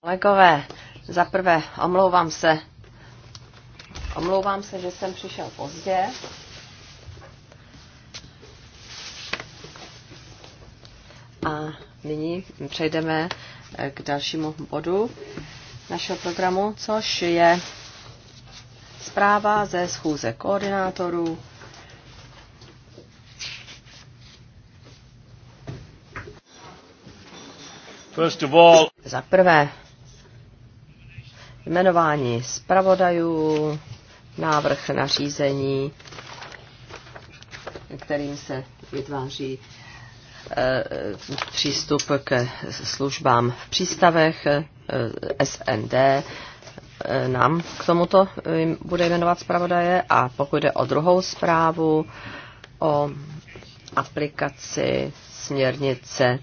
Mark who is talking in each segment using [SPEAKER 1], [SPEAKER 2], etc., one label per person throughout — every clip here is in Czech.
[SPEAKER 1] Kolegové, za prvé omlouvám se. Omlouvám se, že jsem přišel pozdě. A nyní přejdeme eh, k dalšímu bodu našeho programu, což je zpráva ze schůze koordinátorů Za prvé, jmenování zpravodajů, návrh nařízení, kterým se vytváří eh, přístup k službám v přístavech eh, SND eh, nám k tomuto bude jmenovat zpravodaje a pokud jde o druhou zprávu o aplikaci směrnice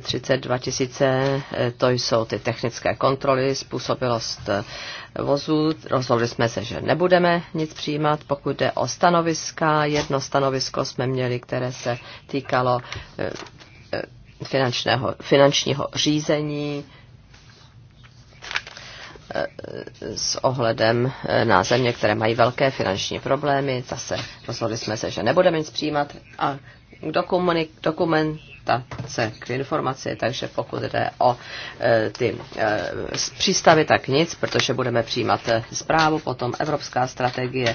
[SPEAKER 1] 32 tisíce, to jsou ty technické kontroly, způsobilost vozů. Rozhodli jsme se, že nebudeme nic přijímat. Pokud jde o stanoviska, jedno stanovisko jsme měli, které se týkalo eh, eh, finančného, finančního řízení eh, s ohledem na země, které mají velké finanční problémy. Zase rozhodli jsme se, že nebudeme nic přijímat a dokument, dokument ta k informace, takže pokud jde o e, ty e, přístavy, tak nic, protože budeme přijímat e, zprávu, potom Evropská strategie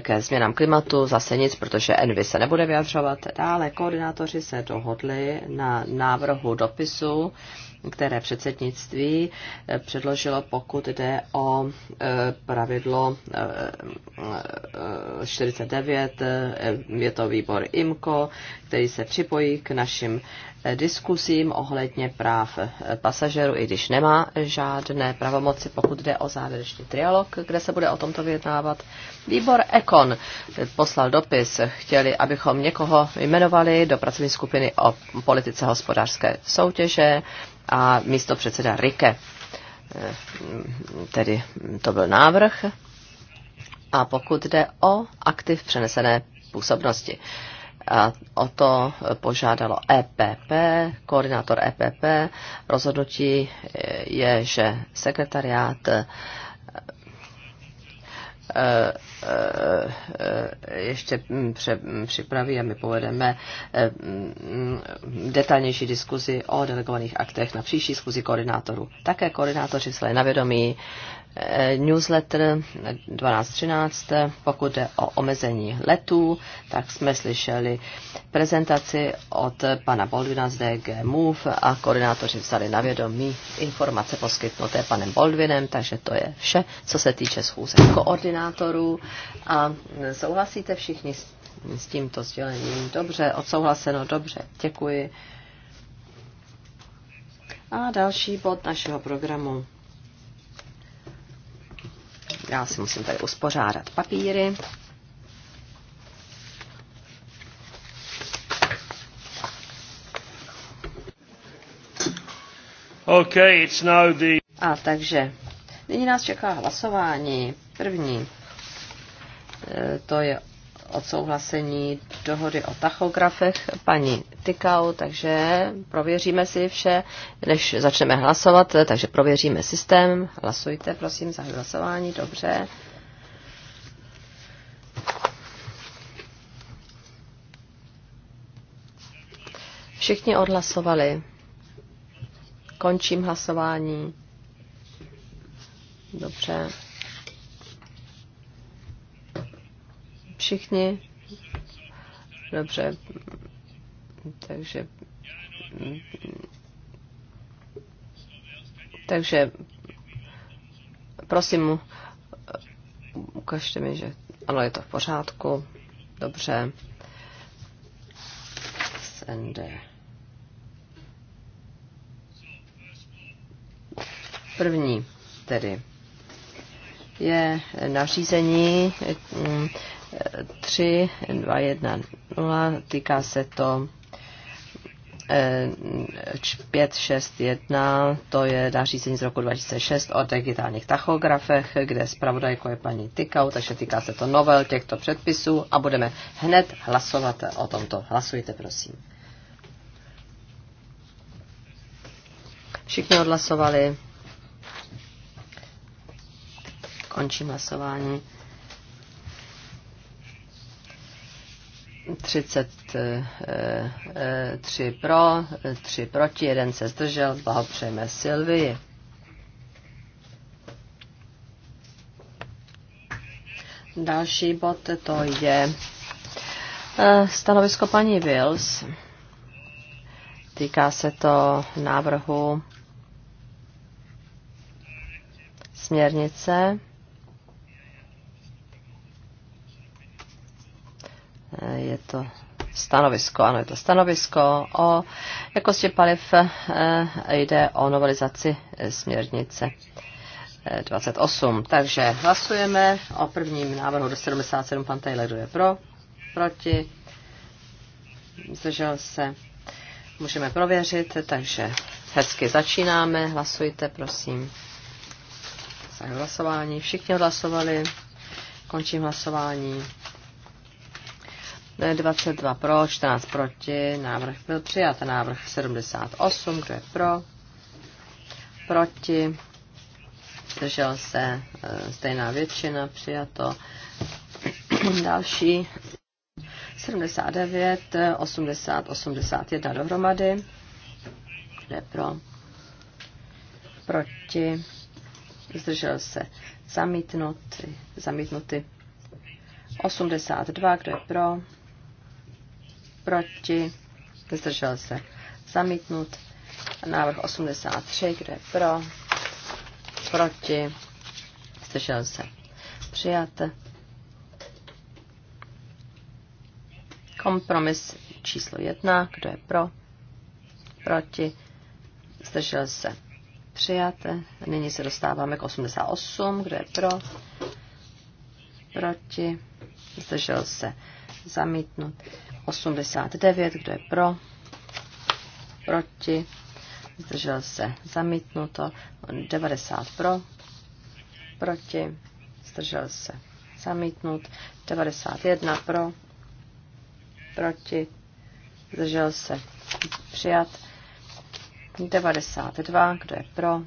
[SPEAKER 1] ke změnám klimatu, zase nic, protože Envy se nebude vyjadřovat. Dále koordinátoři se dohodli na návrhu dopisu, které předsednictví eh, předložilo, pokud jde o eh, pravidlo 49. Eh, je to výbor IMCO, který se připojí k našim diskusím ohledně práv pasažerů, i když nemá žádné pravomoci, pokud jde o závěrečný trialog, kde se bude o tomto vyjednávat. Výbor Ekon poslal dopis, chtěli, abychom někoho jmenovali do pracovní skupiny o politice hospodářské soutěže, a místo předseda Rike. Eh, tedy to byl návrh. A pokud jde o aktiv přenesené působnosti, a o to požádalo EPP, koordinátor EPP. Rozhodnutí je, že sekretariát ještě připraví a my povedeme mm, detailnější diskuzi o delegovaných aktech na příští schůzi koordinátorů. Také koordinátoři své navědomí. Eh, newsletter 1213, pokud jde o omezení letů, tak jsme slyšeli prezentaci od pana Boldvina z DG Move a koordinátoři vzali na vědomí informace poskytnuté panem Boldvinem, takže to je vše, co se týče schůze koordinátorů. A souhlasíte všichni s, tímto sdělením? Dobře, odsouhlaseno, dobře, děkuji. A další bod našeho programu já si musím tady uspořádat papíry.
[SPEAKER 2] Okay, it's now the... A takže
[SPEAKER 1] nyní nás čeká hlasování. První, eh, to je odsouhlasení dohody o tachografech paní Tykau, takže prověříme si vše, než začneme hlasovat, takže prověříme systém. Hlasujte, prosím, za hlasování, dobře. Všichni odhlasovali. Končím hlasování. Dobře. Všichni? Dobře. Takže... Takže... Prosím, ukažte mi, že ano, je to v pořádku. Dobře. SND. První tedy je nařízení 3, 2, 1, 0, týká se to 561, eh, to je nařízení z roku 2006 o digitálních tachografech, kde zpravodajko je paní Tykau, takže týká se to novel těchto předpisů a budeme hned hlasovat o tomto. Hlasujte, prosím. Všichni odhlasovali. Končím hlasování. 33 eh, eh, pro, 3 proti, Jeden se zdržel. Blahopřejeme Silvii. Další bod to je eh, stanovisko paní Wills. Týká se to návrhu směrnice je to stanovisko, ano, je to stanovisko o jakosti paliv eh, jde o novelizaci eh, směrnice 28. Eh, takže hlasujeme o prvním návrhu do 77. Pan Taylor je pro, proti, zdržel se. Můžeme prověřit, takže hezky začínáme. Hlasujte, prosím. Zahajuji hlasování. Všichni odhlasovali. Končím hlasování. 22 pro, 14 proti, návrh byl přijat. Návrh 78, kdo je pro, proti, zdržel se eh, stejná většina, přijato. Další 79, 80, 81 dohromady, kdo je pro, proti, zdržel se zamítnuty. zamítnuty. 82, kdo je pro, proti, zdržel se zamítnut. Návrh 83, kdo je pro, proti, zdržel se přijat. Kompromis číslo 1, kdo je pro, proti, zdržel se přijat. Nyní se dostáváme k 88, kdo je pro, proti, zdržel se zamítnut. 89, kdo je pro, proti, zdržel se zamítnuto, 90 pro, proti, zdržel se zamítnut, 91 pro, proti, zdržel se přijat, 92, kdo je pro,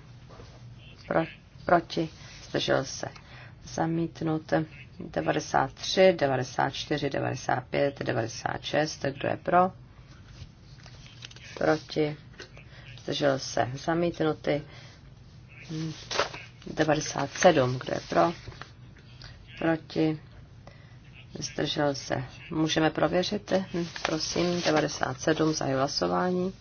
[SPEAKER 1] pro proti, zdržel se zamítnut, 93, 94, 95, 96. Kdo je pro? Proti? Zdržel se. Zamítnuty. 97. Kdo je pro? Proti? Zdržel se. Můžeme prověřit? Prosím, 97 za hlasování.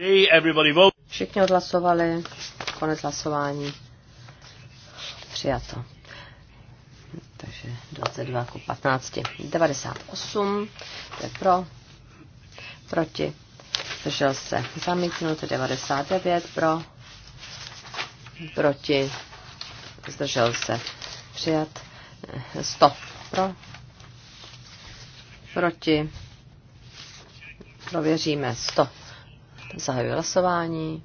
[SPEAKER 2] Hey, everybody vote.
[SPEAKER 1] Všichni odhlasovali. Konec hlasování. Přijato. Takže 22 ku 15. 98. To je pro. Proti. Zdržel se. Zamítnut. 99 pro. Proti. Zdržel se. Přijat. 100 pro. Proti. Prověříme 100. Zahajuji hlasování.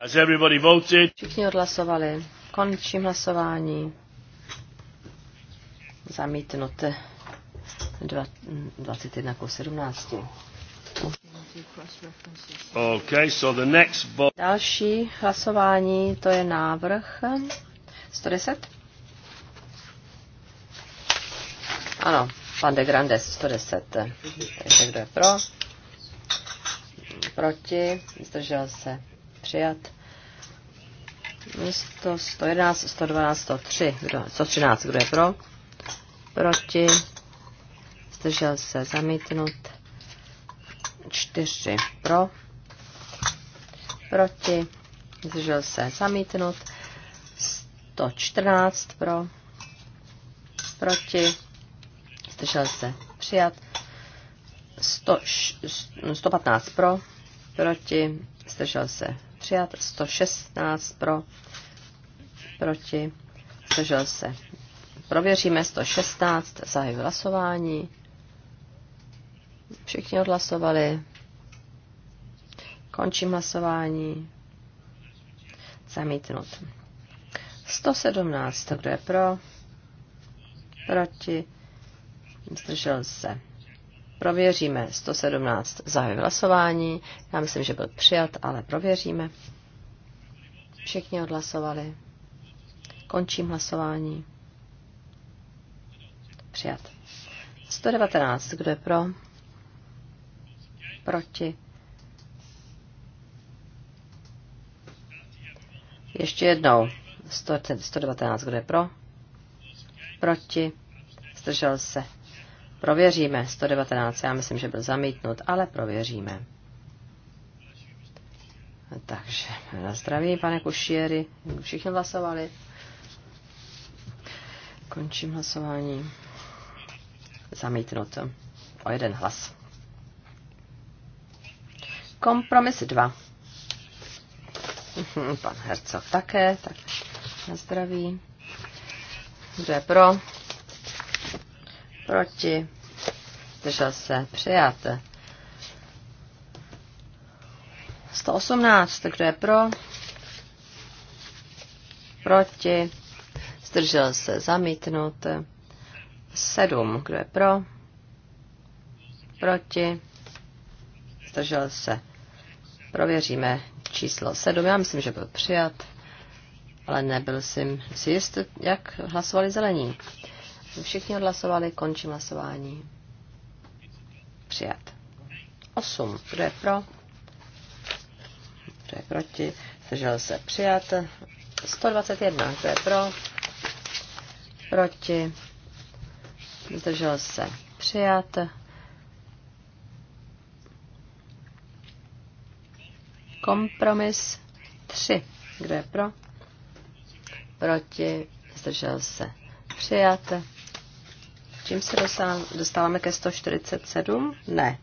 [SPEAKER 2] Has everybody voted?
[SPEAKER 1] Všichni odhlasovali. Končím hlasování. Zamítnut 21 k
[SPEAKER 2] 17. Okay, so the next vote. Další
[SPEAKER 1] hlasování, to je návrh 110. Ano, Van de Grande 110. Takže kdo je pro? Proti? Zdržel se? Přijat. Místo 111, 112, 103. Kdo, 113. Kdo je pro? Proti? Zdržel se? Zamítnut. 4 pro. Proti? Zdržel se? Zamítnut. 114 pro. Proti? zdržel se přijat. 100, 115 pro, proti, zdržel se přijat. 116 pro, proti, zdržel se. Prověříme 116, zahajuji hlasování. Všichni odhlasovali. Končím hlasování. Zamítnut. 117, kdo je pro? Proti zdržel se. Prověříme 117 zahajuji hlasování. Já myslím, že byl přijat, ale prověříme. Všichni odhlasovali. Končím hlasování. Přijat. 119. Kdo je pro? Proti? Ještě jednou. 119. Kdo je pro? Proti? Zdržel se Prověříme. 119, já myslím, že byl zamítnut, ale prověříme. Takže na zdraví, pane Kušiery. Všichni hlasovali. Končím hlasování. Zamítnut. O jeden hlas. Kompromis 2. Pan Hercov také, tak na zdraví. Kdo je pro? Proti? zdržel se, přijat. 118, kdo je pro, proti, zdržel se, zamítnut. 7, kdo je pro, proti, zdržel se. Prověříme číslo 7, já myslím, že byl přijat, ale nebyl jsem si jist, jak hlasovali zelení. Všichni odhlasovali, končím hlasování. Přijat. 8. Kdo je pro? Kdo je proti? Zdržel se. Přijat. 121. Kdo je pro? Proti? Zdržel se. Přijat. Kompromis 3. Kdo je pro? Proti? Zdržel se. Přijat. Čím se dostáváme ke 147? Ne.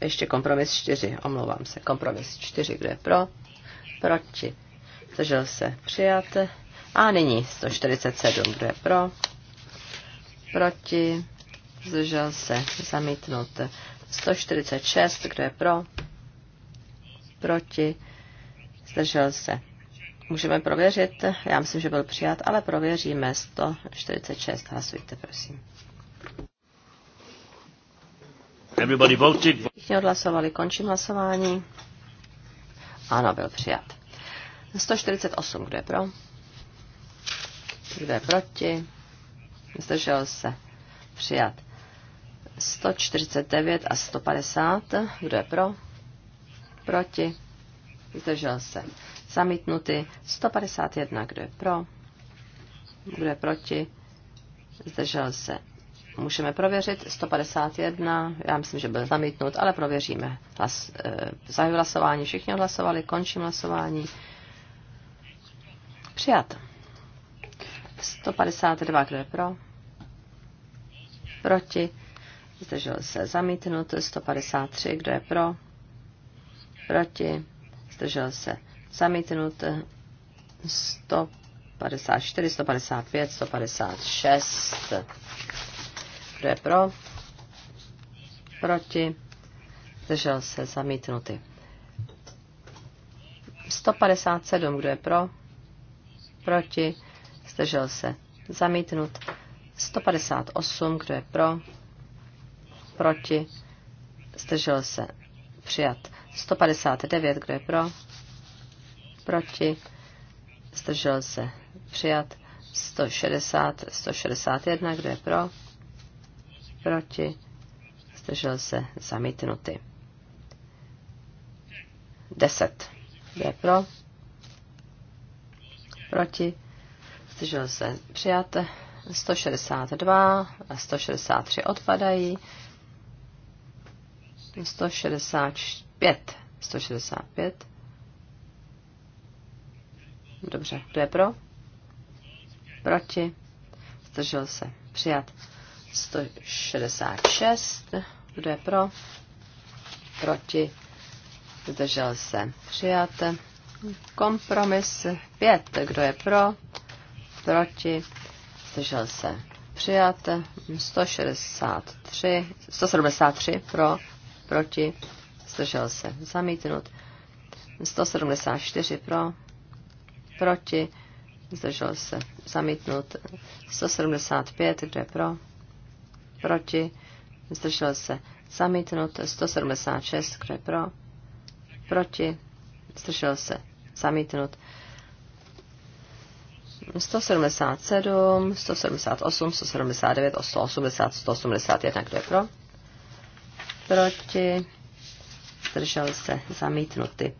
[SPEAKER 1] Ještě kompromis 4, omlouvám se. Kompromis 4, kdo je pro? Proti. Zdržel se přijat. A nyní 147, kdo je pro? Proti. Zdržel se zamítnut. 146, kdo je pro? Proti. Zdržel se. Můžeme prověřit, já myslím, že byl přijat, ale prověříme 146. Hlasujte, prosím.
[SPEAKER 2] Everybody voted.
[SPEAKER 1] Všichni odhlasovali, končím hlasování. Ano, byl přijat. 148, kdo je pro? Kdo je proti? Zdržel se. Přijat. 149 a 150, kdo je pro? Proti? Zdržel se. Zamítnuty. 151, kdo je pro? Kdo je proti? Zdržel se. Můžeme prověřit 151, já myslím, že byl zamítnut, ale prověříme. Hlas, eh, zahajuji hlasování, všichni odhlasovali, končím hlasování. Přijat. 152, kdo je pro? Proti. Zdržel se zamítnut. 153, kdo je pro? Proti. Zdržel se zamítnut. 154, 155, 156. Kdo je pro? Proti? Zdržel se zamítnuty. 157. Kdo je pro? Proti? Zdržel se zamítnut. 158. Kdo je pro? Proti? Zdržel se přijat. 159. Kdo je pro? Proti? Zdržel se přijat. 160, 161, kdo je pro, bratři, zdržel se, zamítnuty. 10. je pro? Proti? Zdržel se přijat. 162 a 163 odpadají. 165. 165. Dobře, kdo je pro? Proti? Zdržel se přijat. 166. Kdo je pro? Proti? Zdržel se. Přijat. Kompromis 5. Kdo je pro? Proti? Zdržel se. Přijat. 163. 173 pro? Proti? Zdržel se. Zamítnut. 174 pro? Proti? Zdržel se. Zamítnut. 175. Kdo je pro? proti, zdržel se zamítnut, 176, kdo je pro, proti, zdržel se zamítnut, 177, 178, 179, 180, 181, kdo je pro, proti, zdržel se zamítnuty,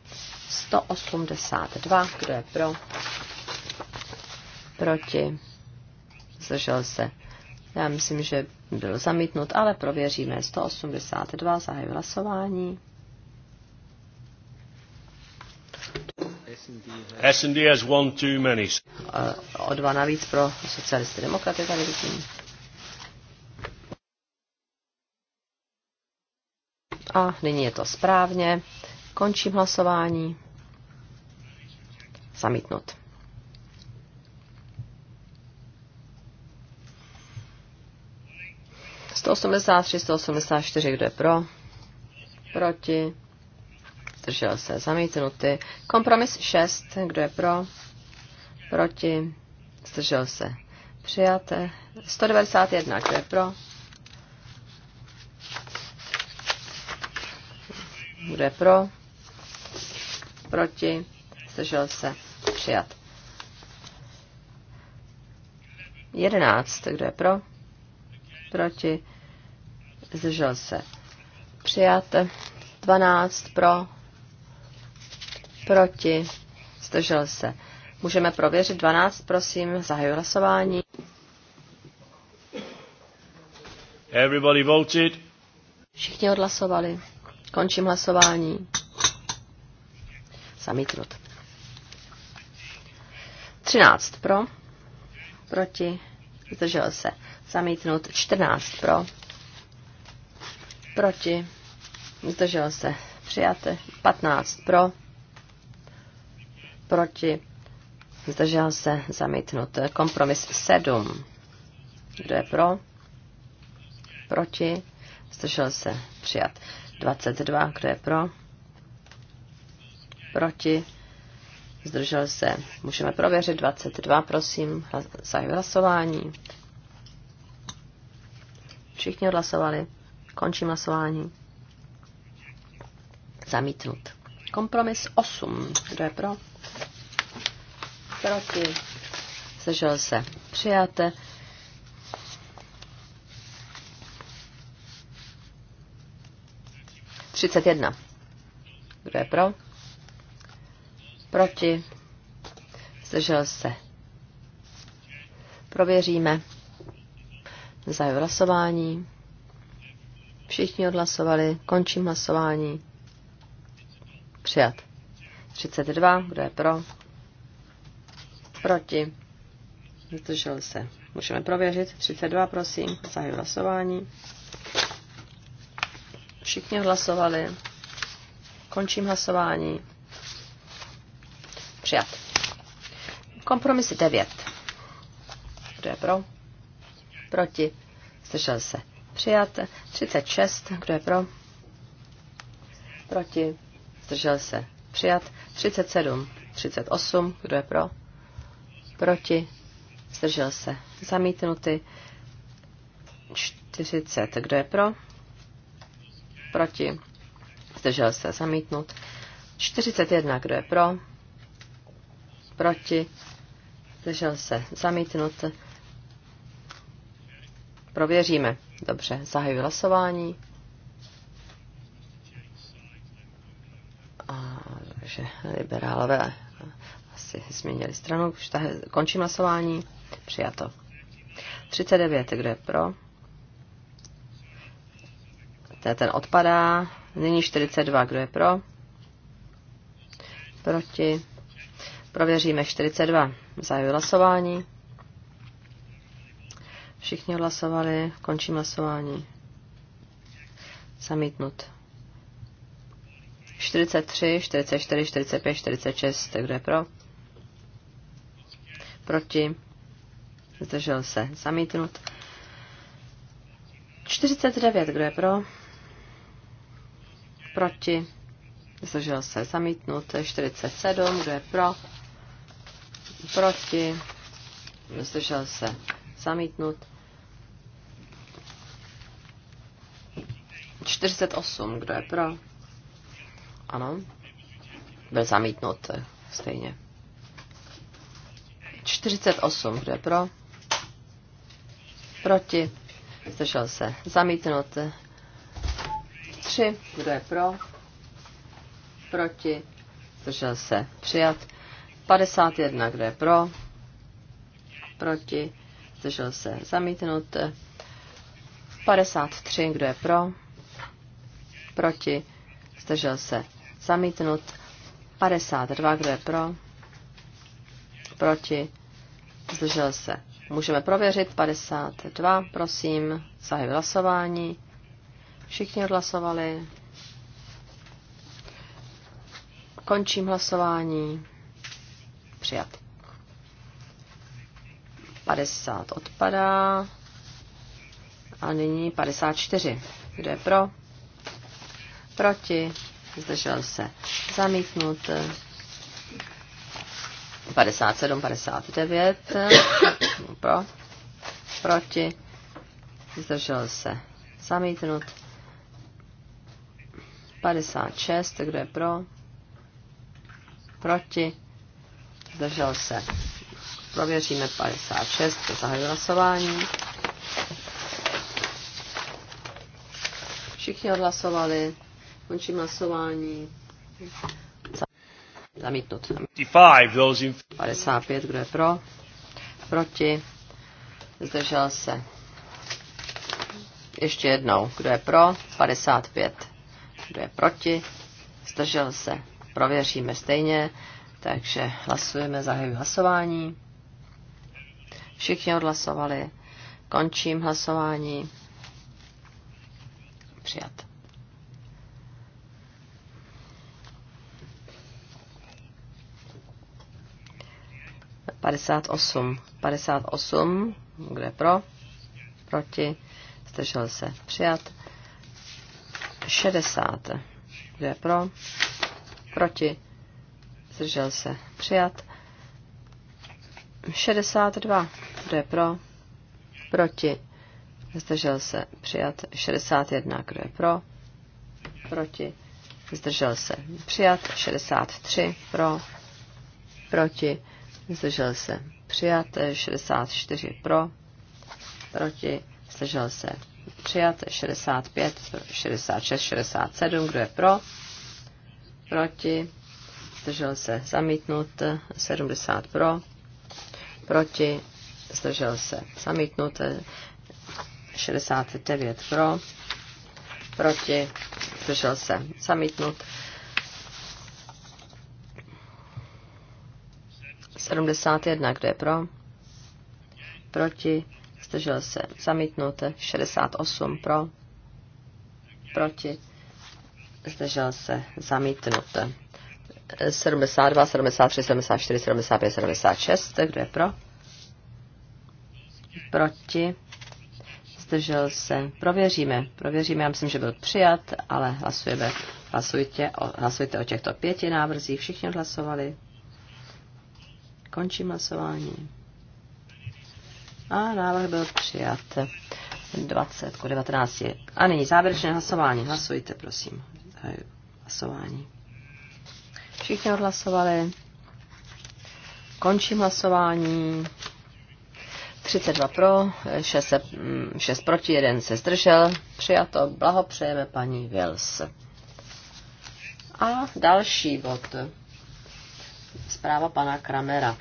[SPEAKER 1] 182, kdo je pro, proti, zdržel se já myslím, že byl zamítnut, ale prověříme. 182 zahají hlasování. S&D has one too many. Eh, o dva navíc pro socialisty demokraty tady vidím. A nyní je to správně. Končím hlasování. Zamítnut. 183, 184, kdo je pro? Proti? Zdržel se zamítnutý. Kompromis 6, kdo je pro? Proti? Zdržel se přijaté. 191, kdo je pro? Kdo je pro? Proti? Zdržel se přijat. 11, kdo je pro? Proti? zdržel se. Přijat 12 pro, proti, zdržel se. Můžeme prověřit 12, prosím, zahajuji hlasování.
[SPEAKER 2] Everybody voted. Všichni
[SPEAKER 1] odhlasovali. Končím hlasování. Zamítnut. 13 pro, proti, zdržel se. Zamítnut 14 pro, proti, zdržel se, přijaté, 15 pro, proti, zdržel se, zamítnut, kompromis 7, kdo je pro, proti, zdržel se, přijat, 22, kdo je pro, proti, zdržel se, můžeme prověřit, 22, prosím, zahajuji hlasování, všichni odhlasovali. Končím hlasování. Zamítnut. Kompromis 8. Kdo je pro? Proti. Zdržel se. Přijáte. Třicet jedna. Kdo je pro? Proti. Zdržel se. Prověříme. Zajím hlasování. Všichni odhlasovali. Končím hlasování. Přijat. 32. Kdo je pro? Proti. Zdržel se. Můžeme prověřit. 32, prosím. Zahajuji hlasování. Všichni hlasovali. Končím hlasování. Přijat. Kompromis 9. Kdo je pro? Proti. Zdržel se. Přijat 36. Kdo je pro? Proti? Zdržel se. Přijat 37. 38. Kdo je pro? Proti? Zdržel se. Zamítnuty 40. Kdo je pro? Proti? Zdržel se. Zamítnut. 41. Kdo je pro? Proti? Zdržel se. Zamítnut. Prověříme. Dobře, zahajuji hlasování. A, takže liberálové asi změnili stranu. Končím hlasování. Přijato. 39, kdo je pro? Ten, ten odpadá. Nyní 42, kdo je pro? Proti. Prověříme 42. Zahajuji hlasování. Všichni hlasovali, končím hlasování. Zamítnut. 43, 44, 45, 46, kdo je pro? Proti? Zdržel se. Zamítnut. 49, kdo je pro? Proti? Zdržel se. Zamítnut. 47, kdo je pro? Proti? Zdržel se. Zamítnut. 48, kdo je pro? Ano. Byl zamítnut eh, stejně. 48, kdo je pro? Proti. Zdržel se. Zamítnut. 3, kdo je pro? Proti. Zdržel se. Přijat. 51, kdo je pro? Proti. Zdržel se. Zamítnut. 53, kdo je pro? proti, zdržel se zamítnut. 52, kdo je pro, proti, zdržel se. Můžeme prověřit 52, prosím, zahy hlasování. Všichni odhlasovali. Končím hlasování. Přijat. 50 odpadá. A nyní 54. Kdo je pro? proti, zdržel se zamítnut. 57, 59 pro, proti, zdržel se zamítnut. 56, kdo je pro, proti, zdržel se. Prověříme 56, to zahajuje hlasování. Všichni odhlasovali. Končím hlasování. Zamítnut. 55, kdo je pro? Proti? Zdržel se. Ještě jednou. Kdo je pro? 55. Kdo je proti? Zdržel se. Prověříme stejně. Takže hlasujeme, zahajuji hlasování. Všichni odhlasovali. Končím hlasování. Přijat. 58. 58. Kde pro? Proti. Zdržel se. Přijat. 60. Kde pro? Proti. Zdržel se. Přijat. 62. Kdo je pro? Proti. Zdržel se. Přijat. 61. Kdo je pro? Proti. Zdržel se. Přijat. 63. Pro. Proti zdržel se přijat, 64 pro, proti, zdržel se přijat, 65, 66, 67, kdo je pro, proti, zdržel se zamítnut, 70 pro, proti, zdržel se zamítnut, 69 pro, proti, zdržel se zamítnut, 71, kdo je pro? Proti? Zdržel se. Zamítnut. 68 pro. Proti? Zdržel se. Zamítnut. 72, 73, 74, 75, 76. Kdo je pro? Proti? Zdržel se. Prověříme. Prověříme. Já myslím, že byl přijat, ale hlasujeme. Hlasujte o, hlasujte o těchto pěti návrzích. Všichni hlasovali. Končím hlasování. A návrh byl přijat 20 k 19. A nyní závěrečné hlasování. Hlasujte, prosím. Hlasování. Všichni odhlasovali. Končím hlasování. 32 pro, 6, 6 proti, 1 se zdržel. Přijato. Blahopřejeme paní Wills. A další bod zpráva pana Kramera.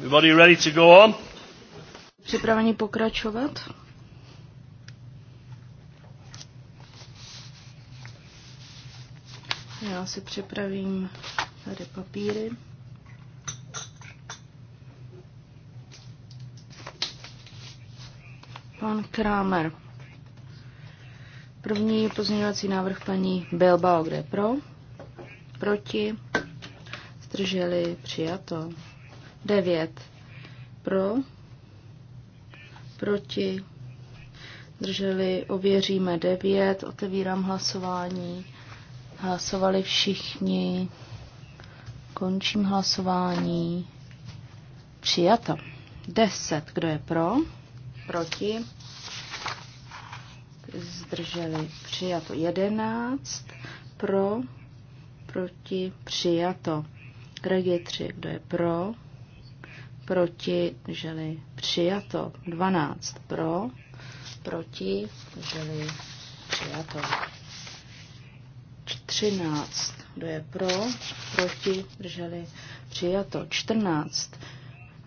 [SPEAKER 2] Everybody ready to go on?
[SPEAKER 3] Připraveni pokračovat? Já si připravím tady papíry. Pan Kramer. První pozměňovací návrh paní Bilbao, kde pro? Proti? Zdrželi? Přijato. 9. Pro? Proti? Zdrželi? Ověříme 9. Otevírám hlasování. Hlasovali všichni. Končím hlasování. Přijato. 10. Kdo je pro? Proti? zdrželi přijato 11, pro, proti přijato. Regi 3, kdo je pro, proti zdrželi přijato 12, pro, proti zdrželi přijato 13, kdo je pro, proti zdrželi přijato 14.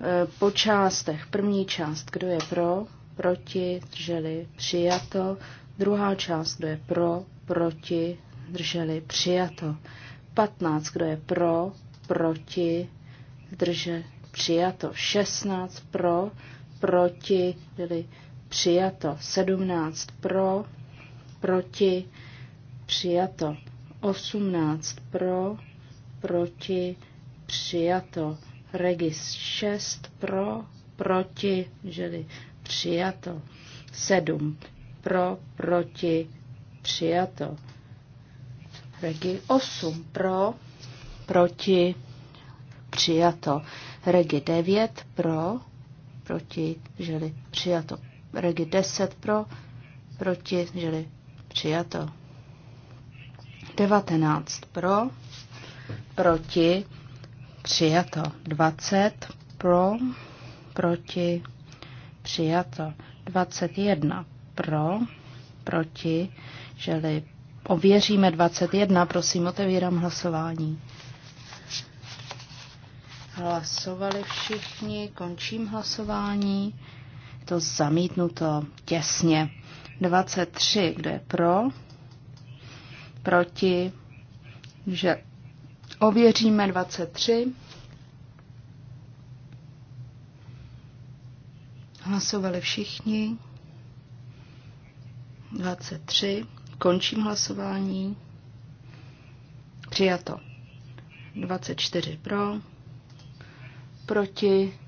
[SPEAKER 3] Eh, po částech, první část, kdo je pro, proti, drželi, přijato. Druhá část, kdo je pro, proti, drželi, přijato. 15, kdo je pro, proti, drželi, přijato. 16 pro, proti, drželi, přijato. 17 pro, proti, přijato. 18 pro, proti, přijato. Regis 6 pro, proti, drželi, přijato. 7 pro, proti, přijato. Regi 8 pro, proti, přijato. Regi 9 pro, proti, žili přijato. Regi 10 pro, proti, žili přijato. 19 pro, proti, přijato. 20 pro, proti, přijato. 21 pro, proti, želi. Ověříme 21, prosím, otevírám hlasování. Hlasovali všichni, končím hlasování. Je to zamítnuto těsně. 23, kdo je pro, proti, že ověříme 23. Hlasovali všichni. 23. Končím hlasování. Přijato. 24 pro. Proti.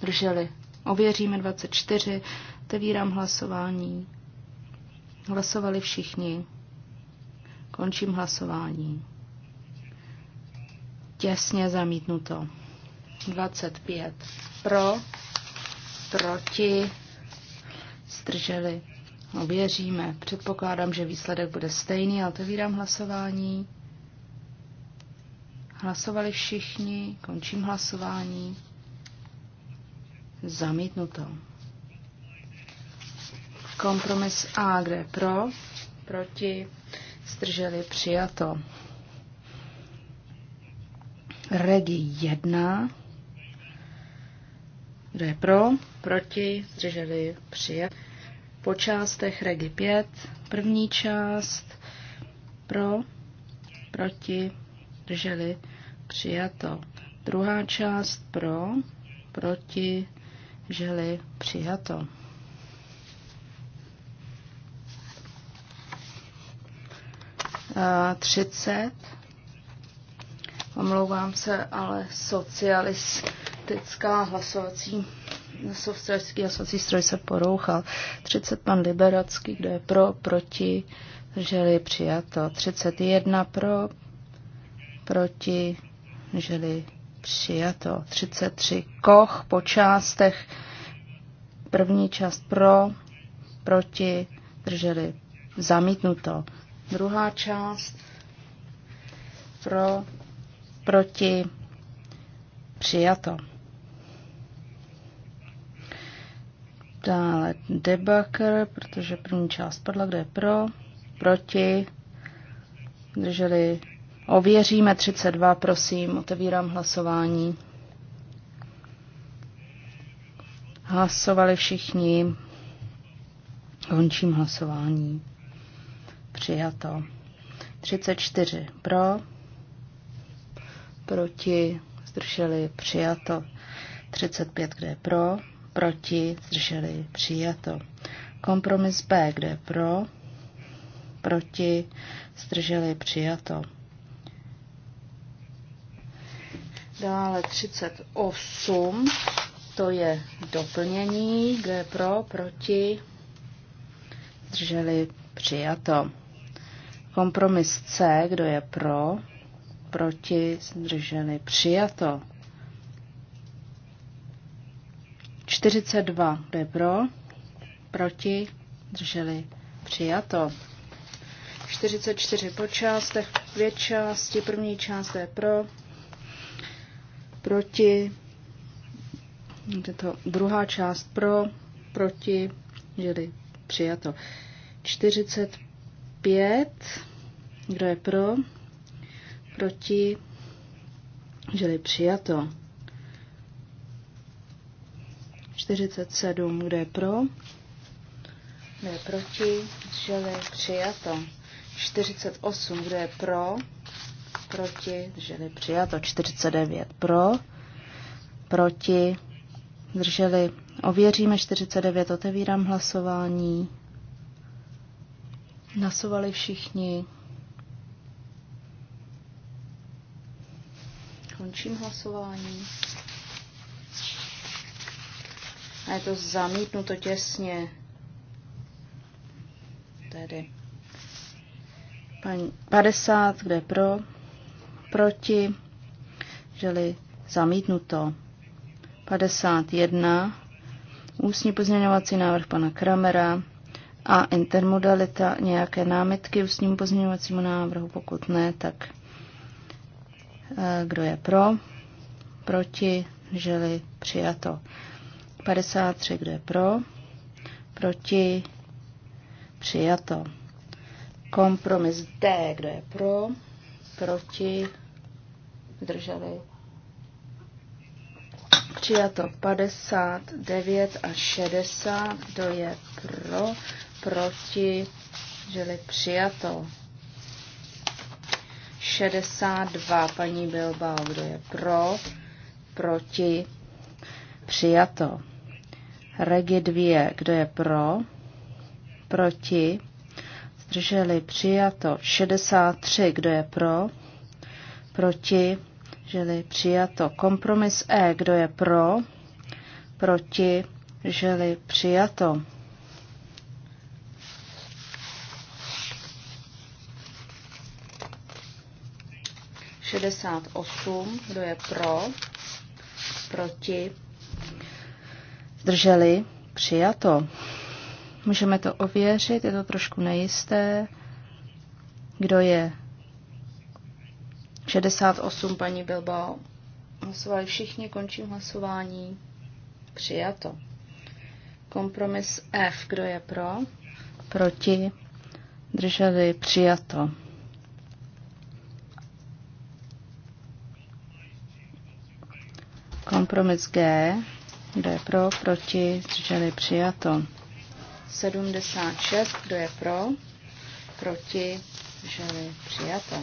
[SPEAKER 3] Drželi. Ověříme 24. Otevírám hlasování. Hlasovali všichni. Končím hlasování. Těsně zamítnuto. 25 pro proti, zdrželi. Ověříme. Předpokládám, že výsledek bude stejný, ale otevírám hlasování. Hlasovali všichni, končím hlasování. Zamítnuto. Kompromis A, kde pro, proti, zdrželi přijato. Regi 1, kdo je pro? Proti? Zdrželi? Přijat. Po částech regi 5. První část. Pro? Proti? Zdrželi? Přijato. Druhá část. Pro? Proti? Zdrželi? Přijato. A 30. Omlouvám se, ale socialist optická hlasovací softwarecký hlasovací stroj se porouchal. 30 pan Liberacký, kdo je pro, proti, želi přijato. 31 pro, proti, želi přijato. 33 koch po částech. První část pro, proti, drželi zamítnuto. Druhá část pro, proti, přijato. Dále debugger, protože první část padla, kde je pro, proti, drželi, ověříme 32, prosím, otevírám hlasování. Hlasovali všichni, končím hlasování. Přijato. 34 pro, proti, zdrželi, přijato. 35, kde je pro, proti, zdrželi, přijato. Kompromis B, kde pro, proti, zdrželi, přijato. Dále 38, to je doplnění, kde pro, proti, zdrželi, přijato. Kompromis C, kdo je pro, proti, zdrželi, přijato. 42. Kdo je pro? Proti? Drželi? Přijato. 44 po částech, dvě části, první část je pro, proti, to druhá část pro, proti, žili přijato. 45, kdo je pro, proti, žili přijato. 47, kdo je pro, kdo je proti, drželi přijato. 48, kdo je pro, proti, drželi přijato. 49 pro, proti, drželi. Ověříme 49, otevírám hlasování. Nasovali všichni. Končím hlasování. A je to zamítnuto těsně. Tedy. Paní 50, kde pro, proti, želi zamítnuto. 51, ústní pozměňovací návrh pana Kramera a intermodalita nějaké námitky ústnímu pozměňovacímu návrhu, pokud ne, tak eh, kdo je pro, proti, želi přijato. 53, kdo je pro, proti, přijato. Kompromis D, kdo je pro, proti, zdrželi. Přijato 59 a 60, kdo je pro, proti, zdrželi, přijato. 62, paní Bilbao, kdo je pro, proti, přijato. Regi 2, kdo je pro, proti, zdrželi přijato 63, kdo je pro, proti, Žili přijato kompromis E, kdo je pro, proti, Žili přijato. Šedesát osm, kdo je pro, proti, zdrželi, přijato. Můžeme to ověřit, je to trošku nejisté. Kdo je 68, paní Bilbao. Hlasovali všichni, končím hlasování. Přijato. Kompromis F, kdo je pro? Proti. Drželi přijato. Kompromis G, kdo je pro? Proti? Zdrželi? Přijato. 76. Kdo je pro? Proti? Zdrželi? Přijato.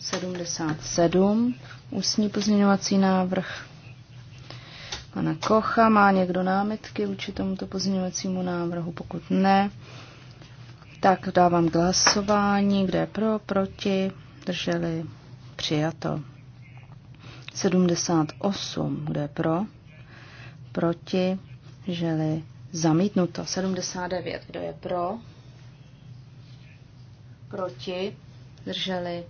[SPEAKER 3] 77. Ústní pozměňovací návrh pana Kocha. Má někdo námitky vůči tomuto pozměňovacímu návrhu? Pokud ne, tak dávám k hlasování, Kdo je pro, proti, drželi, přijato. 78, Kdo je pro, proti, želi zamítnuto. 79, kdo je pro, proti, drželi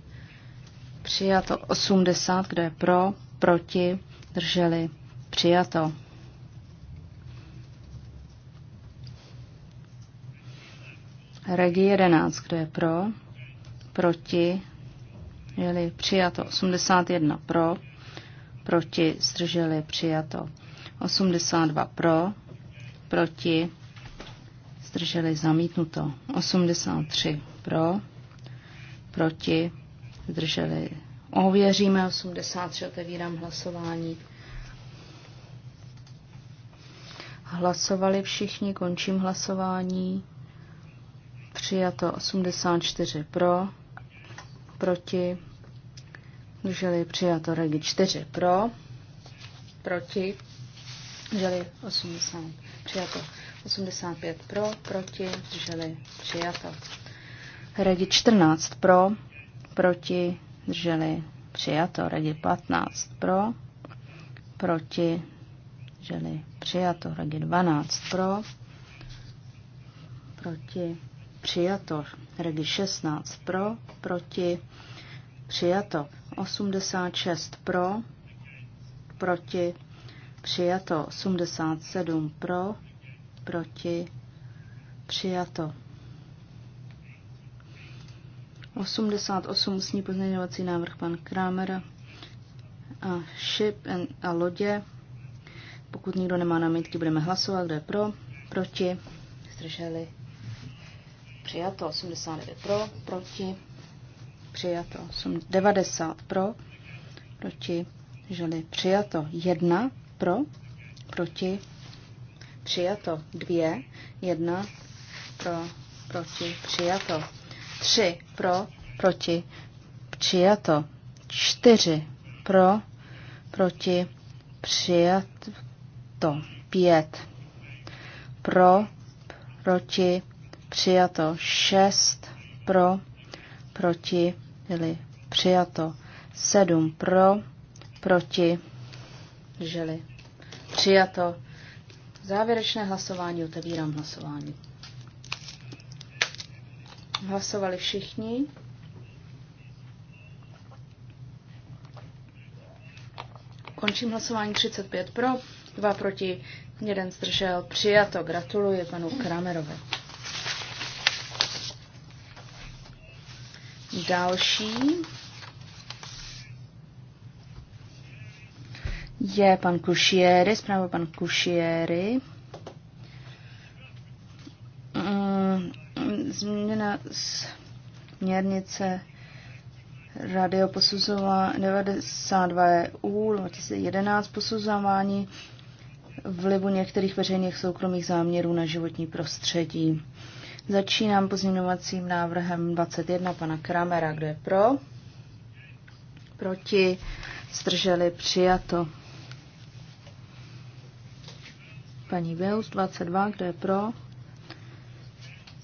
[SPEAKER 3] přijato. 80, kdo je pro, proti, drželi přijato. Regi 11, kdo je pro, proti, jeli přijato 81 pro, proti, zdrželi přijato 82 pro, proti, zdrželi zamítnuto. 83 pro, proti, zdrželi. Ověříme 83, otevírám hlasování. Hlasovali všichni, končím hlasování. Přijato 84 pro, proti, zdrželi přijato regi 4 pro, proti, Drželi 80. Přijato. 85 pro, proti, drželi přijato. Regi 14 pro, proti, drželi přijato. Regi 15 pro, proti, drželi přijato. Regi 12 pro, proti, přijato. Regi 16 pro, proti, přijato. 86 pro, proti, Přijato 87 pro, proti, přijato. 88 ústní pozměňovací návrh pan Kramer a ship and, a lodě. Pokud nikdo nemá námitky, budeme hlasovat, kde pro, proti, zdrželi. Přijato 89 pro, proti, přijato 90 pro, proti, zdrželi. Přijato 1 pro? Proti? Přijato. Dvě. Jedna. Pro? Proti? Přijato. Tři. Pro? Proti? Přijato. Čtyři. Pro? Proti? Přijato. Pět. Pro? Proti? Přijato. Šest. Pro? Proti? Byli přijato. Sedm. Pro? Proti? Žili Přijato. Závěrečné hlasování. Otevírám hlasování. Hlasovali všichni. Končím hlasování 35 pro, 2 proti, jeden zdržel. Přijato. Gratuluji panu Kramerovi. Další je pan Kušiery, zpráva pan Kušiery. Mm, změna směrnice Radio posuzová 92 EU 2011 posuzování vlivu některých veřejných soukromých záměrů na životní prostředí. Začínám pozměňovacím návrhem 21 pana Kramera. Kdo je pro? Proti? Zdrželi přijato. paní Wills 22, kdo je pro,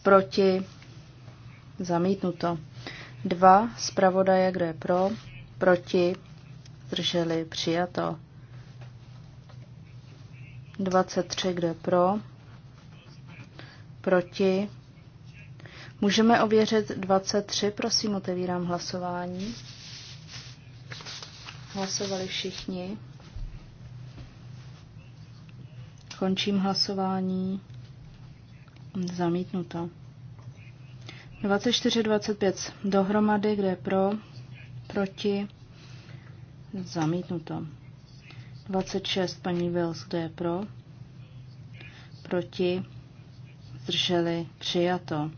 [SPEAKER 3] proti, zamítnuto. Dva zpravodaje, kdo je pro, proti, zdrželi, přijato. 23, kdo je pro, proti. Můžeme ověřit 23, prosím, otevírám hlasování. Hlasovali všichni. Končím hlasování. Zamítnuto. 24-25 dohromady, kde je pro, proti, zamítnuto. 26 paní Wills, kde je pro, proti, zdrželi, přijato.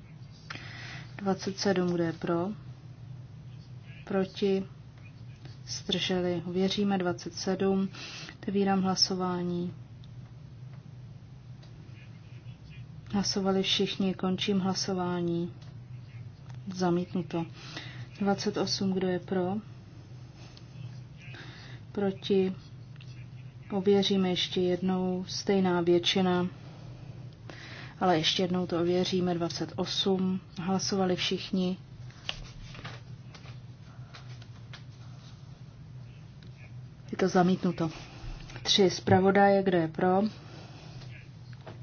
[SPEAKER 3] 27, kde je pro, proti, zdrželi, uvěříme 27, otevírám hlasování. Hlasovali všichni, končím hlasování. Zamítnuto. 28, kdo je pro? Proti? Ověříme ještě jednou, stejná většina, ale ještě jednou to ověříme, 28, hlasovali všichni. Je to zamítnuto. Tři zpravodaje, kdo je pro,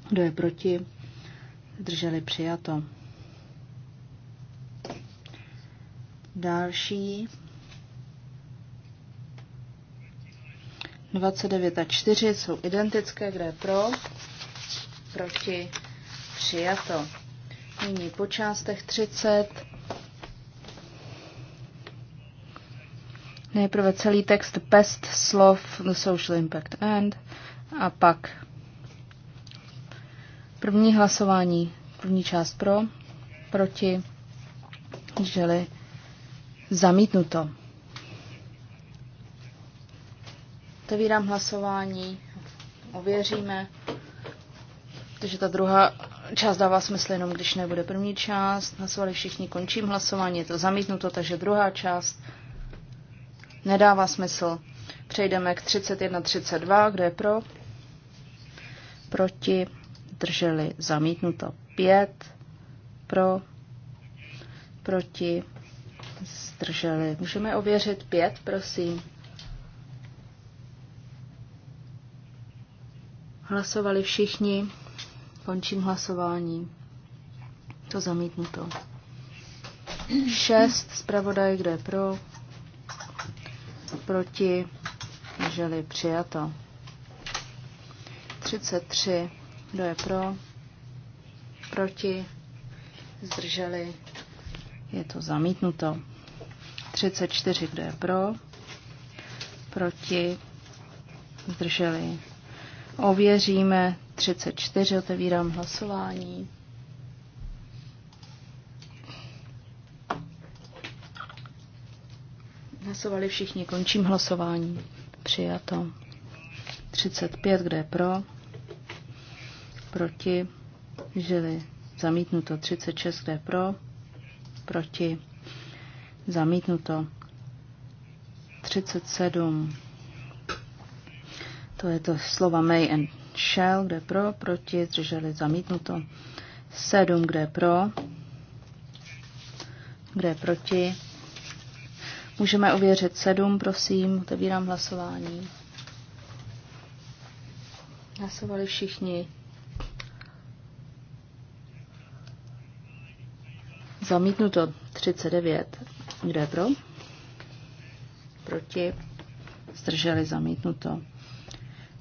[SPEAKER 3] kdo je proti, drželi přijato. Další 29 a 4 jsou identické, kde je pro, proti, přijato. Nyní po částech 30. Nejprve celý text pest slov the social impact and a pak První hlasování, první část pro, proti, želi zamítnuto. Otevírám hlasování, ověříme, protože ta druhá část dává smysl jenom, když nebude první část. Hlasovali všichni, končím hlasování, je to zamítnuto, takže druhá část nedává smysl. Přejdeme k 31.32, kdo je pro? Proti? zdrželi, zamítnuto. 5 pro, proti, zdrželi. Můžeme ověřit 5, prosím. Hlasovali všichni. Končím hlasování. To zamítnuto. 6. Zpravodaj, kdo je pro? Proti? zdrželi, přijato. 33. Kdo je pro? Proti? Zdrželi? Je to zamítnuto. 34, kdo je pro? Proti? Zdrželi? Ověříme. 34, otevírám hlasování. Hlasovali všichni, končím hlasování. Přijato. 35, Kdo je pro? proti, žili zamítnuto 36, kde je pro, proti, zamítnuto 37. To je to slova may and shall, kde pro, proti, drželi zamítnuto 7, kde pro, kde proti. Můžeme ověřit 7, prosím, otevírám hlasování. Hlasovali všichni. Zamítnuto 39. Kdo je pro? Proti? Zdrželi zamítnuto.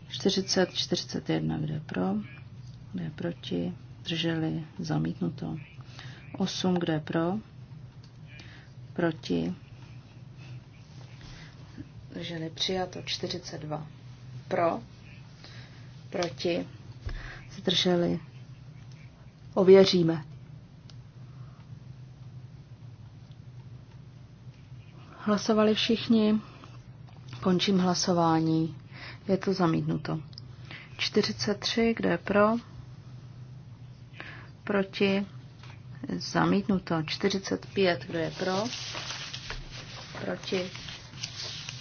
[SPEAKER 3] 40, 41. Kdo je pro? Kdo je proti? Zdrželi zamítnuto. 8. Kdo je pro? Proti? Zdrželi přijato. 42. Pro? Proti? Zdrželi. Ověříme. Hlasovali všichni. Končím hlasování. Je to zamítnuto. 43, kdo je pro? Proti? Zamítnuto. 45, kdo je pro? Proti?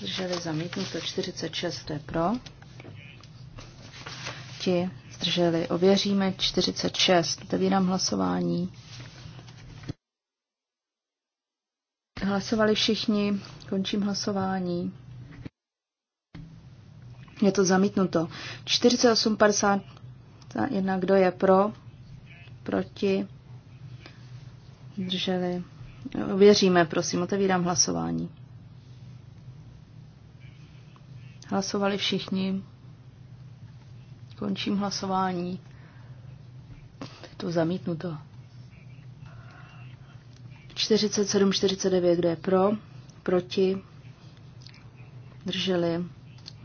[SPEAKER 3] Zdrželi zamítnuto. 46, kdo je pro? Ti Zdrželi. Ověříme 46. Otevírám hlasování. Hlasovali všichni, končím hlasování. Je to zamítnuto. 48,51, kdo je pro, proti, drželi. Věříme, prosím, otevírám hlasování. Hlasovali všichni. Končím hlasování. Je to zamítnuto. 47, 49, kdo je pro, proti, drželi,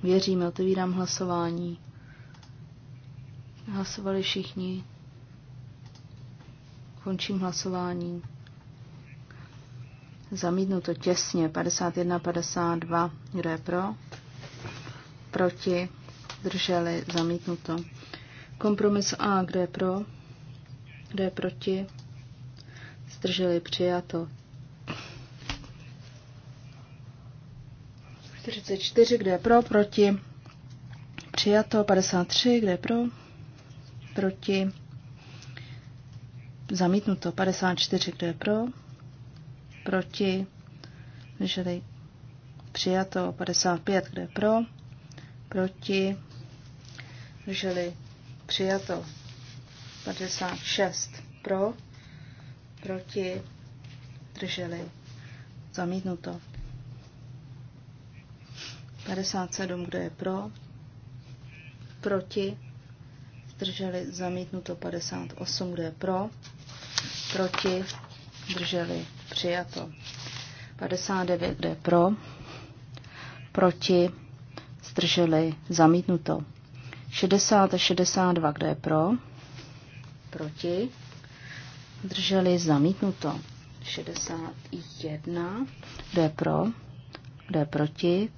[SPEAKER 3] věříme, otevírám hlasování. Hlasovali všichni. Končím hlasování. Zamítnu to těsně. 51, 52. Kdo je pro? Proti. Drželi. Zamítnuto. Kompromis A. Kdo je pro? Kdo je proti? zdrželi, přijato. 44, kde je pro, proti, přijato. 53, kde je pro, proti, zamítnuto. 54, kde je pro, proti, neželi, přijato. 55, kde je pro, proti, neželi, přijato. 56 pro, proti, drželi, zamítnuto. 57, kdo je pro, proti, drželi, zamítnuto. 58, kdo je pro, proti, drželi, přijato. 59, kdo je pro, proti, zdrželi, zamítnuto. 60 a 62, kdo je pro, proti, Drželi zamítnuto. 61. Kdo je pro? Kdo je proti?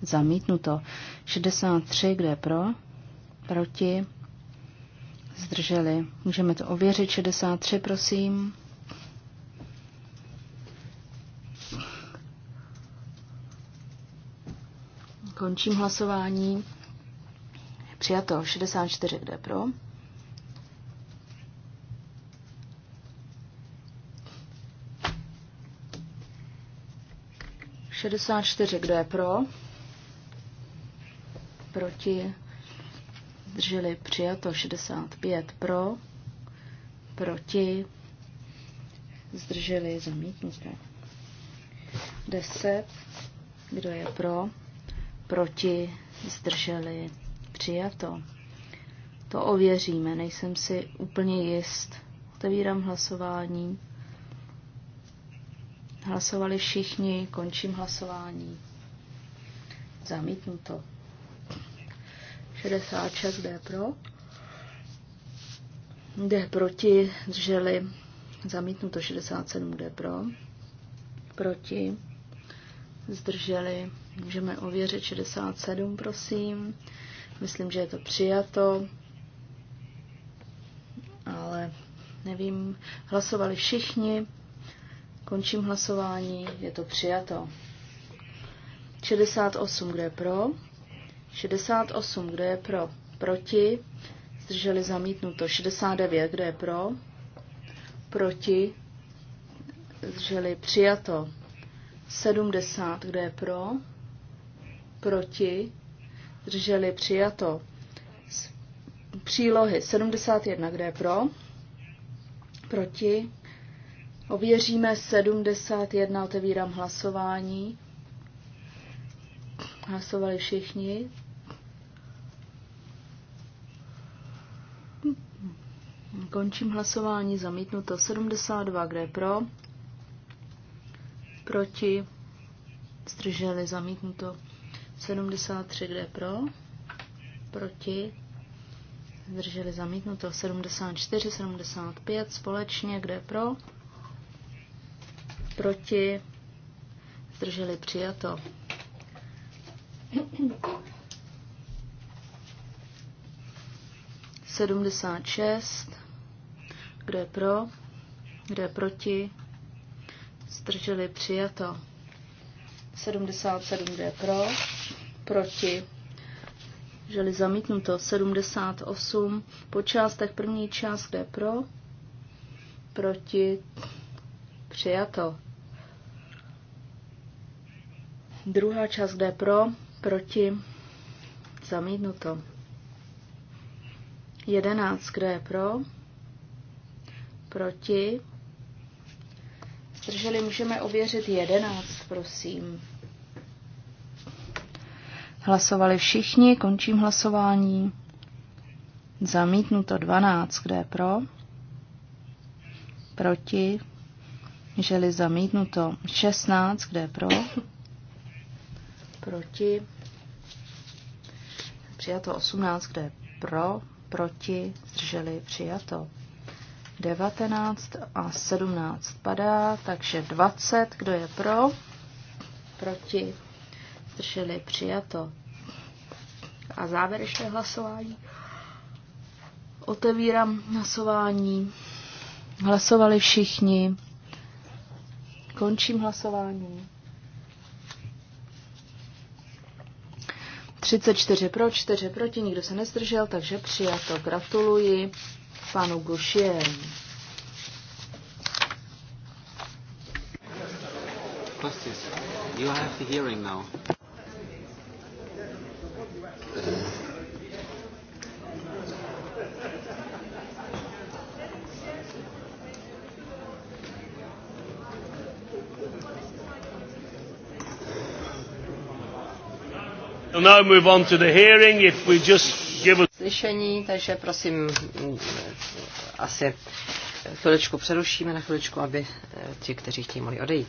[SPEAKER 3] Zamítnuto. 63. Kdo je pro? Proti? Zdrželi. Můžeme to ověřit. 63, prosím. Končím hlasování. Přijato 64, kde pro? 64, kdo je pro? Proti? zdrželi přijato 65 pro, proti, zdrželi zamítnuté. 10, kdo je pro, proti, zdrželi přijato. To ověříme, nejsem si úplně jist. Otevírám hlasování. Hlasovali všichni, končím hlasování. Zamítnuto. 66 jde pro. Jde proti, zdrželi. Zamítnuto 67 jde pro. Proti, zdrželi. Můžeme ověřit 67, prosím. Myslím, že je to přijato. Ale nevím, hlasovali všichni. Končím hlasování, je to přijato. 68, kdo je pro? 68, kdo je pro? Proti? Zdrželi zamítnuto. 69, kdo je pro? Proti? Zdrželi přijato. 70, kdo je pro? Proti? Zdrželi přijato. Přílohy 71, kdo je pro? Proti? Ověříme 71, otevírám hlasování. Hlasovali všichni. Končím hlasování, zamítnuto 72, kde je pro, proti, zdrželi, zamítnuto 73, kde je pro, proti, zdrželi, zamítnuto 74, 75, společně, kde je pro, proti, zdrželi přijato. Sedmdesát šest, kdo je pro, kdo je proti, zdrželi přijato. 77 je pro, proti, želi zamítnuto 78, po částech první část, je pro, proti, přijato. Druhá část, jde pro, proti, zamítnuto. Jedenáct, kdo je pro, proti, zdrželi, můžeme ověřit jedenáct, prosím. Hlasovali všichni, končím hlasování. Zamítnuto 12, kde je pro? Proti. Želi zamítnuto 16, kde je pro? proti, přijato 18, kde je pro, proti, zdrželi, přijato. 19 a 17 padá, takže 20, kdo je pro, proti, zdrželi, přijato. A závěrečné hlasování. Otevírám hlasování. Hlasovali všichni. Končím hlasování. 34 pro, 4 proti, nikdo se nezdržel, takže přijato. Gratuluji panu Gušier.
[SPEAKER 2] You have the hearing now. Eh,
[SPEAKER 1] Slyšení, takže prosím, asi chvilečku přerušíme na chvilečku, aby eh, ti, kteří chtějí, mohli odejít.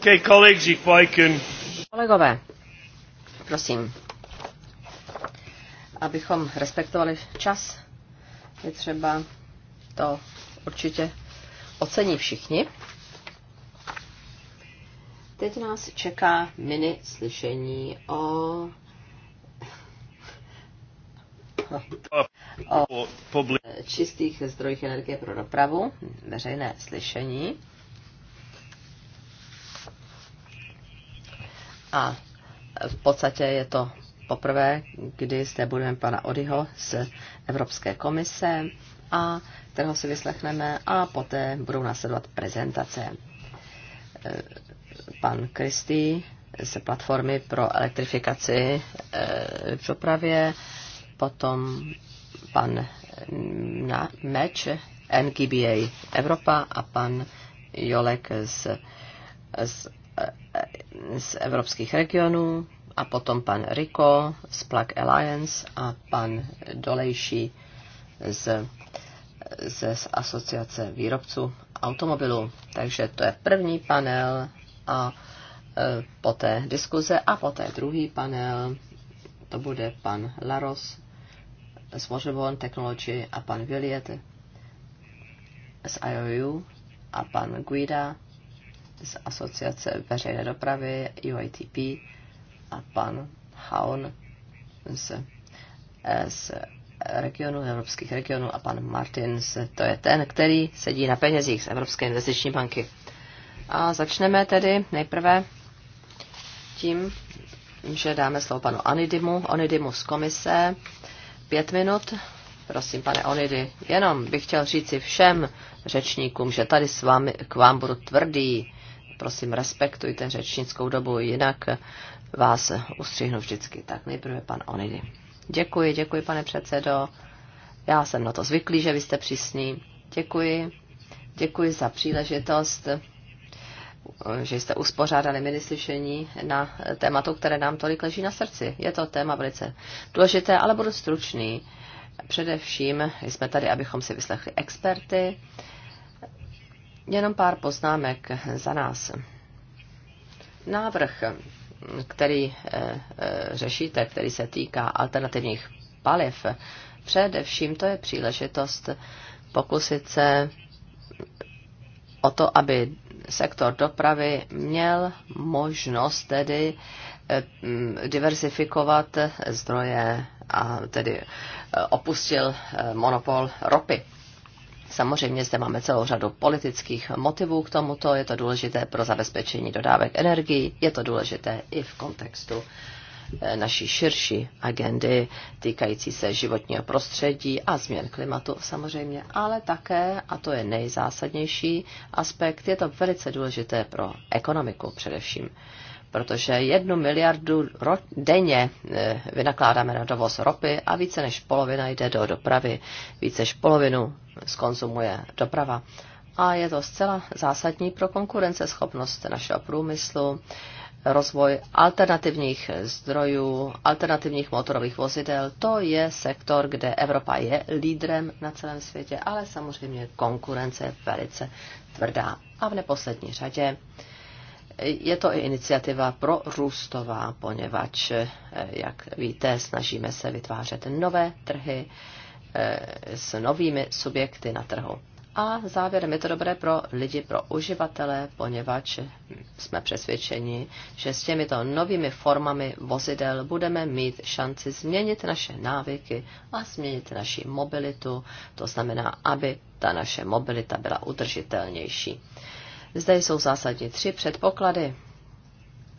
[SPEAKER 2] Okay, colleagues, if I can... Kolegové,
[SPEAKER 1] prosím, abychom respektovali čas, je třeba to určitě ocení všichni. Teď nás čeká mini slyšení o o čistých zdrojích energie pro dopravu, veřejné slyšení. a v podstatě je to poprvé, kdy zde budeme pana Odyho z Evropské komise, a kterého si vyslechneme a poté budou následovat prezentace. E, pan Kristý z platformy pro elektrifikaci e, v dopravě, potom pan Meč NGBA Evropa a pan Jolek z, z z evropských regionů a potom pan Rico z Plug Alliance a pan Dolejší z, z, z asociace výrobců automobilů. Takže to je první panel a e, poté diskuze a poté druhý panel. To bude pan Laros z Washington Technology a pan Williet z IOU a pan Guida z Asociace veřejné dopravy UITP e a pan Haun z, eh, z regionu, evropských regionů a pan Martins, to je ten, který sedí na penězích z Evropské investiční banky. A začneme tedy nejprve tím, že dáme slovo panu Anidimu, Onidimu z komise. Pět minut. Prosím, pane Onidy, jenom bych chtěl říci všem řečníkům, že tady s vámi, k vám budu tvrdý, prosím respektujte řečnickou dobu, jinak vás ustřihnu vždycky. Tak nejprve pan Onidy. Děkuji, děkuji, pane předsedo. Já jsem na to zvyklý, že vy jste přísný. Děkuji. Děkuji za příležitost, že jste uspořádali minislyšení na tématu, které nám tolik leží na srdci. Je to téma velice důležité, ale budu stručný. Především jsme tady, abychom si vyslechli experty, Jenom pár poznámek za nás. Návrh, který eh, eh, řešíte, který se týká alternativních paliv, především to je příležitost pokusit se o to, aby sektor dopravy měl možnost tedy eh, mm, diversifikovat zdroje a tedy opustil monopol ropy. Samozřejmě zde máme celou řadu politických motivů k tomuto, je to důležité pro zabezpečení dodávek energii, je to důležité i v kontextu eh, naší širší agendy týkající se životního prostředí a změn klimatu samozřejmě, ale také, a to je nejzásadnější aspekt, je to velice důležité pro ekonomiku především protože jednu miliardu denně eh, vynakládáme na dovoz ropy a více než polovina jde do dopravy, více než polovinu skonzumuje doprava. A je to zcela zásadní pro konkurenceschopnost našeho průmyslu, rozvoj alternativních zdrojů, alternativních motorových vozidel. To je sektor, kde Evropa je lídrem na celém světě, ale samozřejmě konkurence je velice tvrdá. A v neposlední řadě je to i iniciativa pro růstová, poněvadž, eh, jak víte, snažíme se vytvářet nové trhy eh, s novými subjekty na trhu. A závěrem je to dobré pro lidi, pro uživatele, poněvadž hm, jsme přesvědčeni, že s těmito novými formami vozidel budeme mít šanci změnit naše návyky a změnit naši mobilitu, to znamená, aby ta naše mobilita byla udržitelnější. Zde jsou zásadně tři předpoklady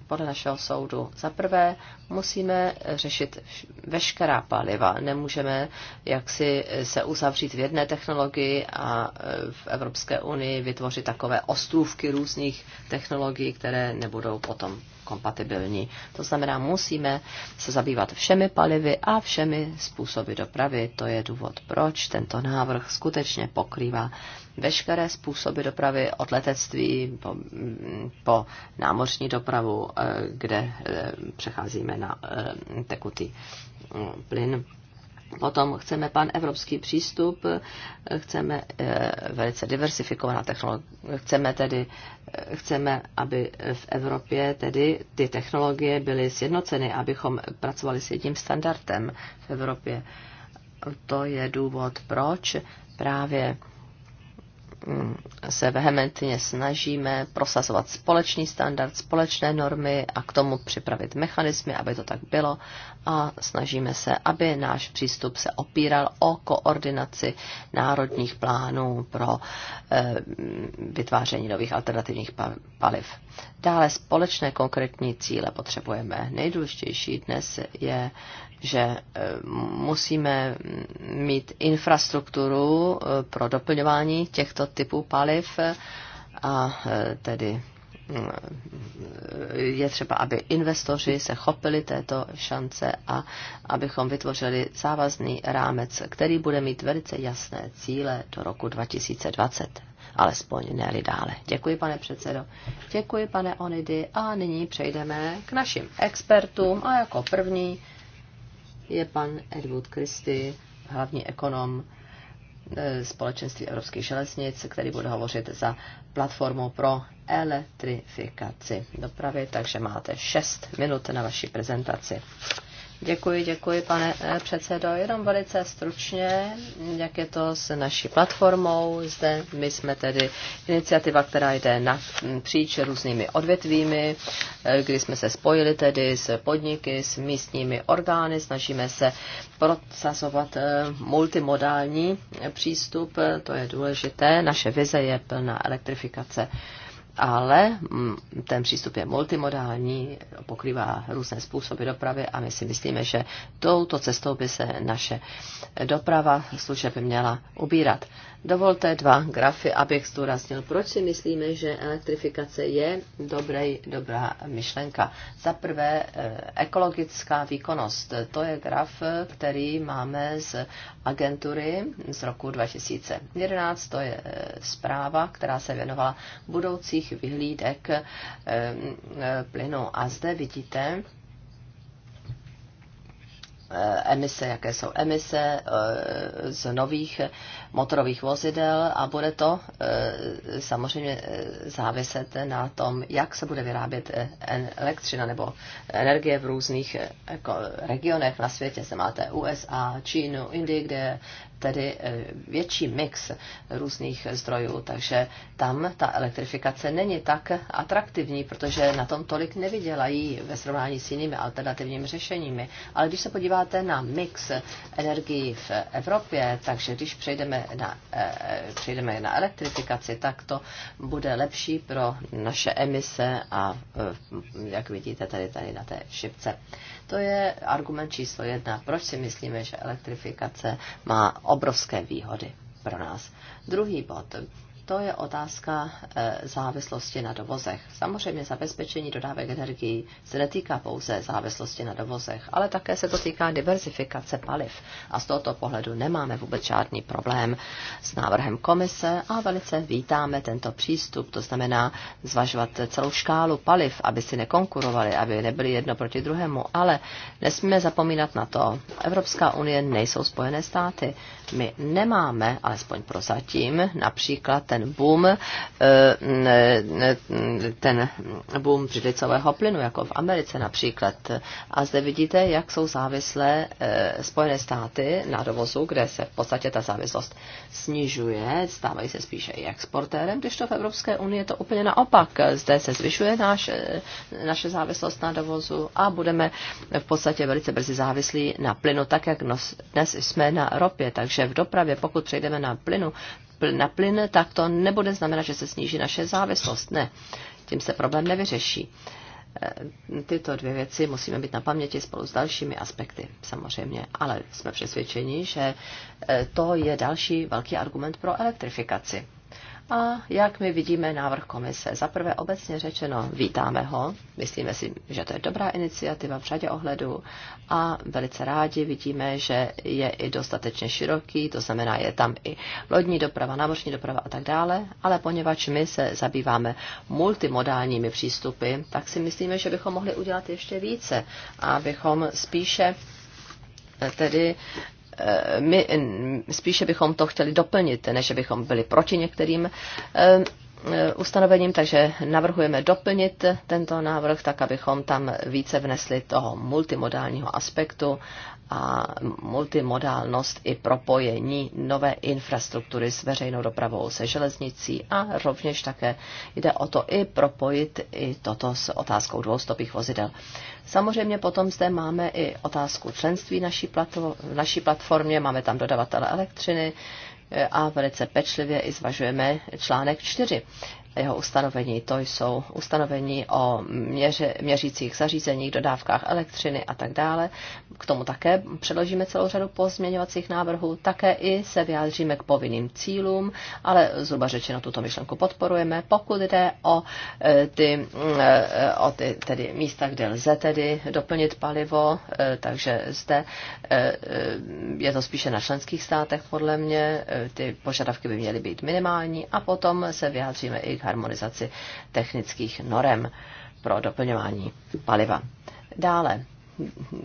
[SPEAKER 1] podle našeho soudu. Za prvé musíme řešit veškerá paliva. Nemůžeme jaksi se uzavřít v jedné technologii a e, v Evropské unii vytvořit takové ostrůvky různých technologií, které nebudou potom kompatibilní. To znamená, musíme se zabývat všemi palivy a všemi způsoby dopravy. To je důvod, proč tento návrh skutečně pokrývá veškeré způsoby dopravy od letectví po, mm, po námořní dopravu, eh, kde eh, přecházíme na eh, tekutý mm, plyn. Potom chceme pan evropský přístup, chceme velice diversifikovaná technologie, chceme tedy, chceme, aby v Evropě tedy ty technologie byly sjednoceny, abychom pracovali s jedním standardem v Evropě. To je důvod, proč právě Mm, se vehementně snažíme prosazovat společný standard, společné normy a k tomu připravit mechanismy, aby to tak bylo a snažíme se, aby náš přístup se opíral o koordinaci národních plánů pro eh, mm, vytváření nových alternativních paliv. Dále společné konkrétní cíle potřebujeme. Nejdůležitější dnes je že eh, musíme mít infrastrukturu eh, pro doplňování těchto typů paliv eh, a tedy je třeba, aby investoři se chopili této šance a abychom vytvořili závazný rámec, který bude mít velice jasné cíle do roku 2020 alespoň ne dále. Děkuji, pane předsedo. Děkuji, pane Onidy. A nyní přejdeme k našim expertům a jako první je pan Edward Christie, hlavní ekonom e, společenství Evropských železnic, který bude hovořit za platformu pro elektrifikaci dopravy, takže máte 6 minut na vaši prezentaci. Děkuji, děkuji, pane eh, předsedo. Jenom velice stručně, jak je to s naší platformou. Zde my jsme tedy iniciativa, která jde na mm, příč různými odvětvími, eh, kdy jsme se spojili tedy s podniky, s místními orgány, snažíme se procesovat eh, multimodální přístup, to je důležité. Naše vize je plná elektrifikace ale mm, ten přístup je multimodální, pokrývá různé způsoby dopravy a my si myslíme, že touto cestou by se naše doprava služeb měla ubírat. Dovolte dva grafy, abych zdůraznil, proč si myslíme, že elektrifikace je dobrý, dobrá myšlenka. Za prvé, eh, ekologická výkonnost. To je graf, který máme z agentury z roku 2011. To je eh, zpráva, která se věnovala budoucích vyhlídek eh, plynu. A zde vidíte, emise, jaké jsou emise z nových motorových vozidel a bude to eh, samozřejmě eh, záviset na tom, jak se bude vyrábět eh, elektřina nebo energie v různých jako, regionech na světě. Se máte USA, Čínu, Indii, kde tedy větší mix různých zdrojů, takže tam ta elektrifikace není tak atraktivní, protože na tom tolik nevydělají ve srovnání s jinými alternativními řešeními. Ale když se podíváte na mix energií v Evropě, takže když přejdeme dále na, eh, přijdeme na elektrifikaci, tak to bude lepší pro naše emise a eh, jak vidíte tady, tady na té šipce. To je argument číslo jedna. Proč si myslíme, že elektrifikace má obrovské výhody pro nás? Druhý bod to je otázka e, závislosti na dovozech. Samozřejmě zabezpečení dodávek energií se netýká pouze závislosti na dovozech, ale také se to týká diversifikace paliv. A z tohoto pohledu nemáme vůbec žádný problém s návrhem komise a velice vítáme tento přístup. To znamená zvažovat celou škálu paliv, aby si nekonkurovali, aby nebyli jedno proti druhému. Ale nesmíme zapomínat na to, Evropská unie nejsou spojené státy my nemáme, alespoň prozatím, například ten boom, e, ten boom břidlicového plynu, jako v Americe například. A zde vidíte, jak jsou závislé e, Spojené státy na dovozu, kde se v podstatě ta závislost snižuje, stávají se spíše i exportérem, když to v Evropské unii je to úplně naopak. Zde se zvyšuje náš, e, naše závislost na dovozu a budeme v podstatě velice brzy závislí na plynu, tak jak dnes jsme na ropě. Takže že v dopravě, pokud přejdeme na, plynu, na plyn, tak to nebude znamenat, že se sníží naše závislost. Ne, tím se problém nevyřeší. Eh, tyto dvě věci musíme být na paměti spolu s dalšími aspekty, samozřejmě, ale jsme přesvědčeni, že eh, to je další velký argument pro elektrifikaci. A jak my vidíme návrh komise? Za prvé obecně řečeno vítáme ho, myslíme si, že to je dobrá iniciativa v řadě ohledů a velice rádi vidíme, že je i dostatečně široký, to znamená, je tam i lodní doprava, námořní doprava a tak dále, ale poněvadž my se zabýváme multimodálními přístupy, tak si myslíme, že bychom mohli udělat ještě více, abychom spíše tedy Eh, my eh, spíše bychom to chtěli doplnit, než bychom byli proti některým eh, ustanovením, takže navrhujeme doplnit tento návrh tak, abychom tam více vnesli toho multimodálního aspektu a multimodálnost i propojení nové infrastruktury s veřejnou dopravou, se železnicí a rovněž také jde o to i propojit i toto s otázkou dvoustopých vozidel. Samozřejmě potom zde máme i otázku členství naší, platvo, naší platformě, máme tam dodavatele elektřiny eh, a velice pečlivě i zvažujeme článek 4 jeho ustanovení. To jsou ustanovení o měře, měřících zařízeních, dodávkách elektřiny a tak dále. K tomu také předložíme celou řadu pozměňovacích návrhů. Také i se vyjádříme k povinným cílům, ale zhruba řečeno tuto myšlenku podporujeme. Pokud jde o e, ty, e, e, o ty tedy místa, kde lze tedy doplnit palivo, takže zde je to spíše na členských státech podle mě, ty požadavky by měly být minimální a potom se vyjádříme i k harmonizaci technických norem pro doplňování paliva. Dále,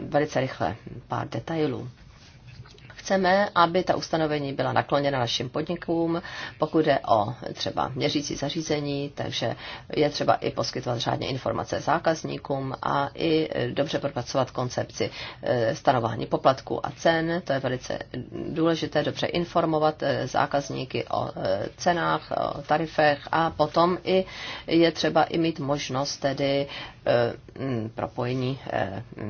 [SPEAKER 1] velice rychle, pár detailů chceme, aby ta ustanovení byla nakloněna našim podnikům, pokud je o třeba měřící zařízení, takže je třeba i poskytovat řádně informace zákazníkům a i dobře propracovat koncepci eh, stanování poplatků a cen. To je velice důležité, dobře informovat eh, zákazníky o eh, cenách, o tarifech a potom i je třeba i mít možnost tedy propojení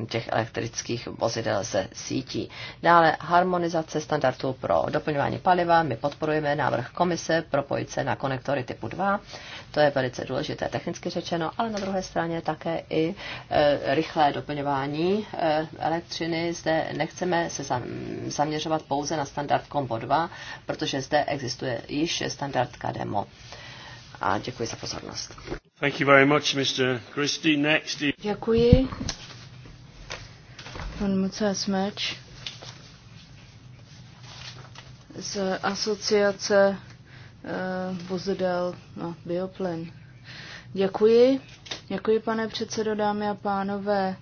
[SPEAKER 1] těch elektrických vozidel se sítí. Dále harmonizace harmonizace standardů pro doplňování paliva. My podporujeme návrh komise propojit se na konektory typu 2. To je velice důležité technicky řečeno, ale na druhé straně také i e, rychlé doplňování e, elektřiny. Zde nechceme se zaměřovat pouze na standard Combo 2, protože zde existuje již standard KDMO.
[SPEAKER 2] A děkuji za pozornost. Thank you very much, Mr. Christie. Next. Děkuji.
[SPEAKER 3] Pan Mucas Meč z asociace eh, vozidel na bioplyn. Děkuji. Děkuji, pane předsedo, dámy a pánové.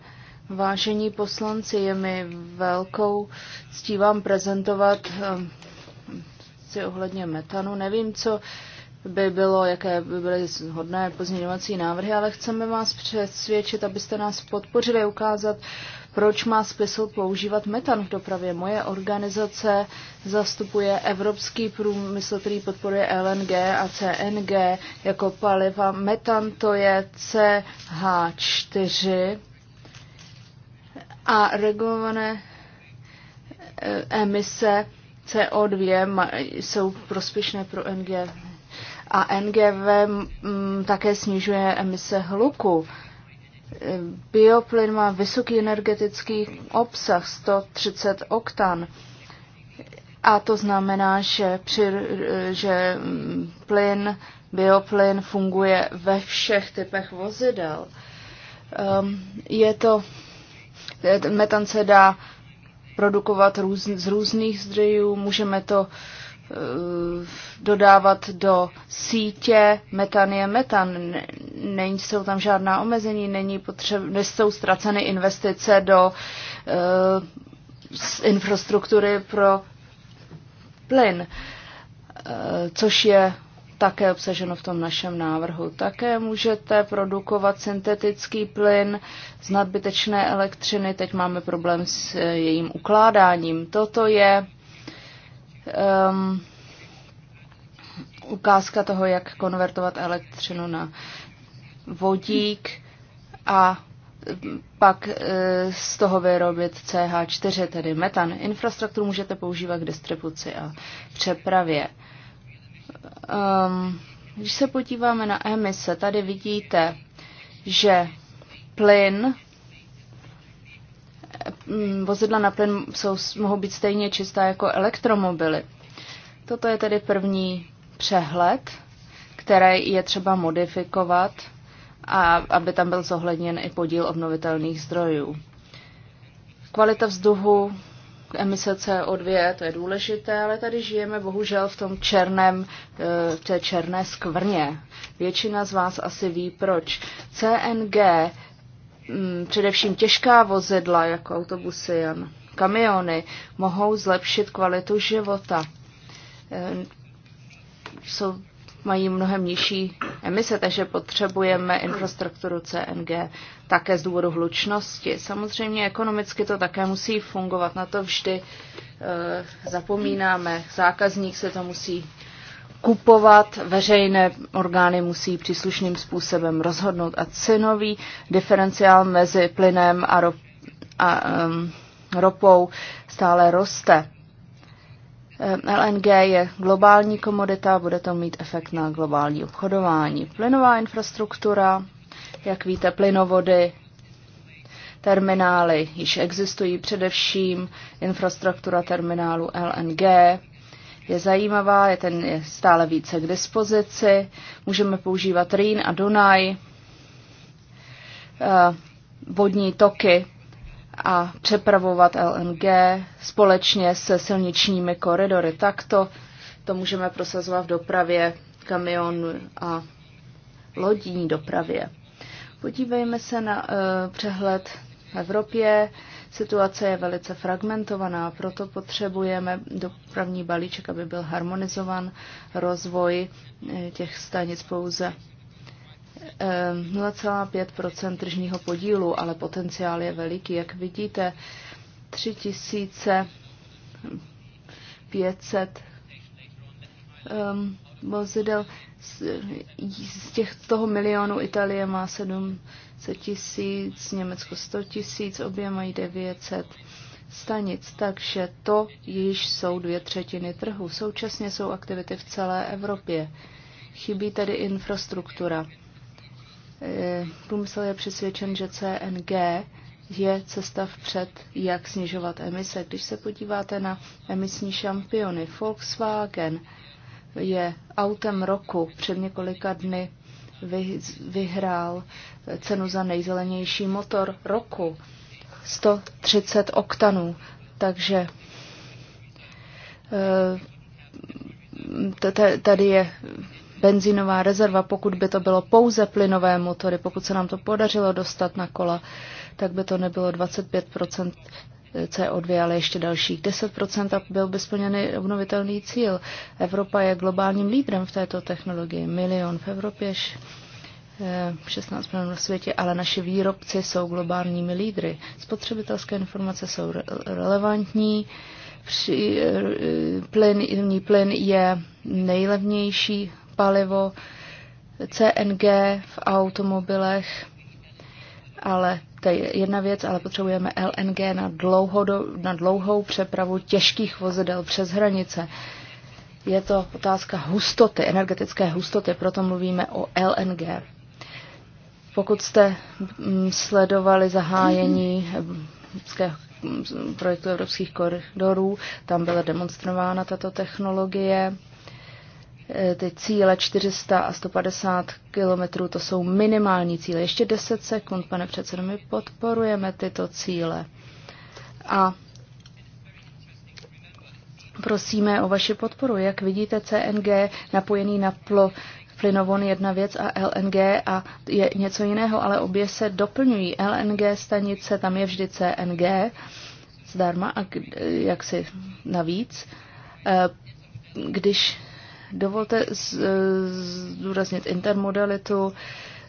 [SPEAKER 3] Vážení poslanci, je mi velkou ctí vám prezentovat eh, si ohledně metanu. Nevím, co by bylo, jaké by byly hodné pozměňovací návrhy, ale chceme vás přesvědčit, abyste nás podpořili ukázat proč má smysl používat metan v dopravě. Moje organizace zastupuje evropský průmysl, který podporuje LNG a CNG jako paliva. Metan to je CH4 a regulované eh, emise CO2 jsou prospěšné pro NG. A NGV mm, také snižuje emise hluku. Bioplyn má vysoký energetický obsah 130 oktan. A to znamená, že, při, že plyn, bioplyn funguje ve všech typech vozidel. Ehm, je to, metan se dá produkovat růz, z různých zdrojů, můžeme to Eh, dodávat do sítě metan je metan. Není jsou tam žádná omezení, není potřeb, nejsou ztraceny investice do uh, infrastruktury pro plyn, uh, což je také obsaženo v tom našem návrhu. Také můžete produkovat syntetický plyn z nadbytečné elektřiny. Teď máme problém s jejím ukládáním. Toto je um, ukázka toho, jak konvertovat elektřinu na vodík a pak e, z toho vyrobit CH4, tedy metan. Infrastrukturu můžete používat k distribuci a přepravě. Um, když se podíváme na emise, tady vidíte, že plyn Mm, vozidla na plyn jsou, mohou být stejně čistá jako elektromobily. Toto je tedy první přehled, který je třeba modifikovat, a aby tam byl zohledněn i podíl obnovitelných zdrojů. Kvalita vzduchu, emise CO2, to je důležité, ale tady žijeme bohužel v tom černém, eh, v té černé skvrně. Většina z vás asi ví proč. CNG Mm, především těžká vozidla, jako autobusy a kamiony, mohou zlepšit kvalitu života. E, jsou, mají mnohem nižší emise, takže potřebujeme infrastrukturu CNG také z důvodu hlučnosti. Samozřejmě ekonomicky to také musí fungovat, na to vždy e, zapomínáme. Zákazník se to musí kupovat, veřejné orgány musí příslušným způsobem rozhodnout a cenový diferenciál mezi plynem a, ro- a um, ropou stále roste. LNG je globální komodita, bude to mít efekt na globální obchodování. Plynová infrastruktura, jak víte, plynovody, terminály již existují, především infrastruktura terminálu LNG, je zajímavá, je ten je stále více k dispozici. Můžeme používat Rýn a Dunaj, eh, vodní toky a přepravovat LNG společně se silničními koridory. Takto to můžeme prosazovat v dopravě kamionů a lodní dopravě. Podívejme se na uh, přehled v Evropě. Situace je velice fragmentovaná, proto potřebujeme dopravní balíček, aby byl harmonizovan rozvoj eh, těch stanic pouze 0,5 eh, tržního podílu, ale potenciál je veliký. Jak vidíte, 3500 um, ehm, vozidel z, z těch, toho milionu Itálie má 7 20 tisíc, Německo 100 tisíc, obě mají 900 stanic, takže to již jsou dvě třetiny trhu. Současně jsou aktivity v celé Evropě. Chybí tedy infrastruktura. Eh, průmysl je přesvědčen, že CNG je cesta vpřed, jak snižovat emise. Když se podíváte na emisní šampiony, Volkswagen je autem roku před několika dny vy, vyhrál cenu za nejzelenější motor roku. 130 oktanů. Takže eh, tady je benzínová rezerva, pokud by to bylo pouze plynové motory, pokud se nám to podařilo dostat na kola, tak by to nebylo 25 CO2, ale ještě dalších 10% a byl by splněný obnovitelný cíl. Evropa je globálním lídrem v této technologii. Milion v Evropě, 16 eh, milionů na světě, ale naši výrobci jsou globálními lídry. Spotřebitelské informace jsou re- relevantní, Při, eh, plyn, plyn je nejlevnější palivo, CNG v automobilech, ale to je jedna věc, ale potřebujeme LNG na, dlouho, na dlouhou přepravu těžkých vozidel přes hranice. Je to otázka hustoty, energetické hustoty, proto mluvíme o LNG. Pokud jste mm, sledovali zahájení eh, projektu evropských koridorů, tam byla demonstrována tato technologie Eh, ty cíle 400 a 150 kilometrů, to jsou minimální cíle. Ještě 10 sekund, pane předsedo, my podporujeme tyto cíle. A prosíme o vaši podporu. Jak vidíte, CNG napojený na plo, plynovon jedna věc a LNG a je něco jiného, ale obě se doplňují. LNG stanice, tam je vždy CNG zdarma a jak navíc. Eh, když Dovolte eh, zdůraznit intermodalitu,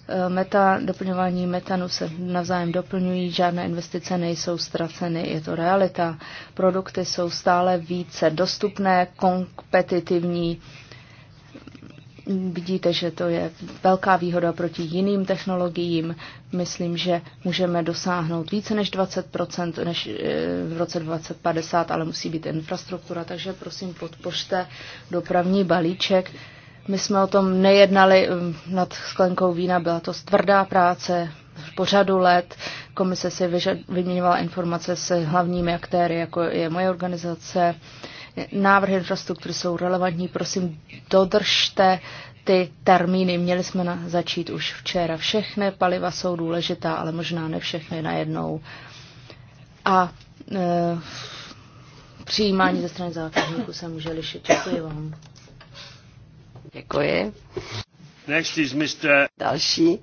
[SPEAKER 3] eh, meta, doplňování metanu se navzájem doplňují, žádné investice nejsou ztraceny, je to realita. Produkty jsou stále více dostupné, kompetitivní, Vidíte, že to je velká výhoda proti jiným technologiím. Myslím, že můžeme dosáhnout více než 20 než eh, v roce 2050, ale musí být infrastruktura, takže prosím podpořte dopravní balíček. My jsme o tom nejednali eh, nad sklenkou vína, byla to tvrdá práce po řadu let. Komise si vyměňovala informace s hlavními aktéry, jako je moje organizace, návrhy infrastruktury jsou relevantní. Prosím, dodržte ty termíny. Měli jsme na, začít už včera. Všechny paliva jsou důležitá, ale možná ne všechny najednou. A e, přijímání ze strany zákazníků se může lišit. Děkuji vám.
[SPEAKER 2] Děkuji. Next is Mr.
[SPEAKER 1] Další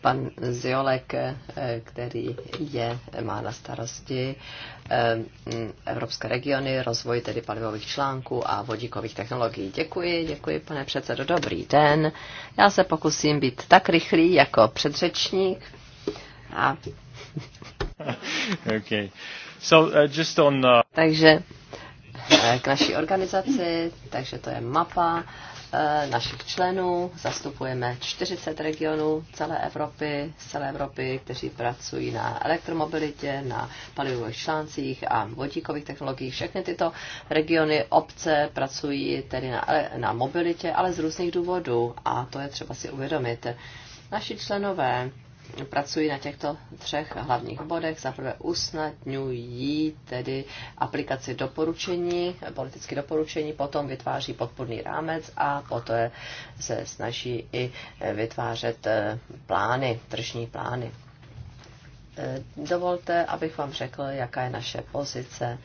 [SPEAKER 1] pan Ziolek, eh, který je, má na starosti eh, evropské regiony, rozvoj tedy palivových článků a vodíkových technologií. Děkuji, děkuji, pane předsedo, dobrý den. Já se pokusím být tak rychlý jako předřečník. A... okay. so, uh, just on, uh... Takže eh, k naší organizaci, takže to je mapa. Uh, Eh, našich členů, zastupujeme 40 regionů celé Evropy, z celé Evropy, kteří pracují na elektromobilitě, na palivových článcích a vodíkových technologiích. Všechny tyto regiony, obce pracují tedy na, na mobilitě, ale z různých důvodů a to je třeba si uvědomit. Naši členové pracují na těchto třech hlavních bodech. Za prvé usnadňují tedy aplikaci doporučení, politické doporučení, potom vytváří podpůrný rámec a poté se snaží i vytvářet eh, plány, tržní plány. Eh, dovolte, abych vám řekl, jaká je naše pozice.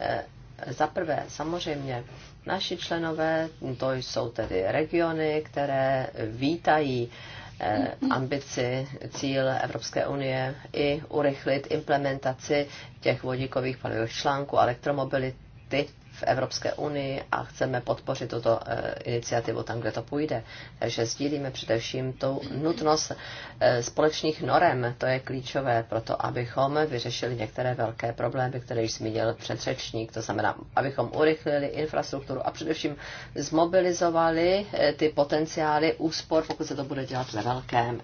[SPEAKER 1] Eh, za prvé, samozřejmě, naši členové, to jsou tedy regiony, které vítají Eh, ambici, cíl Evropské unie i urychlit implementaci těch vodíkových palivových článků, elektromobility v Evropské unii a chceme podpořit tuto eh, iniciativu tam, kde to půjde. Takže sdílíme především tu nutnost eh, společných norem. To je klíčové pro to, abychom vyřešili některé velké problémy, které již zmínil předřečník. To znamená, abychom urychlili infrastrukturu a především zmobilizovali eh, ty potenciály úspor, pokud se to bude dělat ve velkém.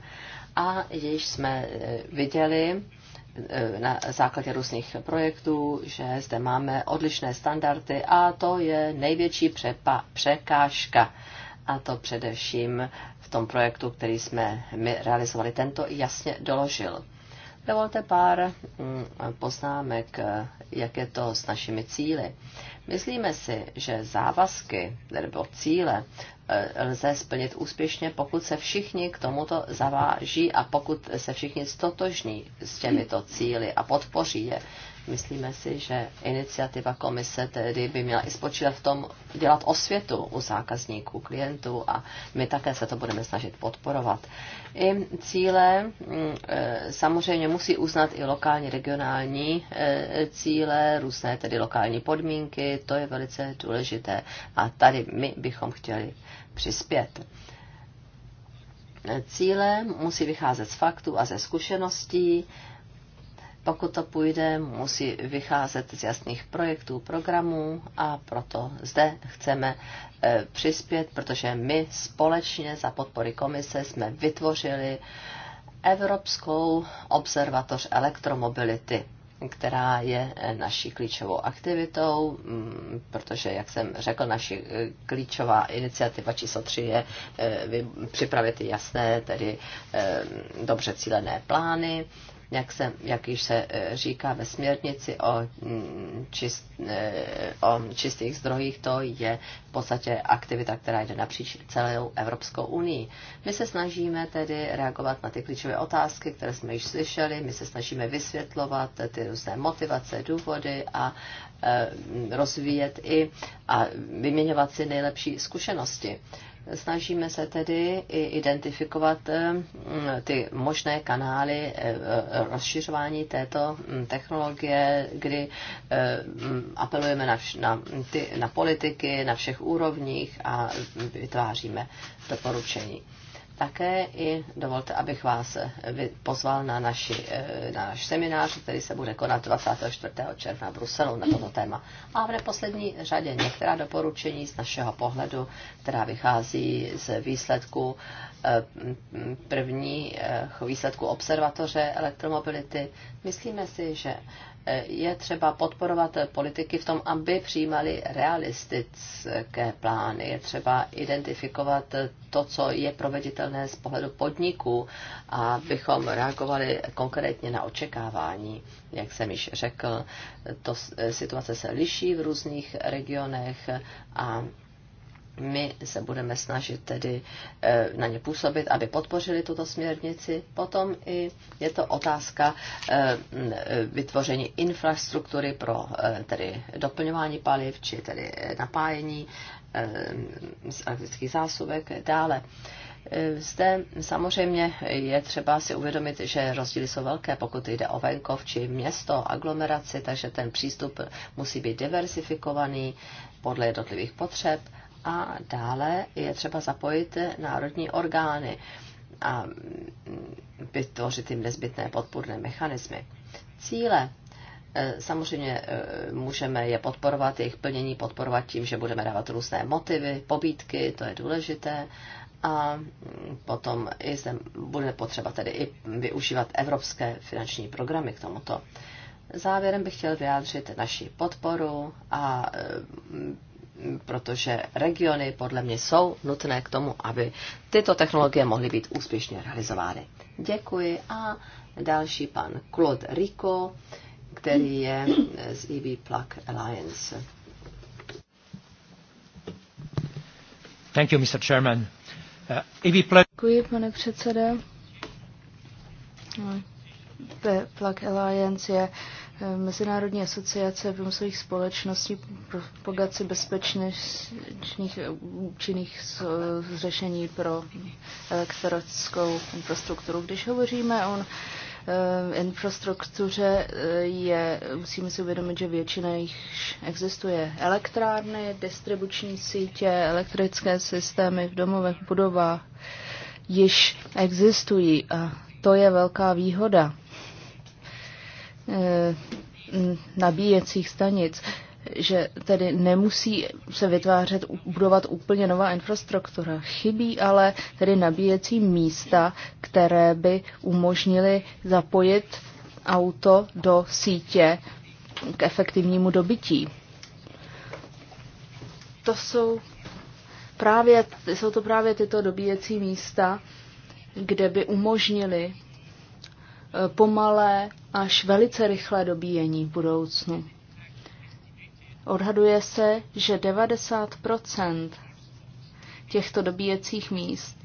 [SPEAKER 1] A již jsme viděli, Eh, na základě různých projektů, že zde máme odlišné standardy a to je největší přepa, překážka. A to především v tom projektu, který jsme my realizovali. Tento jasně doložil. Dovolte pár mm, poznámek, jak je to s našimi cíly. Myslíme si, že závazky nebo cíle eh, lze splnit úspěšně, pokud se všichni k tomuto zaváží a pokud se všichni stotožní s těmito cíly a podpoří je. Myslíme si, že iniciativa komise tedy by měla i spočívat v tom dělat osvětu u zákazníků, klientů a my také se to budeme snažit podporovat. I cíle mm, e, samozřejmě musí uznat i lokální, regionální e, cíle, různé tedy lokální podmínky, to je velice důležité a tady my bychom chtěli přispět. Cíle musí vycházet z faktů a ze zkušeností, pokud to půjde, musí vycházet z jasných projektů, programů a proto zde chceme e, přispět, protože my společně za podpory komise jsme vytvořili Evropskou observatoř elektromobility která je e, naší klíčovou aktivitou, mm, protože, jak jsem řekl, naši e, klíčová iniciativa číslo 3 je připravit jasné, tedy dobře cílené plány jak, se, jak již se eh, říká ve směrnici o, mm, čist, eh, o čistých zdrojích, to je v podstatě aktivita, která jde napříč celou Evropskou unii. My se snažíme tedy reagovat na ty klíčové otázky, které jsme již slyšeli, my se snažíme vysvětlovat ty různé motivace, důvody a Eh, rozvíjet i a vyměňovat si nejlepší zkušenosti. Snažíme se tedy i identifikovat eh, ty možné kanály eh, rozšiřování této hm, technologie, kdy hm, apelujeme na, vš- na, ty, na politiky na všech úrovních a vytváříme doporučení. Také i dovolte, abych vás eh, pozval na, naši, eh, na náš seminář, který se bude konat 24. června v Bruselu na toto téma. A v neposlední řadě některá doporučení z našeho pohledu, která vychází z výsledku eh, první výsledku observatoře elektromobility. Myslíme si, že je třeba podporovat politiky v tom, aby přijímali realistické plány. Je třeba identifikovat to, co je proveditelné z pohledu podniků, abychom reagovali konkrétně na očekávání. Jak jsem již řekl, to, situace se liší v různých regionech a my se budeme snažit tedy eh, na ně působit, aby podpořili tuto směrnici. Potom i je to otázka eh, eh, vytvoření infrastruktury pro tedy doplňování paliv, či tedy napájení z elektrických zásuvek dále. Zde samozřejmě je třeba si uvědomit, že rozdíly jsou velké, pokud jde o venkov či město, aglomeraci, takže ten přístup musí být diversifikovaný podle jednotlivých potřeb a dále je třeba zapojit národní orgány a vytvořit jim nezbytné podpůrné mechanismy. Cíle eh, Samozřejmě eh, můžeme je podporovat, jejich plnění podporovat tím, že budeme dávat různé motivy, pobídky, to je důležité. A potom i zde bude potřeba tedy i využívat evropské finanční programy k tomuto. Závěrem bych chtěl vyjádřit naši podporu a eh, protože regiony podle mě jsou nutné k tomu, aby tyto technologie mohly být úspěšně realizovány. Děkuji a další pan Claude Rico, který je z EV Plug Alliance.
[SPEAKER 3] Thank you, Mr. Chairman. Uh, EB Plug... Děkuji, pane The no, Plug Alliance je uh, Eh, Mezinárodní asociace průmyslových společností propagaci bezpečných eh, účinných eh, řešení pro elektrickou infrastrukturu. Když hovoříme o infrastruktuře, je, musíme si uvědomit, že většina jich existuje. Elektrárny, distribuční sítě, elektrické systémy v domovech, budovách již existují a to je velká výhoda Eh, nabíjecích stanic, že tedy nemusí se vytvářet, budovat úplně nová infrastruktura. Chybí ale tedy nabíjecí místa, které by umožnily zapojit auto do sítě k efektivnímu dobití. To jsou právě, jsou to právě tyto dobíjecí místa, kde by umožnili pomalé až velice rychlé dobíjení v budoucnu. Odhaduje se, že 90 těchto dobíjecích míst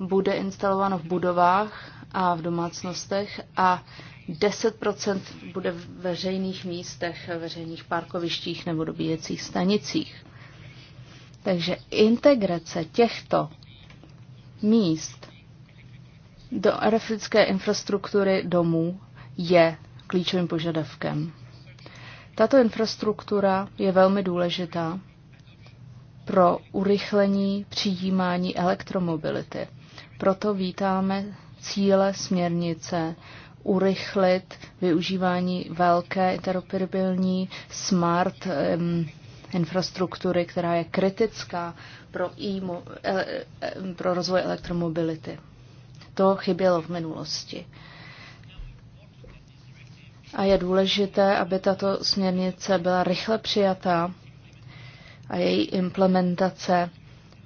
[SPEAKER 3] bude instalováno v budovách a v domácnostech a 10 bude v veřejných místech, veřejných parkovištích nebo dobíjecích stanicích. Takže integrace těchto míst do elektrické infrastruktury domů je klíčovým požadavkem. Tato infrastruktura je velmi důležitá pro urychlení přijímání elektromobility. Proto vítáme cíle směrnice urychlit využívání velké interoperabilní smart um, infrastruktury, která je kritická pro, e, e pro rozvoj elektromobility. To chybělo v minulosti. A je důležité, aby tato směrnice byla rychle přijatá a její implementace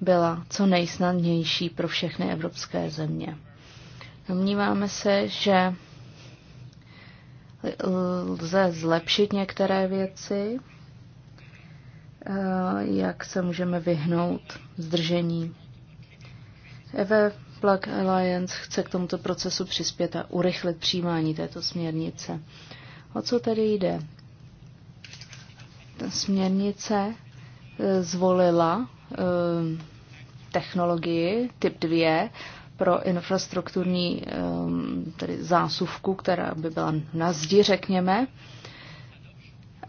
[SPEAKER 3] byla co nejsnadnější pro všechny evropské země. Domníváme se, že lze zlepšit některé věci, eh, jak se můžeme vyhnout zdržení. Eve Plug Alliance chce k tomuto procesu přispět a urychlit přijímání této směrnice. O co tedy jde? Ta směrnice eh, zvolila eh, technologii typ 2 pro infrastrukturní eh, tedy zásuvku, která by byla na zdi, řekněme.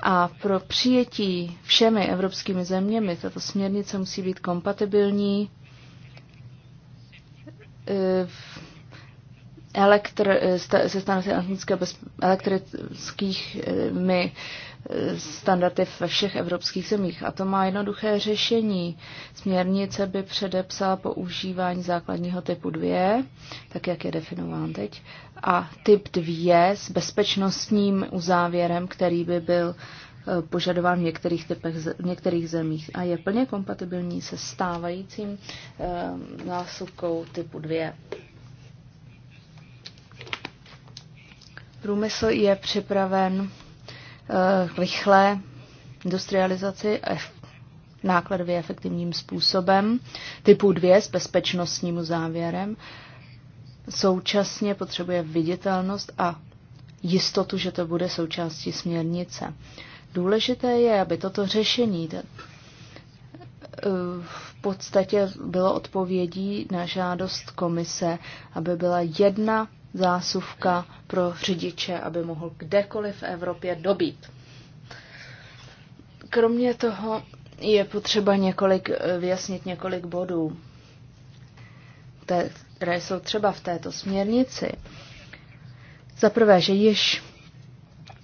[SPEAKER 3] A pro přijetí všemi evropskými zeměmi tato směrnice musí být kompatibilní Eh, elektr, eh, se my eh, standardy ve všech evropských zemích. A to má jednoduché řešení. Směrnice by předepsala používání základního typu 2, tak jak je definován teď, a typ 2 s bezpečnostním uzávěrem, který by byl požadován v některých, typech, v některých zemích a je plně kompatibilní se stávajícím eh, zásuvkou typu 2. Průmysl je připraven eh, k rychlé industrializaci eh, nákladově efektivním způsobem typu 2 s bezpečnostním závěrem. Současně potřebuje viditelnost a jistotu, že to bude součástí směrnice. Uh, Důležité je, aby toto řešení eh, v podstatě bylo odpovědí na žádost komise, aby byla jedna zásuvka pro řidiče, aby mohl kdekoliv v Evropě dobít. Kromě toho je potřeba několik, eh, vyjasnit několik bodů, které jsou třeba v této směrnici. Za prvé, že již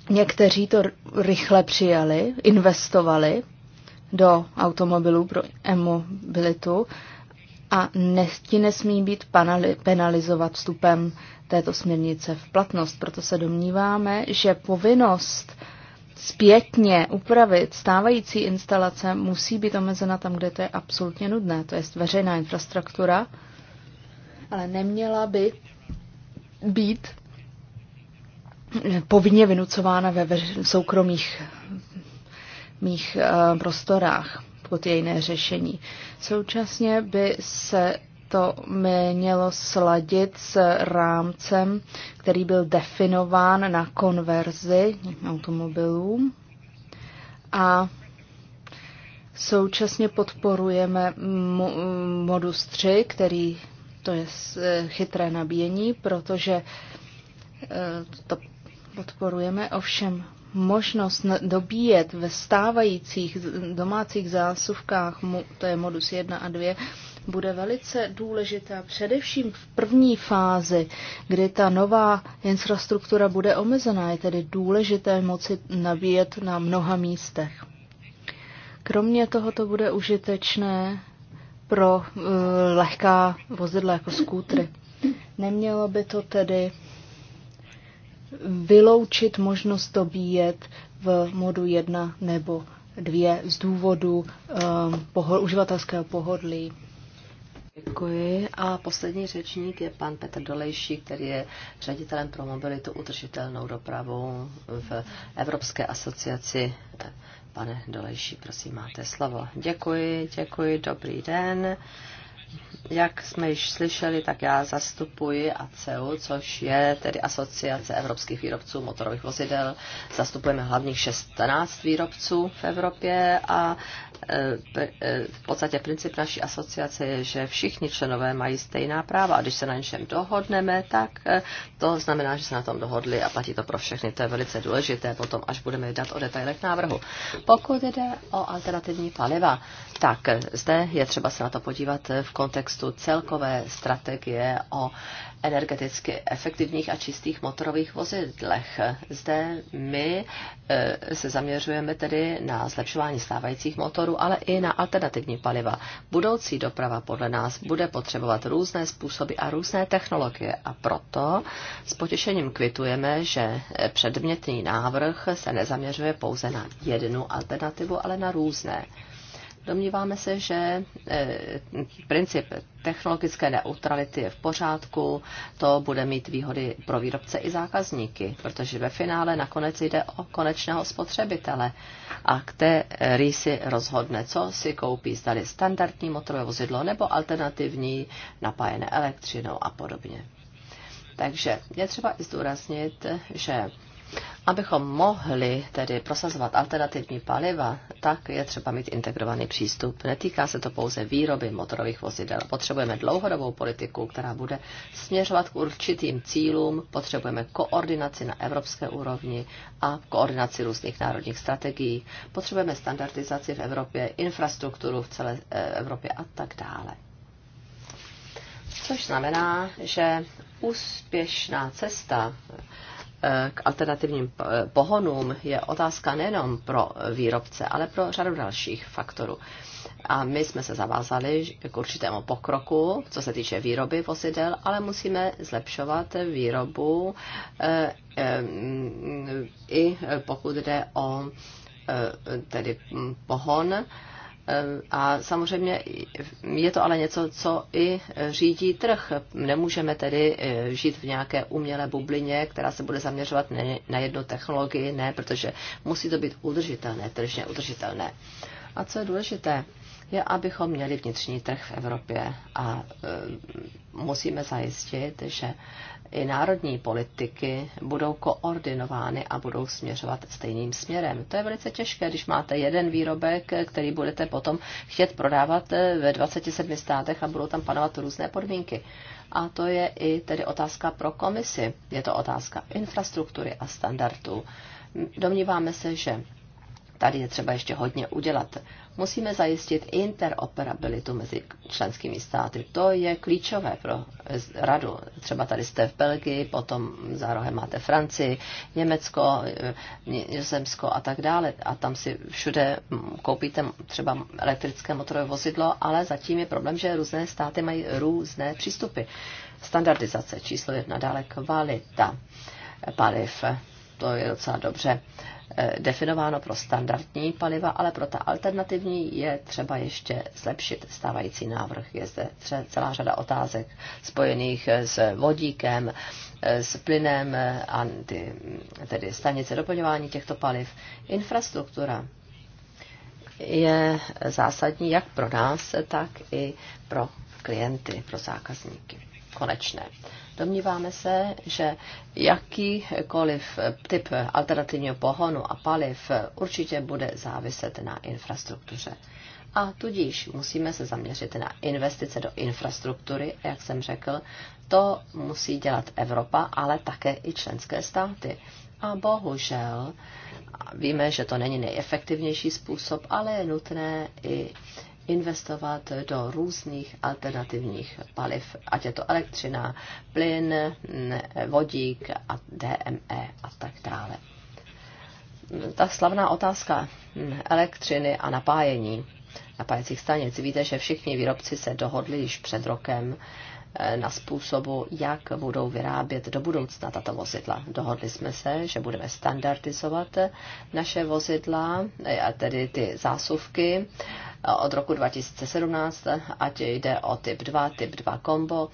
[SPEAKER 3] Někteří to rychle přijali, investovali do automobilů pro e-mobilitu a ti nesmí být penalizovat vstupem této směrnice v platnost. Proto se domníváme, že povinnost zpětně upravit stávající instalace musí být omezena tam, kde to je absolutně nudné, to je veřejná infrastruktura, ale neměla by být povinně vynucována ve soukromých mých eh, prostorách, pokud je jiné řešení. Současně by se to mělo sladit s rámcem, který byl definován na konverzi automobilů a současně podporujeme modus 3, který to je eh, chytré nabíjení, protože eh, to Podporujeme ovšem možnost dobíjet ve stávajících domácích zásuvkách, to je modus 1 a 2, bude velice důležitá především v první fázi, kdy ta nová infrastruktura bude omezená, je tedy důležité moci nabíjet na mnoha místech. Kromě toho to bude užitečné pro uh, lehká vozidla jako skútry. Nemělo by to tedy vyloučit možnost dobíjet v modu 1 nebo 2 z důvodu um, poho-
[SPEAKER 1] uživatelského pohodlí. Děkuji. A poslední řečník je pan Petr Dolejší, který je ředitelem pro mobilitu udržitelnou dopravu v Evropské asociaci. Pane Dolejší, prosím, máte slovo. Děkuji, děkuji, dobrý den. Jak jsme již slyšeli, tak já zastupuji ACEU, což je tedy Asociace evropských výrobců motorových vozidel. Zastupujeme hlavních 16 výrobců v Evropě a e, e, v podstatě princip naší asociace je, že všichni členové mají stejná práva a když se na něčem dohodneme, tak e, to znamená, že se na tom dohodli a platí to pro všechny. To je velice důležité potom, až budeme dát o detailech návrhu. Pokud jde o alternativní paliva, tak zde je třeba se na to podívat v kontextu kontextu celkové strategie o energeticky efektivních a čistých motorových vozidlech. Zde my e, se zaměřujeme tedy na zlepšování stávajících motorů, ale i na alternativní paliva. Budoucí doprava podle nás bude potřebovat různé způsoby a různé technologie a proto s potěšením kvitujeme, že předmětný návrh se nezaměřuje pouze na jednu alternativu, ale na různé. Domníváme se, že eh, princip technologické neutrality je v pořádku, to bude mít výhody pro výrobce i zákazníky, protože ve finále nakonec jde o konečného spotřebitele, a který si rozhodne, co si koupí, zdali standardní motorové vozidlo nebo alternativní napájené elektřinou a podobně. Takže je třeba i zdůraznit, že Abychom mohli tedy prosazovat alternativní paliva, tak je třeba mít integrovaný přístup. Netýká se to pouze výroby motorových vozidel. Potřebujeme dlouhodobou politiku, která bude směřovat k určitým cílům. Potřebujeme koordinaci na evropské úrovni a koordinaci různých národních strategií. Potřebujeme standardizaci v Evropě, infrastrukturu v celé eh, Evropě a tak dále. Což znamená, že úspěšná cesta k alternativním eh, pohonům je otázka nejenom pro výrobce, ale pro řadu dalších faktorů. A my jsme se zavázali k určitému pokroku, co se týče výroby vozidel, ale musíme zlepšovat výrobu eh, eh, i pokud jde o tedy hm, pohon a samozřejmě je to ale něco, co i řídí trh. Nemůžeme tedy eh, žít v nějaké umělé bublině, která se bude zaměřovat na jednu technologii, ne, protože musí to být udržitelné, tržně udržitelné. A co je důležité, je, abychom měli vnitřní trh v Evropě a eh, musíme zajistit, že i národní politiky budou koordinovány a budou směřovat stejným směrem. To je velice těžké, když máte jeden výrobek, který budete potom chtět prodávat eh, ve 27 státech a budou tam panovat různé podmínky. A to je i tedy otázka pro komisi. Je to otázka infrastruktury a standardů. Domníváme se, že tady je třeba ještě hodně udělat. Musíme zajistit interoperabilitu mezi členskými státy. To je klíčové pro radu. Třeba tady jste v Belgii, potom za rohem máte Francii, Německo, Nizozemsko a tak dále. A tam si všude koupíte třeba elektrické motorové vozidlo, ale zatím je problém, že různé státy mají různé přístupy. Standardizace číslo jedna, dále kvalita paliv to je docela dobře. Eh, definováno pro standardní paliva, ale pro ta alternativní je třeba ještě zlepšit stávající návrh. Je zde celá řada otázek spojených eh, s vodíkem, eh, s plynem a ty, mm, tedy stanice doplňování těchto paliv. Infrastruktura je zásadní jak pro nás, tak i pro klienty, pro zákazníky. Konečné. Domníváme se, že jakýkoliv typ alternativního pohonu a paliv určitě bude záviset na infrastruktuře. A tudíž musíme se zaměřit na investice do infrastruktury, jak jsem řekl, to musí dělat Evropa, ale také i členské státy. A bohužel víme, že to není nejefektivnější způsob, ale je nutné i investovat do různých alternativních paliv, ať je to elektřina, plyn, vodík a DME a tak dále. Ta slavná otázka elektřiny a napájení napájecích stanic. Víte, že všichni výrobci se dohodli již před rokem, na způsobu, jak budou vyrábět do budoucna tato vozidla. Dohodli jsme se, že budeme standardizovat naše vozidla, a tedy ty zásuvky od roku 2017, ať jde o typ 2, typ 2 kombo,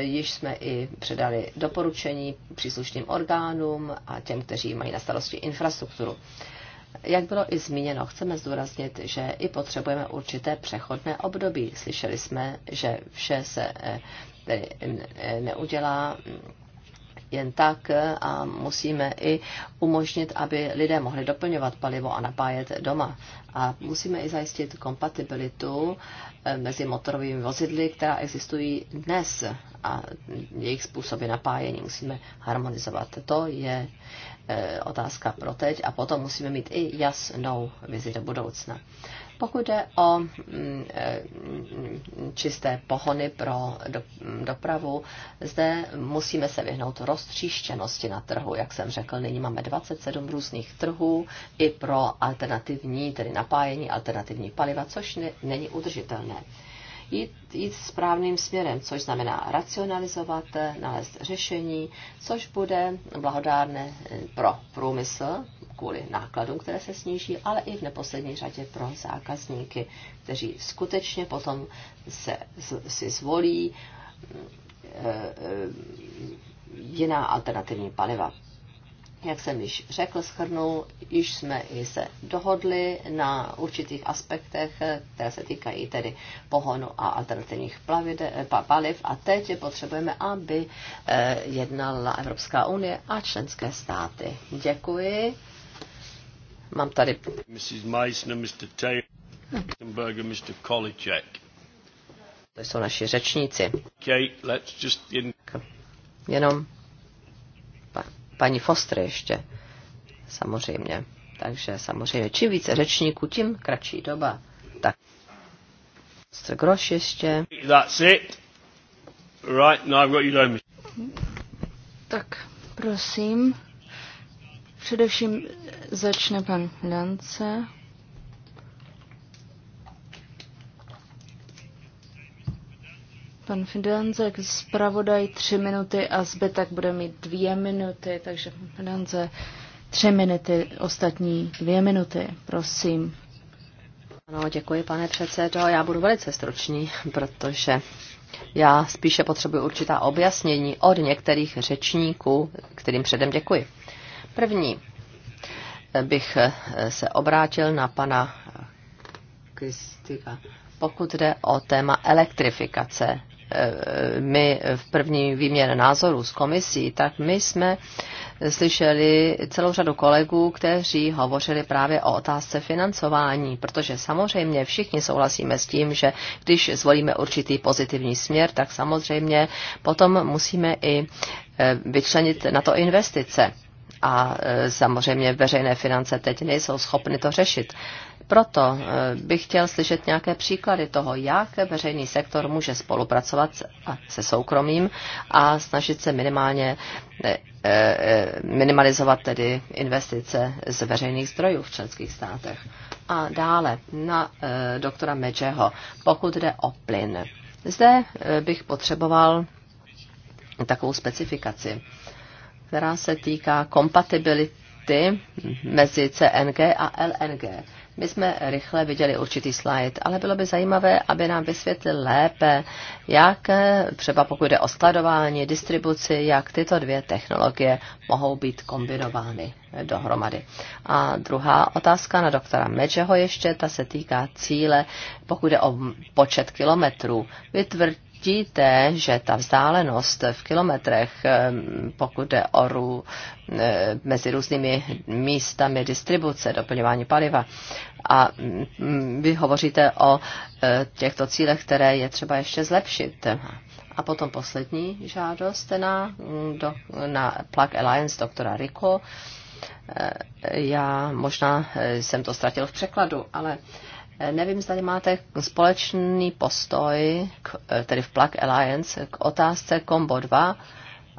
[SPEAKER 1] již jsme i předali doporučení příslušným orgánům a těm, kteří mají na starosti infrastrukturu. Jak bylo i zmíněno, chceme zdůraznit, že i potřebujeme určité přechodné období. Slyšeli jsme, že vše se eh, mm, eh, neudělá jen tak eh, a musíme i umožnit, aby lidé mohli doplňovat palivo a napájet doma. A musíme i zajistit kompatibilitu eh, mezi motorovými vozidly, která existují dnes a jejich způsoby napájení musíme harmonizovat. To je eh, otázka pro teď a potom musíme mít i jasnou vizi do budoucna. Pokud jde o mm, e, mm, čisté pohony pro mm, dopravu, zde musíme se vyhnout roztříštěnosti na trhu. Jak jsem řekl, nyní máme 27 různých trhů i pro alternativní, tedy napájení alternativní paliva, což není udržitelné jít, jít správným směrem, což znamená racionalizovat, nalézt řešení, což bude blahodárné eh, pro průmysl kvůli nákladům, které se sníží, ale i v neposlední řadě pro zákazníky, kteří skutečně potom se, si zvolí mm, eh, eh, jiná alternativní paliva jak jsem již řekl, schrnul, již jsme i se dohodli na určitých aspektech, které se týkají tedy pohonu a alternativních paliv. A teď je potřebujeme, aby eh, jednala Evropská unie a členské státy. Děkuji.
[SPEAKER 2] Mám tady... Mrs. Meissner, Mr. Taylor, Mr. Kolicek. To jsou naši
[SPEAKER 1] řečníci.
[SPEAKER 2] Okay, let's just...
[SPEAKER 1] Jenom paní Foster ještě, samozřejmě. Takže samozřejmě, čím více řečníků, tím kratší doba. Tak. Mr. Groš ještě.
[SPEAKER 2] That's it. Right, now I've got you down.
[SPEAKER 3] Tak, prosím. Především začne pan Lance. Pan Fidanzek, zpravodaj tři minuty a zbytek bude mít dvě minuty, takže pan Fidanze, tři minuty, ostatní dvě minuty, prosím.
[SPEAKER 1] Ano, děkuji, pane předsedo. Já budu velice stručný, protože já spíše potřebuji určitá objasnění od některých řečníků, kterým předem děkuji. První bych se obrátil na pana Kristika, pokud jde o téma elektrifikace Eh, my v první výměně názorů s komisí, tak my jsme slyšeli celou řadu kolegů, kteří hovořili právě o otázce financování, protože samozřejmě všichni souhlasíme s tím, že když zvolíme určitý pozitivní směr, tak samozřejmě potom musíme i eh, vyčlenit na to investice a eh, samozřejmě veřejné finance teď nejsou schopny to řešit. Proto eh, bych chtěl slyšet nějaké příklady toho, jak veřejný sektor může spolupracovat se soukromým a snažit se minimálně eh, eh, minimalizovat tedy investice z veřejných zdrojů v členských státech. A dále na doktora Medžeho, pokud jde o plyn. Zde bych potřeboval takovou specifikaci, která se týká kompatibility mezi CNG a LNG. My jsme rychle viděli určitý slide, ale bylo by zajímavé, aby nám vysvětlil lépe, jak třeba pokud jde o skladování, distribuci, jak tyto dvě technologie mohou být kombinovány dohromady. A druhá otázka na doktora Medžeho ještě, ta se týká cíle, pokud jde o počet kilometrů. Vy vidíte, že ta vzdálenost v kilometrech, pokud jde o rů, mezi různými místami distribuce, doplňování paliva, a mm, mm, vy hovoříte o e, těchto cílech, které je třeba ještě zlepšit. A potom poslední žádost na, mm, do, na Plug Alliance doktora Rico. E, já možná e, jsem to ztratil v překladu, ale eh, Nevím, zda máte společný postoj, k, tedy v Plug Alliance, k otázce Combo 2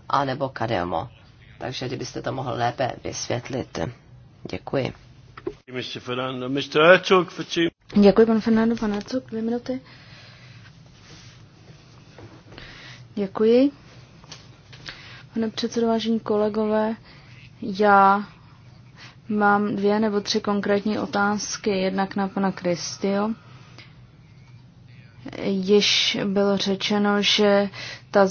[SPEAKER 1] anebo Kademo. Takže kdybyste to mohl lépe vysvětlit. Děkuji.
[SPEAKER 3] Děkuji, pan Fernando. Pan Herzog, dvě minuty. Děkuji. Pane předsedo, vážení kolegové, já Mám dvě nebo tři konkrétní otázky, jednak na pana Kristio. Již bylo řečeno, že ta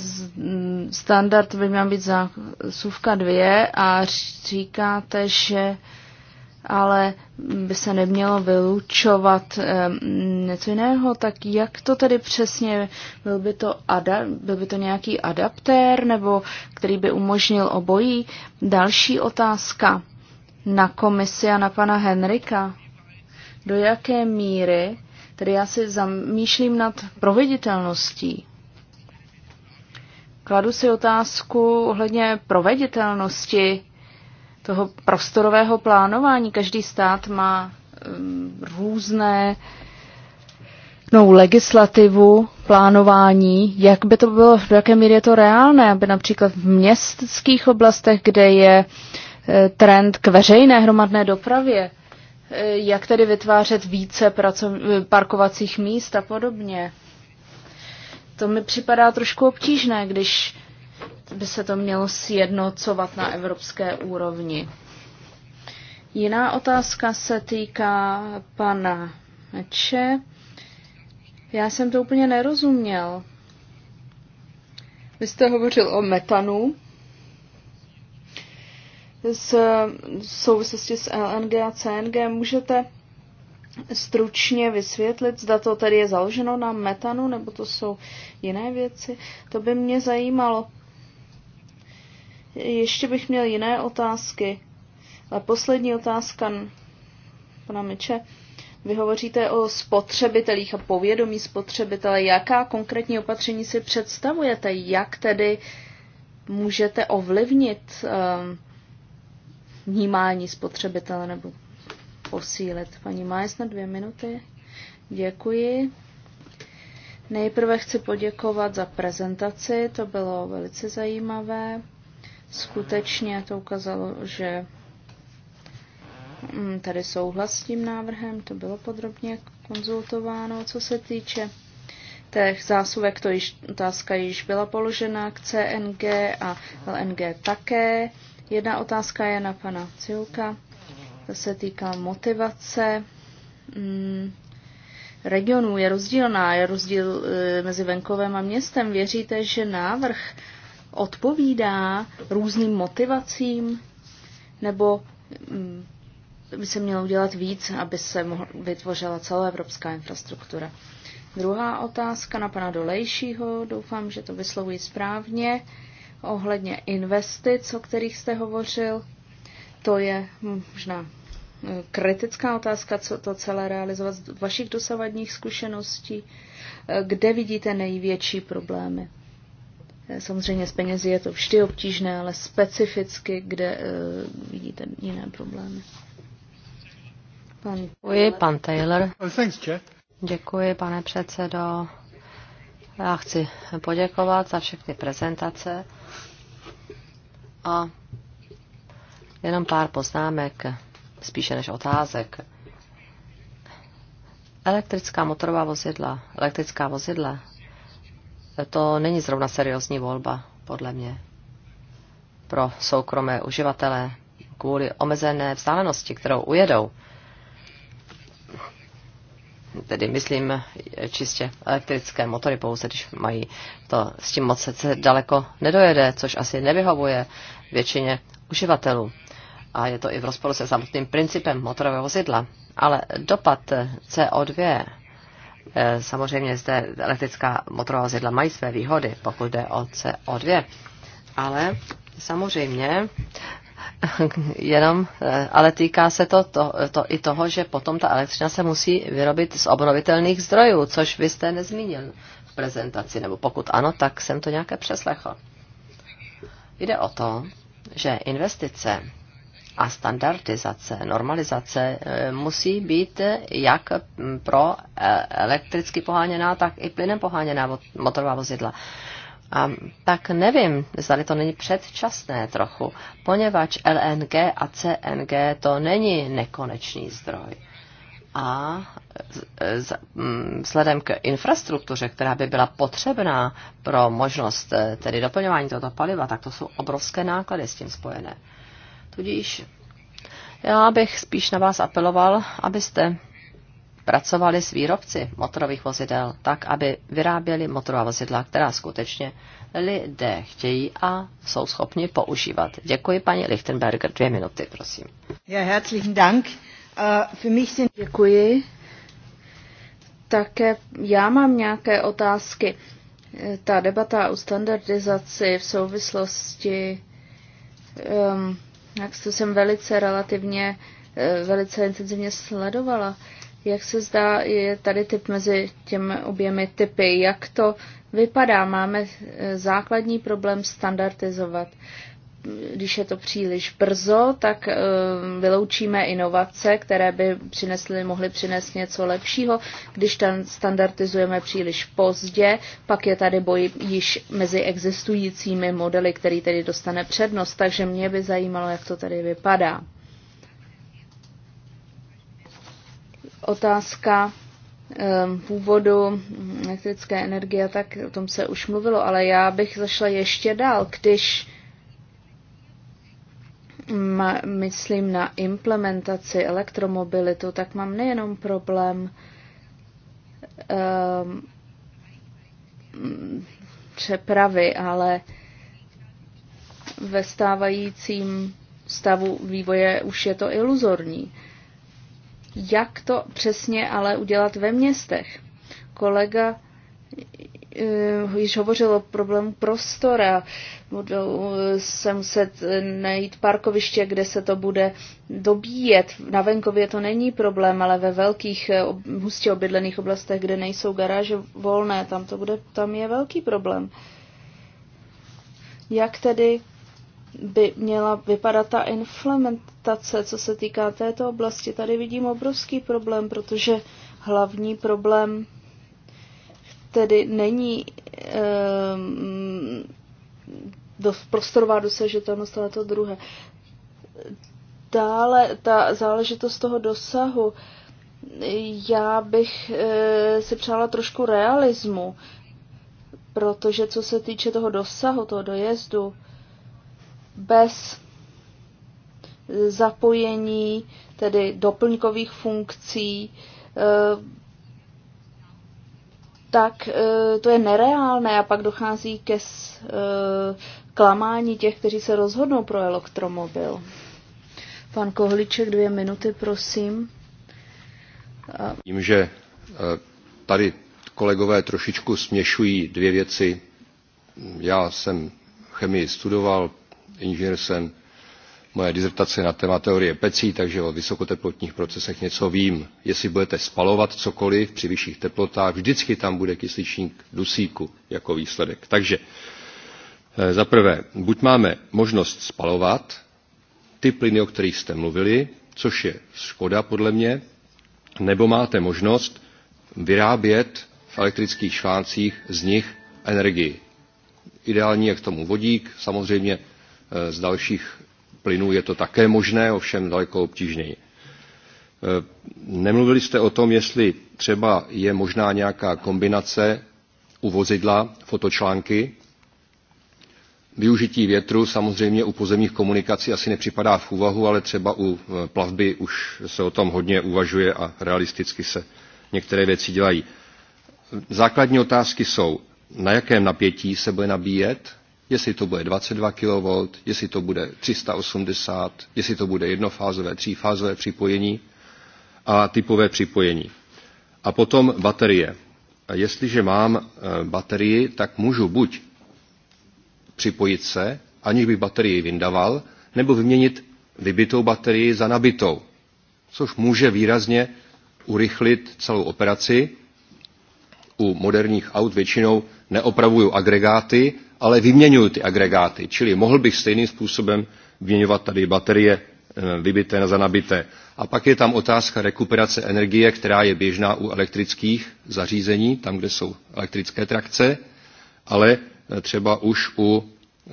[SPEAKER 3] standard by měla být zásuvka dvě a říkáte, že ale by se nemělo vylučovat něco jiného, tak jak to tedy přesně, byl by to, ada, byl by to nějaký adaptér, nebo který by umožnil obojí? Další otázka na komisi a na pana Henrika. Do jaké míry, tedy já si zamýšlím nad proveditelností. Kladu si otázku ohledně proveditelnosti toho prostorového plánování. Každý stát má mm, různé no, legislativu, plánování, jak by to bylo, v jaké míře je to reálné, aby například v městských oblastech, kde je Eh, trend k veřejné hromadné dopravě, eh, jak tedy vytvářet více pracov- eh, parkovacích míst a podobně. To mi připadá trošku obtížné, když by se to mělo sjednocovat na evropské úrovni. Jiná otázka se týká pana Meče. Já jsem to úplně nerozuměl. Vy jste hovořil o metanu, s, v souvislosti s LNG a CNG. Můžete stručně vysvětlit, zda to tedy je založeno na metanu, nebo to jsou jiné věci. To by mě zajímalo. Ještě bych měl jiné otázky. Ale poslední otázka pana Miče. Vy hovoříte o spotřebitelích a povědomí spotřebitele. Jaká konkrétní opatření si představujete? Jak tedy můžete ovlivnit um, vnímání spotřebitele nebo posílit. Paní Majs na dvě minuty. Děkuji. Nejprve chci poděkovat za prezentaci, to bylo velice zajímavé. Skutečně to ukázalo, že mm, tady souhlas s tím návrhem, to bylo podrobně konzultováno. Co se týče těch zásuvek, to již, otázka již byla položena k CNG a LNG také. Jedna otázka je na pana Cilka. To se týká motivace. Hmm. regionů je rozdílná, je rozdíl e, mezi venkovem a městem. Věříte, že návrh odpovídá různým motivacím? Nebo mm, by se mělo udělat víc, aby se vytvořila celoevropská infrastruktura? Druhá otázka na pana Dolejšího, doufám, že to vyslovuji správně. E, ohledně investic, o kterých jste hovořil. To je možná mm, kritická otázka, co to celé realizovat z vašich dosavadních zkušeností. Eh, kde vidíte největší problémy? Eh, samozřejmě s penězi je to vždy obtížné, ale specificky, kde uh, vidíte jiné problémy.
[SPEAKER 1] Pan pan Taylor. Děkuji, pane předsedo. Já chci poděkovat za všechny prezentace a jenom pár poznámek, spíše než otázek. Elektrická motorová vozidla, elektrická vozidla, to není zrovna seriózní volba, podle mě, pro soukromé uživatele kvůli omezené vzdálenosti, kterou ujedou tedy myslím čistě elektrické motory pouze, když mají to, s tím moc se daleko nedojede, což asi nevyhovuje většině uživatelů. A je to i v rozporu se samotným principem motorového vozidla. Ale dopad CO2 eh, Samozřejmě zde elektrická motorová vozidla mají své výhody, pokud jde o CO2, ale samozřejmě jenom, eh, ale týká se to, to, to i toho, že potom ta elektřina se musí vyrobit z obnovitelných zdrojů, což vy jste nezmínil v prezentaci, nebo pokud ano, tak jsem to nějaké přeslechl. Jde o to, že investice a standardizace, normalizace eh, musí být jak pro eh, elektricky poháněná, tak i plynem poháněná motorová vozidla. A tak nevím, zda to není předčasné trochu, poněvadž LNG a CNG to není nekonečný zdroj. A mm, vzhledem k infrastruktuře, která by byla potřebná pro možnost eh, tedy doplňování tohoto paliva, tak to jsou obrovské náklady s tím spojené. Tudíž já bych spíš na vás apeloval, abyste pracovali s výrobci motorových vozidel, tak, aby vyráběli motorová vozidla, která skutečně lidé chtějí a jsou schopni používat. Děkuji, paní Lichtenberger. Dvě minuty, prosím.
[SPEAKER 3] Ja, herzlichen Dank. Uh, mich sind... Děkuji. Také já mám nějaké otázky. Ta debata o standardizaci v souvislosti, um, jak to jsem velice relativně eh, velice intenzivně sledovala. Jak se zdá, je tady typ mezi těmi oběmi typy. Jak to vypadá? Máme eh, základní problém standardizovat. Když je to příliš brzo, tak eh, vyloučíme inovace, které by přinesly, mohly přinést něco lepšího. Když tam standardizujeme příliš pozdě, pak je tady boj již mezi existujícími modely, který tedy dostane přednost. Takže mě by zajímalo, jak to tady vypadá. Otázka ehm, původu elektrické energie, tak o tom se už mluvilo, ale já bych zašla ještě dál, když myslím na implementaci elektromobilitu, tak mám nejenom problém um, přepravy, ale ve stávajícím stavu vývoje už je to iluzorní jak to přesně ale udělat ve městech. Kolega eh, již hovořil o problému prostora, budou se muset najít parkoviště, kde se to bude dobíjet. Na venkově to není problém, ale ve velkých eh, hustě obydlených oblastech, kde nejsou garáže volné, tam, to bude, tam je velký problém. Jak tedy by měla vypadat ta implementace, co se týká této oblasti. Tady vidím obrovský problém, protože hlavní problém tedy není um, ehm, do, prostorová dosažitelnost, ale to druhé. Dále ta záležitost toho dosahu, já bych e, si přála trošku realismu, protože co se týče toho dosahu, toho dojezdu, bez zapojení, tedy doplňkových funkcí, eh, tak eh, to je nereálné a pak dochází ke eh, klamání těch, kteří se rozhodnou pro elektromobil. Pan Kohliček, dvě minuty, prosím.
[SPEAKER 2] Vím, že tady kolegové trošičku směšují dvě věci. Já jsem chemii studoval, inženýr jsem. Moje dizertace na téma teorie pecí, takže o vysokoteplotních procesech něco vím. Jestli budete spalovat cokoliv při vyšších teplotách, vždycky tam bude kysličník dusíku jako výsledek. Takže eh, za prvé, buď máme možnost spalovat ty plyny, o kterých jste mluvili, což je škoda podle mě, nebo máte možnost vyrábět v elektrických článcích z nich energii. Ideální je k tomu vodík, samozřejmě Eh, z dalších plynů je to také možné, ovšem daleko obtížněji. Eh, nemluvili jste o tom, jestli třeba je možná nějaká kombinace u vozidla fotočlánky. Využití větru samozřejmě u pozemních komunikací asi nepřipadá v úvahu, ale třeba u eh, plavby už se o tom hodně uvažuje a realisticky se některé věci dělají. Základní otázky jsou, na jakém napětí se bude nabíjet jestli to bude 22 kV, jestli to bude 380, jestli to bude jednofázové, třífázové připojení a typové připojení. A potom baterie. Jestliže mám e, baterii, tak můžu buď připojit se, aniž bych baterii vyndaval, nebo vyměnit vybitou baterii za nabitou, což může výrazně urychlit celou operaci. U moderních aut většinou neopravuju agregáty, ale vyměňuju ty agregáty. Čili mohl bych stejným způsobem vyměňovat tady baterie eh, vybité za nabité. A pak je tam otázka rekuperace energie, která je běžná u elektrických zařízení, tam, kde jsou elektrické trakce, ale eh, třeba už u eh,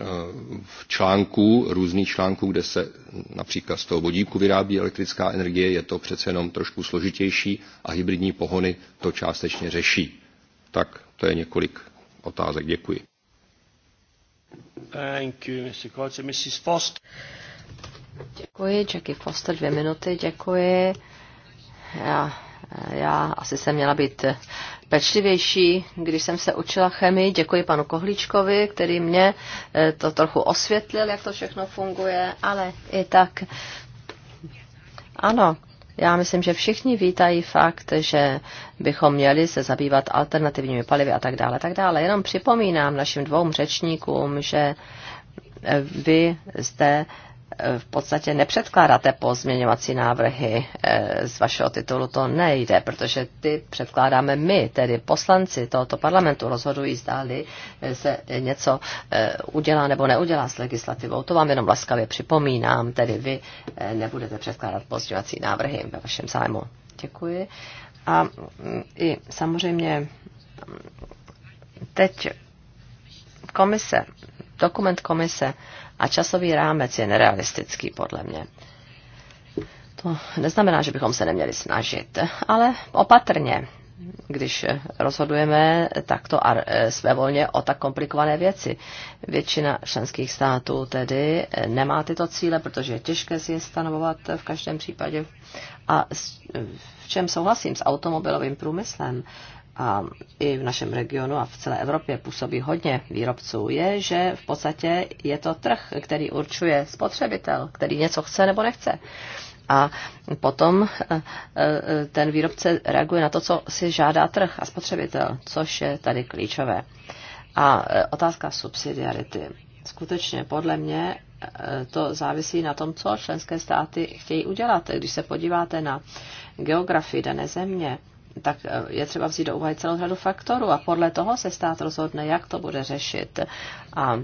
[SPEAKER 2] článků, různých článků, kde se například z toho vodíku vyrábí elektrická energie, je to přece jenom trošku složitější a hybridní pohony to částečně řeší. Tak to je několik otázek. Děkuji. Thank you, Mr. Coates. Mrs. Foster.
[SPEAKER 1] Děkuji, Jackie Foster, dvě minuty, děkuji. Já, já asi jsem měla být pečlivější, když jsem se učila chemii. Děkuji panu Kohlíčkovi, který mě eh, to trochu osvětlil, jak to všechno funguje, ale i tak ano, já myslím, že všichni vítají fakt, že bychom měli se zabývat alternativními palivy a tak dále, tak dále. Jenom připomínám našim dvou řečníkům, že vy zde v podstatě nepředkládáte pozměňovací návrhy eh, z vašeho titulu, to nejde, protože ty předkládáme my, tedy poslanci tohoto parlamentu rozhodují, zdáli eh, se něco eh, udělá nebo neudělá s legislativou. To vám jenom laskavě připomínám, tedy vy nebudete předkládat pozměňovací návrhy ve vašem zájmu. Děkuji. A mm, i samozřejmě mm, teď komise, dokument komise, a časový rámec je nerealistický podle mě. To neznamená, že bychom se neměli snažit, ale opatrně, když rozhodujeme takto a e, svévolně o tak komplikované věci. Většina členských států tedy e, nemá tyto cíle, protože je těžké si je stanovovat v každém případě. A e, v čem souhlasím s automobilovým průmyslem, a i v našem regionu a v celé Evropě působí hodně výrobců, je, že v podstatě je to trh, který určuje spotřebitel, který něco chce nebo nechce. A potom eh, eh, ten výrobce reaguje na to, co si žádá trh a spotřebitel, což je tady klíčové. A eh, otázka subsidiarity. Skutečně podle mě to závisí na tom, co členské státy chtějí udělat. Když se podíváte na geografii dané země, tak eh, je třeba vzít do úvahy celou řadu faktorů a podle toho se stát rozhodne, jak to bude řešit. A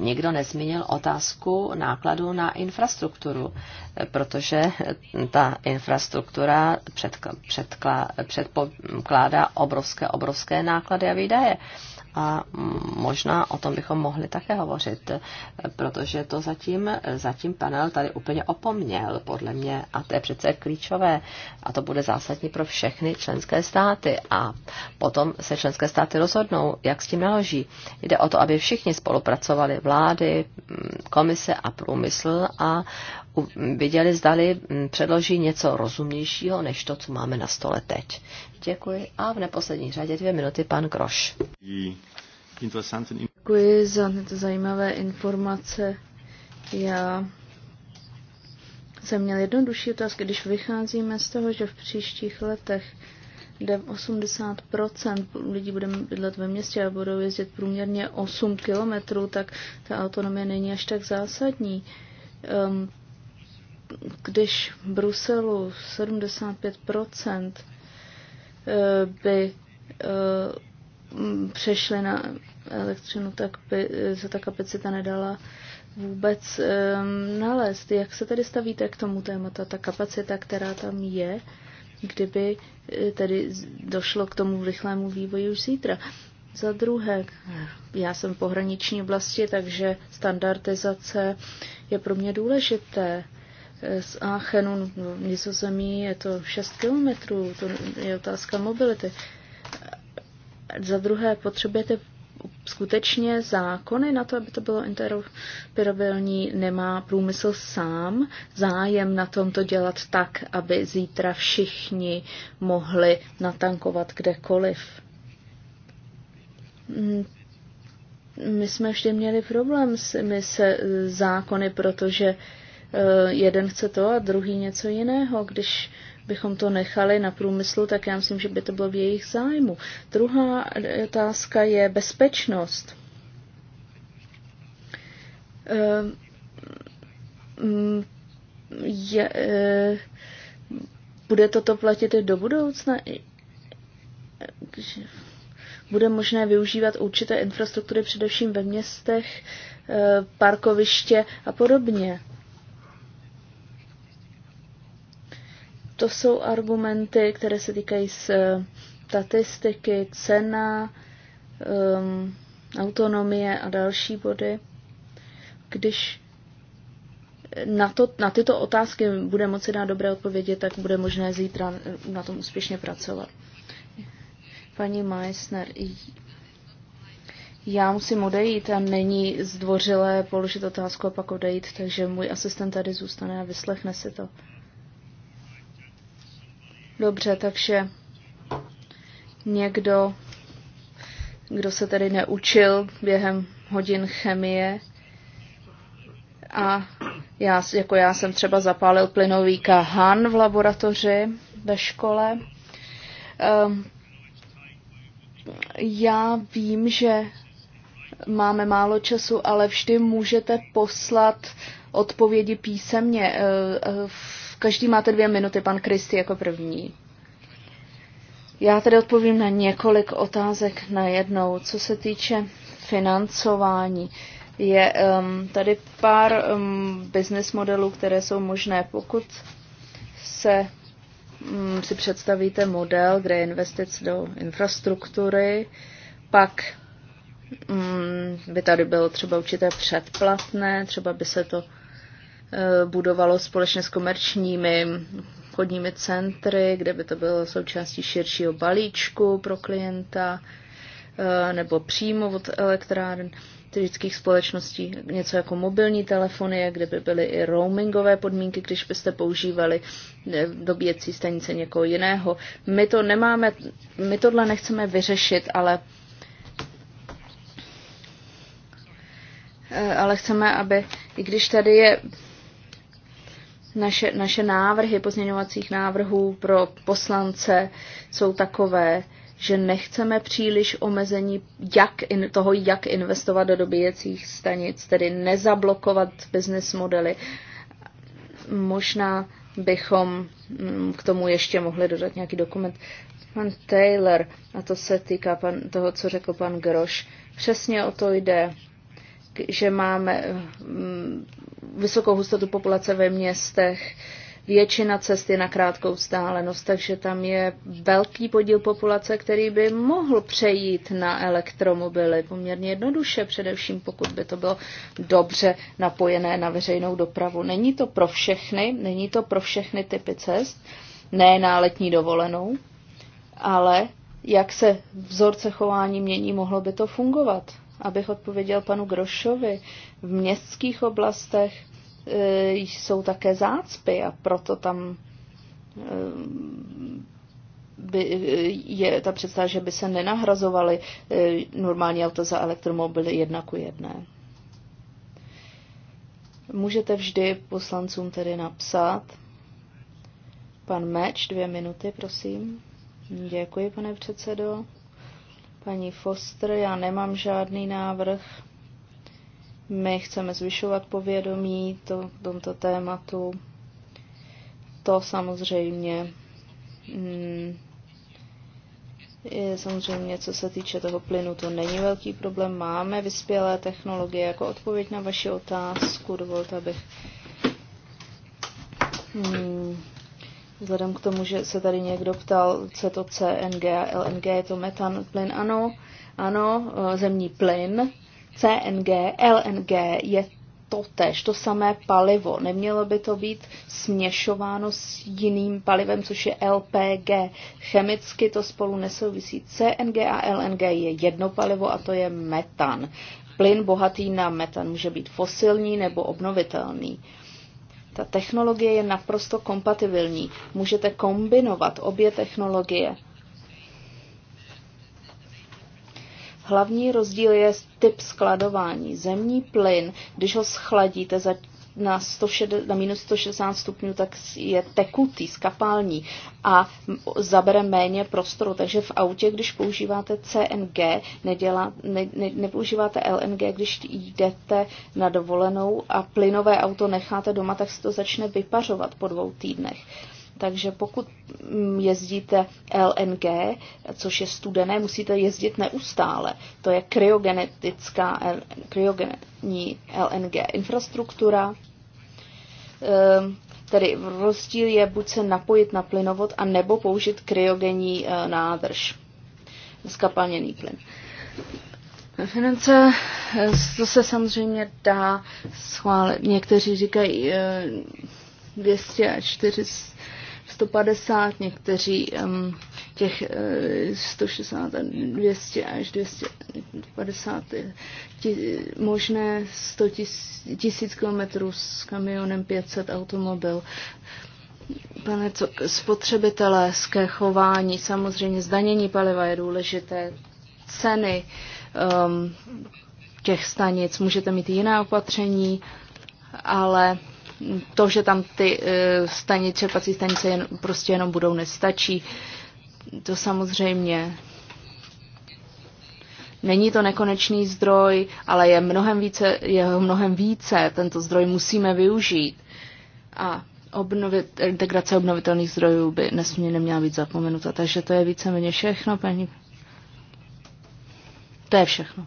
[SPEAKER 1] Nikdo nezmínil otázku nákladu na infrastrukturu, eh, protože ta infrastruktura předkládá obrovské, obrovské náklady a výdaje a možná o tom bychom mohli také hovořit, protože to zatím, zatím panel tady úplně opomněl, podle mě, a to je přece klíčové a to bude zásadní pro všechny členské státy a potom se členské státy rozhodnou, jak s tím naloží. Jde o to, aby všichni spolupracovali, vlády, mm, komise a průmysl a viděli, zdali mm, předloží něco rozumnějšího, než to, co máme na stole teď. Děkuji a v neposlední řadě dvě minuty pan
[SPEAKER 4] kroš.
[SPEAKER 3] Děkuji za tyto zajímavé informace. Já jsem měl jednodušší otázky. když vycházíme z toho, že v příštích letech kde 80% lidí bude bydlet ve městě a budou jezdit průměrně 8 kilometrů, tak ta autonomie není až tak zásadní. Um, když v Bruselu 75% eh, by eh, přešli na elektřinu, tak by se ta kapacita nedala vůbec eh, nalézt. Jak se tedy stavíte k tomu tématu? Ta kapacita, která tam je, kdyby tedy došlo k tomu rychlému vývoji už zítra. Za druhé, já jsem v pohraniční oblasti, takže standardizace je pro mě důležité z Aachenu no, v Nizozemí je to 6 kilometrů, to je otázka mobility. Za druhé, potřebujete skutečně zákony na to, aby to bylo interoperabilní, nemá průmysl sám zájem na tom to dělat tak, aby zítra všichni mohli natankovat kdekoliv. Hmm, my jsme vždy měli problém s, my se zákony, protože uh, Eh, jeden chce to a druhý něco jiného. Když bychom to nechali na průmyslu, tak já myslím, že by to bylo v jejich zájmu. Druhá otázka je bezpečnost. Eh, mm, je, eh, bude toto platit i do budoucna? Bude možné využívat určité infrastruktury především ve městech, parkoviště a podobně To jsou argumenty, které se týkají eh, statistiky, cena, um, autonomie a další body. Když na, to, na tyto otázky bude moci dát dobré odpovědi, tak bude možné zítra eh, na tom úspěšně pracovat. Paní Meissner, já musím odejít a není zdvořilé položit otázku a pak odejít, takže můj asistent tady zůstane a vyslechne si to. Dobře, takže někdo, kdo se tedy neučil během hodin chemie a já, jako já jsem třeba zapálil plynový kahan v laboratoři ve škole. Um, já vím, že máme málo času, ale vždy můžete poslat odpovědi písemně. uh, Každý máte dvě minuty, pan Kristi jako první. Já tedy odpovím na několik otázek na jednou. Co se týče financování, je um, tady pár um, business modelů, které jsou možné. Pokud se um, si představíte model, kde je investic do infrastruktury, pak um, by tady bylo třeba určité předplatné, třeba by se to Eh, budovalo společně s komerčními obchodními centry, kde by to bylo součástí širšího balíčku pro klienta eh, nebo přímo od elektráren elektrických společností, něco jako mobilní telefony, kde by byly i roamingové podmínky, když byste používali eh, dobíjecí stanice někoho jiného. My to nemáme, my tohle nechceme vyřešit, ale ale chceme, aby, i když tady je naše, naše návrhy pozměňovacích návrhů pro poslance jsou takové, že nechceme příliš omezení jak in, toho, jak investovat do dobíjecích stanic, tedy nezablokovat business modely. Možná bychom mm, k tomu ještě mohli dodat nějaký dokument. Pan Taylor, a to se týká pan, toho, co řekl pan Groš, přesně o to jde, že máme mm, vysokou hustotu populace ve městech, většina cest je na krátkou vzdálenost, takže tam je velký podíl populace, který by mohl přejít na elektromobily poměrně jednoduše, především pokud by to bylo dobře napojené na veřejnou dopravu. Není to pro všechny, není to pro všechny typy cest, ne na letní dovolenou, ale jak se vzorce chování mění, mohlo by to fungovat abych odpověděl panu Grošovi. V městských oblastech e, jsou také zácpy a proto tam e, by, je ta představa, že by se nenahrazovaly e, normální auta za elektromobily jedna ku jedné. Můžete vždy poslancům tedy napsat. Pan Meč, dvě minuty, prosím. Děkuji, pane předsedo. Paní Foster, já nemám žádný návrh. My chceme zvyšovat povědomí to, tomto tématu. To samozřejmě hmm, je samozřejmě, co se týče toho plynu, to není velký problém. Máme vyspělé technologie. Jako odpověď na vaši otázku, dovolte, abych mm, Vzhledem k tomu, že se tady někdo ptal, co je to CNG a LNG, je to metan, plyn, ano, ano, e, zemní plyn. CNG, LNG je to tež, to samé palivo. Nemělo by to být směšováno s jiným palivem, což je LPG. Chemicky to spolu nesouvisí. CNG a LNG je jedno palivo a to je metan. Plyn bohatý na metan může být fosilní nebo obnovitelný. Uh, ta technologie je naprosto kompatibilní. Můžete kombinovat obě technologie. Hlavní rozdíl je typ skladování. Zemní plyn, když ho schladíte, na, 160, na minus 160 stupňů, tak je tekutý, skapální a zabere méně prostoru. Takže v autě, když používáte CNG, nedělá, ne, ne, nepoužíváte LNG, když jdete na dovolenou a plynové auto necháte doma, tak se to začne vypařovat po dvou týdnech. Takže pokud mm, jezdíte LNG, což je studené, musíte jezdit neustále. To je kryogenetická, eh, kryogenní LNG infrastruktura, Ehm, tedy rozdíl je buď se napojit na plynovod, a nebo použít kryogenní eh, nádrž, zkapalněný plyn. Finance, eh, to se samozřejmě dá schválit. Někteří říkají 200 a 400, 150, někteří ehm, těch 160 eh, a 200 až 250 tis, možné 100 tisíc kilometrů s kamionem 500 automobil. Pane, co spotřebitelské chování, samozřejmě zdanění paliva je důležité, ceny um, těch stanic, můžete mít jiná opatření, ale to, že tam ty uh, stanice, čerpací stanice jen, prostě jenom budou, nestačí. Uh, to samozřejmě není to nekonečný zdroj, ale je mnohem více, je mnohem více. Tento zdroj musíme využít. A obnovit, integrace obnovitelných zdrojů by nesmírně neměla být zapomenuta. Takže to je víceméně všechno, paní.
[SPEAKER 1] To je všechno.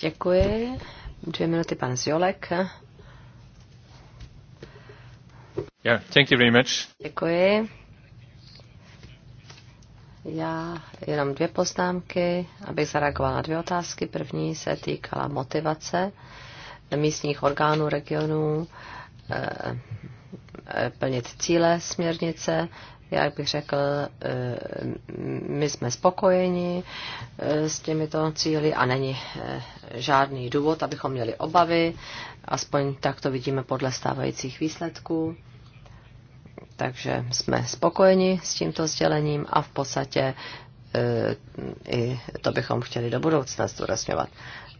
[SPEAKER 1] Děkuji. Dvě minuty, pan Zjolek.
[SPEAKER 2] Yeah, thank you very much.
[SPEAKER 1] Děkuji. Já jenom dvě poznámky, abych zareagovala na dvě otázky. První se týkala motivace místních orgánů regionů eh, plnit cíle směrnice. Já bych řekl, eh, my jsme spokojeni eh, s těmito cíly a není žádný důvod, abychom měli obavy. Aspoň tak to vidíme podle stávajících výsledků. Takže jsme spokojeni s tímto sdělením a v podstatě e, i to bychom chtěli do budoucna zdůrazňovat.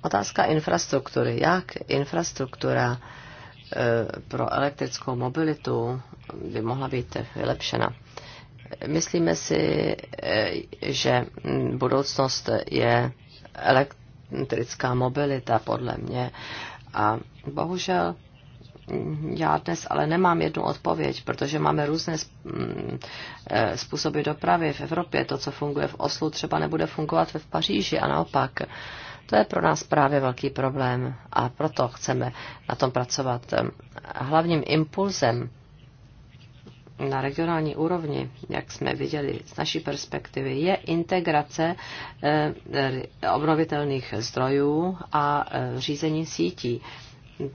[SPEAKER 1] Otázka infrastruktury. Jak infrastruktura e, pro elektrickou mobilitu by mohla být vylepšena? Myslíme si, e, že budoucnost je elektrická mobilita, podle mě. A bohužel já dnes ale nemám jednu odpověď, protože máme různé mm, e, způsoby dopravy v Evropě. To, co funguje v Oslu, třeba nebude fungovat v Paříži a naopak. To je pro nás právě velký problém a proto chceme na tom pracovat. E, hlavním impulzem na regionální úrovni, jak jsme viděli z naší perspektivy, je integrace e, obnovitelných zdrojů a řízení sítí.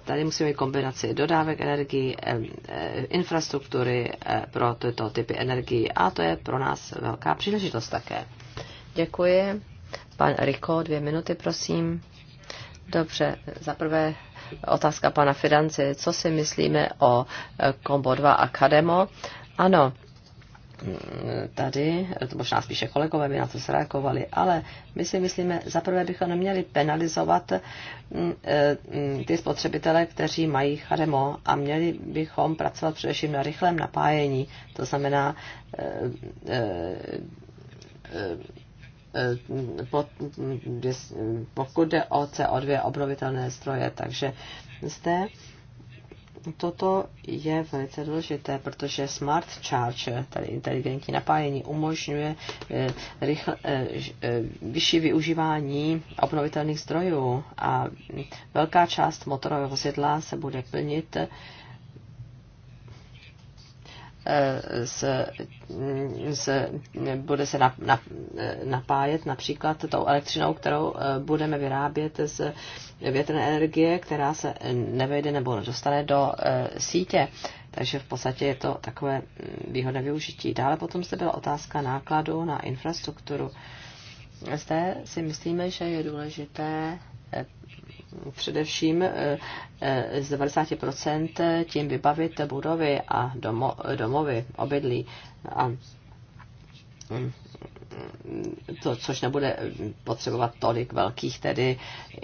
[SPEAKER 1] Tady musíme mít kombinaci dodávek energii, eh, infrastruktury eh, pro tyto typy energii a to je pro nás velká příležitost také. Děkuji. Pan Riko, dvě minuty, prosím. Dobře, za prvé otázka pana Fidanci. Co si myslíme o Combo eh, 2 a Kademo? Ano, tady, možná spíše kolegové by na to zreagovali, ale my si myslíme, zaprvé bychom neměli penalizovat ty spotřebitele, kteří mají charemo a měli bychom pracovat především na rychlém napájení, to znamená pokud jde o CO2 obnovitelné stroje, takže zde Toto je velice důležité, protože smart charge, tedy inteligentní napájení, umožňuje eh, rychle, eh, eh, vyšší využívání obnovitelných zdrojů a velká část motorového vozidla se bude plnit Eh, z, mm, z, bude se na, na, napájet například tou elektřinou, kterou eh, budeme vyrábět z větrné energie, která se nevejde nebo dostane do eh, sítě. Takže v podstatě je to takové mm, výhodné využití. Dále potom se byla otázka nákladu na infrastrukturu. Zde si myslíme, že je důležité především eh, eh, z 90% tím vybavit budovy a domo, domovy, obydlí. A mm, to, což nebude potřebovat tolik velkých tedy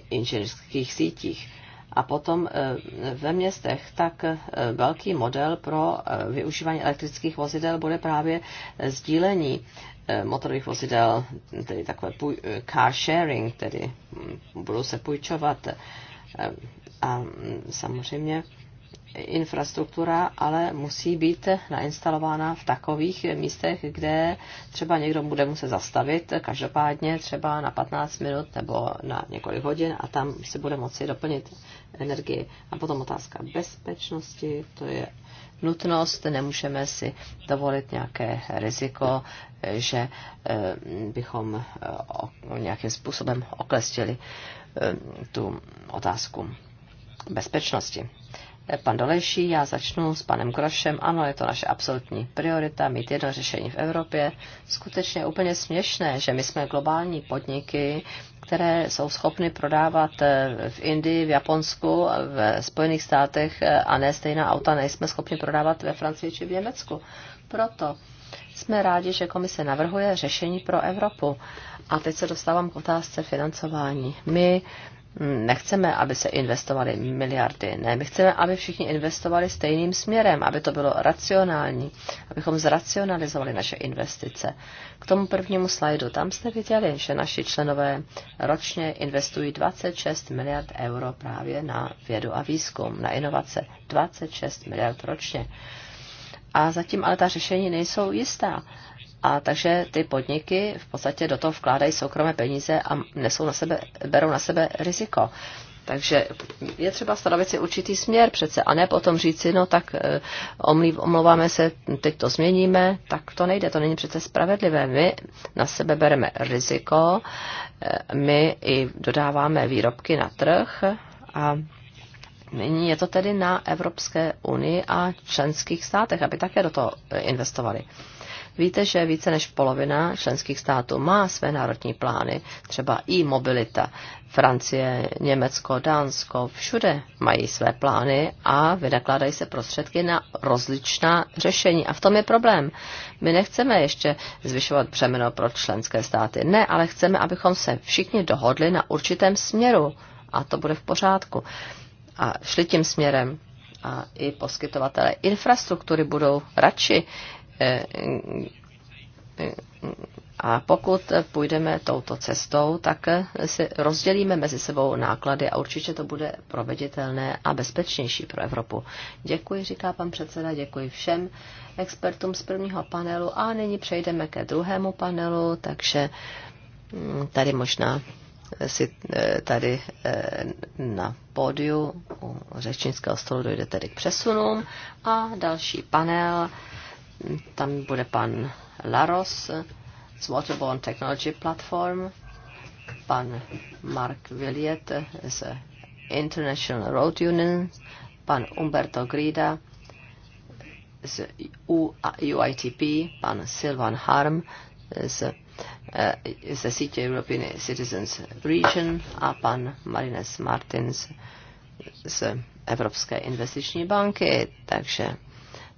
[SPEAKER 1] inženýrských sítích. A potom eh, ve městech tak velký model pro využívání elektrických vozidel bude právě sdílení Eh, motorových vozidel, tedy takové eh, car sharing, tedy hm, budou se půjčovat. Eh, a hm, samozřejmě infrastruktura ale musí být nainstalována v takových místech, kde třeba někdo bude muset zastavit každopádně třeba na 15 minut nebo na několik hodin a tam si bude moci doplnit energii. A potom otázka bezpečnosti, to je nutnost, nemůžeme si dovolit nějaké riziko, že eh, bychom eh, nějakým způsobem oklestili eh, tu otázku bezpečnosti pan Dolejší, já začnu s panem Krošem. Ano, je to naše absolutní priorita mít jedno řešení v Evropě. Skutečně úplně směšné, že my jsme globální podniky, které jsou schopny prodávat eh, v Indii, v Japonsku, v Spojených státech eh, a ne stejná auta nejsme schopni prodávat ve Francii či v Německu. Proto jsme rádi, že komise navrhuje řešení pro Evropu. A teď se dostávám k otázce financování. My nechceme, aby se investovaly miliardy. Ne, my chceme, aby všichni investovali stejným směrem, aby to bylo racionální, abychom zracionalizovali naše investice. K tomu prvnímu slajdu, tam jste viděli, že naši členové ročně investují 26 miliard euro právě na vědu a výzkum, na inovace. 26 miliard ročně. A zatím ale ta řešení nejsou jistá a takže ty podniky v podstatě do toho vkládají soukromé peníze a nesou na sebe, berou na sebe riziko. Takže je třeba stanovit si určitý směr přece a ne potom říci, no tak eh, omlouváme se, teď to změníme, tak to nejde, to není přece spravedlivé. My na sebe bereme riziko, eh, my i dodáváme výrobky na trh a nyní je to tedy na Evropské unii a členských státech, aby také do toho investovali. Víte, že více než polovina členských států má své národní plány, třeba i mobilita. Francie, Německo, Dánsko, všude mají své plány a vynakládají se prostředky na rozličná řešení. A v tom je problém. My nechceme ještě zvyšovat břemeno pro členské státy. Ne, ale chceme, abychom se všichni dohodli na určitém směru. A to bude v pořádku. A šli tím směrem a i poskytovatele infrastruktury budou radši, a pokud půjdeme touto cestou, tak si rozdělíme mezi sebou náklady a určitě to bude proveditelné a bezpečnější pro Evropu. Děkuji, říká pan předseda, děkuji všem expertům z prvního panelu a nyní přejdeme ke druhému panelu, takže mm, tady možná si eh, tady eh, na pódiu u řečnického stolu dojde tedy k přesunům a další panel tam bude pan Laros z Waterborne Technology Platform, pan Mark Villiet z International Road Union, pan Umberto Grida z UITP, pan Silvan Harm z, eh, ze sítě European Citizens Region a pan Marines Martins z Evropské investiční banky. Takže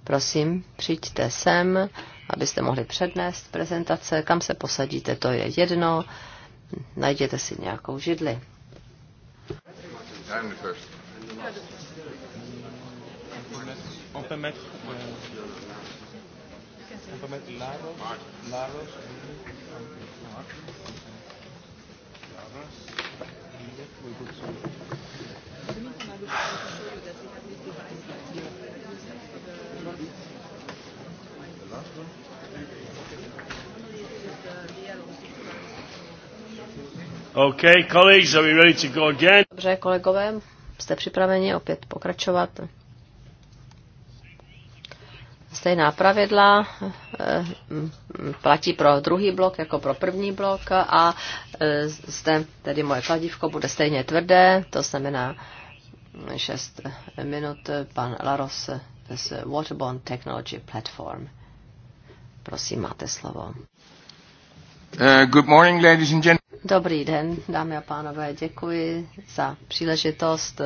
[SPEAKER 1] Prosím, přijďte sem, abyste mohli přednést prezentace. Kam se posadíte, to je jedno. Najděte si nějakou židli.
[SPEAKER 2] On Okay, colleagues, are we ready to go again?
[SPEAKER 1] Dobře, kolegové, jste připraveni opět pokračovat? Stejná pravidla eh, platí pro druhý blok jako pro první blok a eh, zde tedy moje kladívko bude stejně tvrdé, to znamená 6 minut pan Laros z Waterborne Technology Platform. Prosím, máte slovo. Uh, good morning, ladies and gentlemen. Dobrý den, dámy a pánové, děkuji za příležitost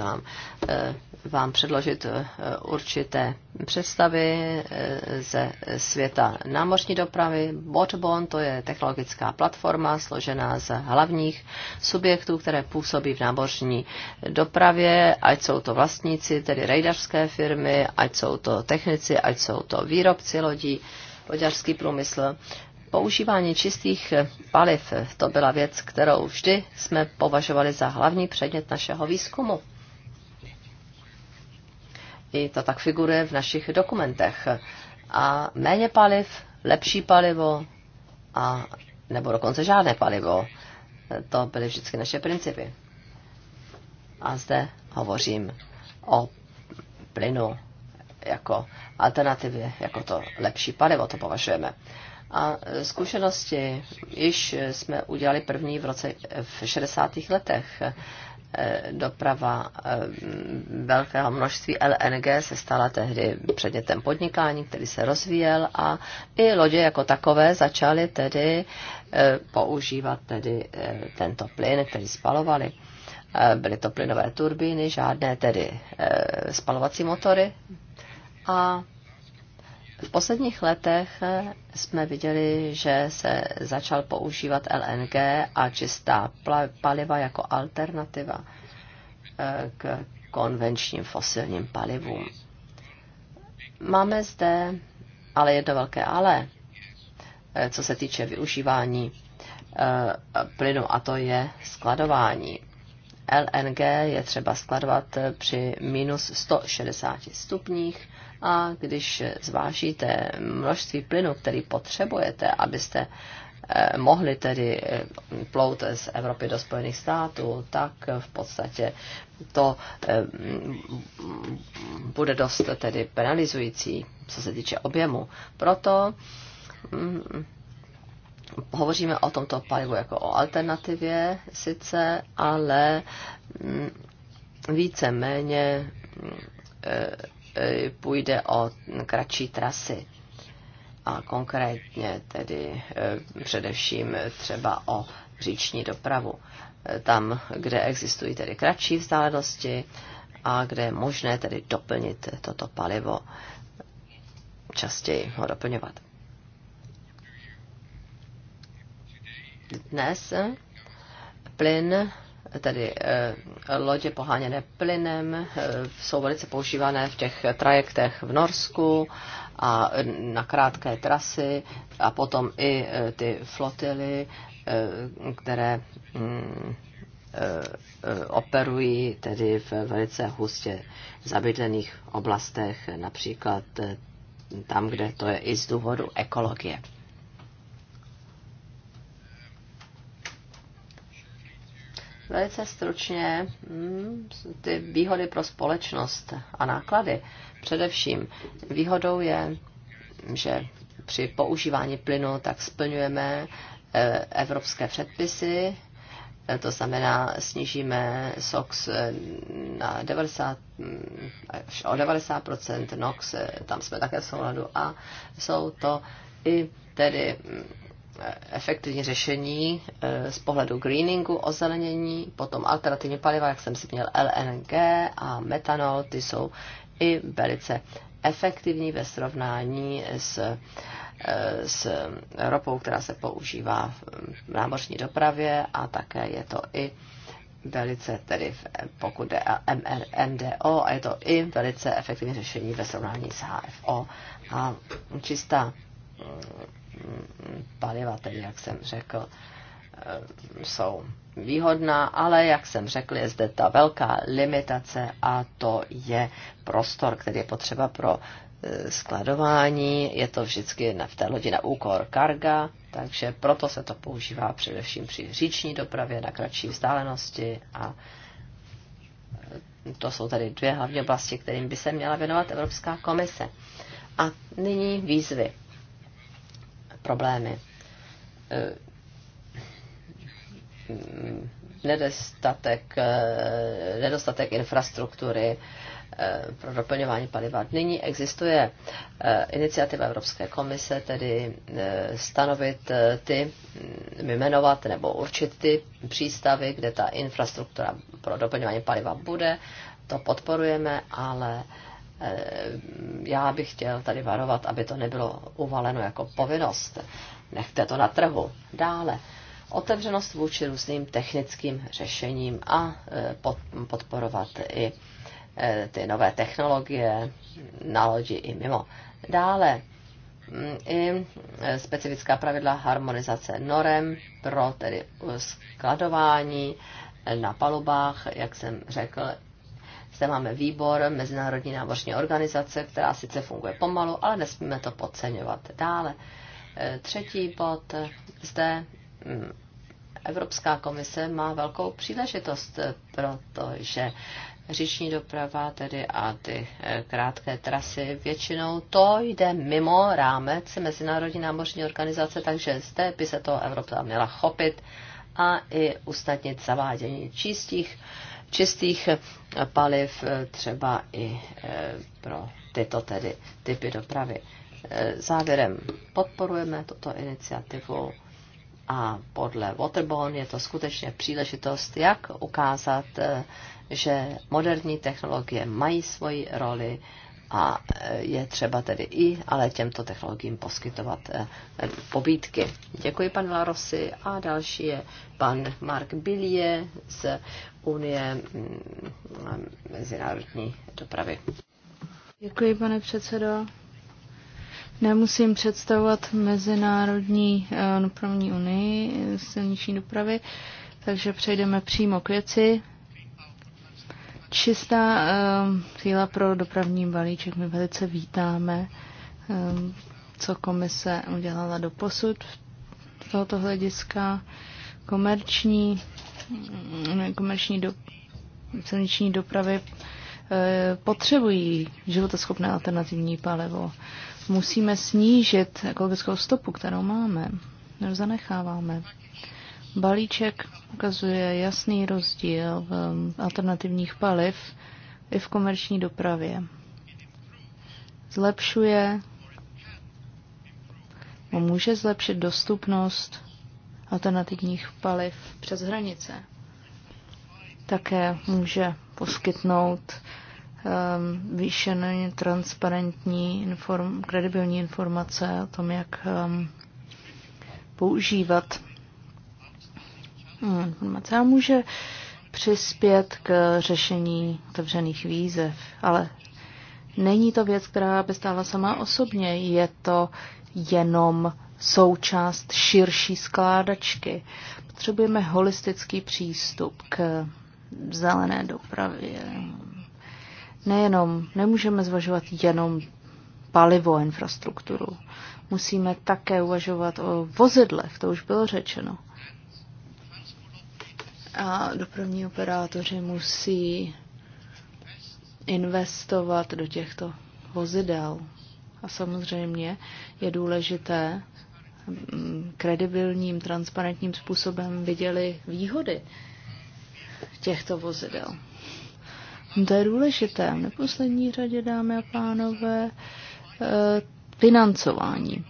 [SPEAKER 1] vám, eh, vám předložit eh, určité představy eh, ze světa námořní dopravy. Botbon to je technologická platforma složená z hlavních subjektů, které působí v námořní dopravě, ať jsou to vlastníci, tedy rejdařské firmy, ať jsou to technici, ať jsou to výrobci lodí, loďařský průmysl používání čistých paliv, to byla věc, kterou vždy jsme považovali za hlavní předmět našeho výzkumu. I to tak figuruje v našich dokumentech. A méně paliv, lepší palivo, a nebo dokonce žádné palivo. To byly vždycky naše principy. A zde hovořím o plynu jako alternativě, jako to lepší palivo, to považujeme. A zkušenosti již jsme udělali první v roce v 60. letech. E, doprava e, velkého množství LNG se stala tehdy předmětem podnikání, který se rozvíjel a i lodě jako takové začaly tedy e, používat tedy tento plyn, který spalovali. Byly to plynové turbíny, žádné tedy spalovací motory a v posledních letech eh, jsme viděli, že se začal používat LNG a čistá paliva jako alternativa eh, k konvenčním fosilním palivům. Máme zde ale jedno velké ale, eh, co se týče využívání plynu, a to je skladování. LNG je třeba skladovat při minus 160 stupních a když zvážíte množství plynu, který potřebujete, abyste eh, mohli tedy eh, plout z Evropy do Spojených států, tak v podstatě to eh, bude dost tedy penalizující, co se týče objemu. Proto mm, hovoříme o tomto palivu jako o alternativě sice, ale mm, více méně půjde o kratší trasy. A konkrétně tedy eh, především třeba o říční dopravu. Eh, tam, kde existují tedy kratší vzdálenosti a kde je možné tedy doplnit toto palivo, častěji ho doplňovat. Dnes plyn tedy eh, lodě poháněné plynem eh, jsou velice používané v těch trajektech v Norsku a eh, na krátké trasy a potom i ty flotily, které mm, operují tedy v velice hustě zabydlených oblastech, například tam, kde to je i z důvodu ekologie. Velice stručně hmm, ty výhody pro společnost a náklady. Především výhodou je, že při používání plynu tak splňujeme eh, evropské předpisy, eh, to znamená snížíme SOX eh, na 90, až o 90%, NOX, tam jsme také v souladu a jsou to i tedy mm, efektivní řešení eh, z pohledu greeningu, ozelenění, potom alternativní paliva, jak jsem si měl LNG a metanol, ty jsou i velice efektivní ve srovnání s, eh, s ropou, která se používá v námořní dopravě a také je to i velice, tedy pokud jde MDO, a je to i velice efektivní řešení ve srovnání s HFO. A čistá paliva, tedy jak jsem řekl, eh, jsou výhodná, ale jak jsem řekl, je zde ta velká limitace a to je prostor, který je potřeba pro eh, skladování. Je to vždycky na, v té lodi na úkor karga, takže proto se to používá především při říční dopravě na kratší vzdálenosti a eh, to jsou tady dvě hlavní oblasti, kterým by se měla věnovat Evropská komise. A nyní výzvy problémy. E, nedostatek, e, nedostatek infrastruktury e, pro doplňování paliva. Nyní existuje iniciativa Evropské komise, tedy stanovit ty, vymenovat nebo určit ty přístavy, kde ta infrastruktura pro doplňování paliva bude. To podporujeme, ale Eh, já bych chtěl tady varovat, aby to nebylo uvaleno jako povinnost. Nechte to na trhu. Dále otevřenost vůči různým technickým řešením a eh, podporovat i eh, ty nové technologie na lodi i mimo. Dále mm, i specifická pravidla harmonizace norem pro tedy skladování na palubách, jak jsem řekl, zde máme výbor Mezinárodní námořní organizace, která sice funguje pomalu, ale nesmíme to podceňovat. Dále eh, třetí bod. Zde mm, Evropská komise má velkou příležitost, eh, protože říční doprava tedy a ty eh, krátké trasy většinou to jde mimo rámec Mezinárodní námořní organizace, takže zde by se to Evropa měla chopit a i usnadnit zavádění čistých, čistých paliv, eh, třeba i eh, pro tyto tedy typy dopravy. Eh, závěrem podporujeme tuto iniciativu a podle Waterborne je to skutečně příležitost, jak ukázat, že moderní technologie mají svoji roli a e, je třeba tedy i, ale těmto technologiím poskytovat e, pobídky. Děkuji pan Larosi a další je pan Mark Bilie z Unie mezinárodní dopravy.
[SPEAKER 3] Děkuji, pane předsedo. Nemusím představovat Mezinárodní e, dopravní unii silniční dopravy, takže přejdeme přímo k věci. Čistá um, síla pro dopravní balíček. My velice vítáme, um, co komise udělala do posud z tohoto hlediska. Komerční, mm, komerční do, silniční dopravy eh, potřebují životoschopné alternativní palivo. Musíme snížit ekologickou stopu, kterou máme, nebo zanecháváme. Balíček ukazuje jasný rozdíl v um, alternativních paliv i v komerční dopravě. Zlepšuje, může zlepšit dostupnost alternativních paliv přes hranice. Také může poskytnout um, výšené transparentní, inform, kredibilní informace o tom, jak um, používat informace a může přispět k řešení otevřených výzev. Ale není to věc, která by stála sama osobně, je to jenom součást širší skládačky. Potřebujeme holistický přístup k zelené dopravě. Nejenom, nemůžeme zvažovat jenom palivo, infrastrukturu. Musíme také uvažovat o vozidlech, to už bylo řečeno. A dopravní operátoři musí investovat do těchto vozidel. A samozřejmě je důležité mm, kredibilním, transparentním způsobem viděli výhody těchto vozidel. To je důležité. V neposlední řadě, dámy a pánové, e, financování.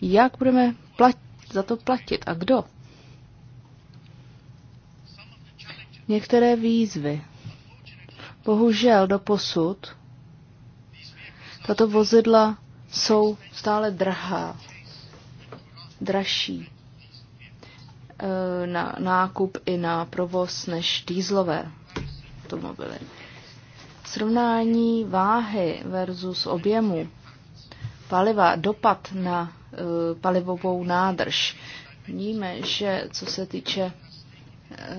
[SPEAKER 3] Jak budeme plat- za to platit a kdo? některé výzvy. Bohužel do posud tato vozidla jsou stále drahá, dražší e, na nákup i na provoz než dýzlové automobily. Srovnání váhy versus objemu paliva, dopad na e, palivovou nádrž. Víme, že co se týče e,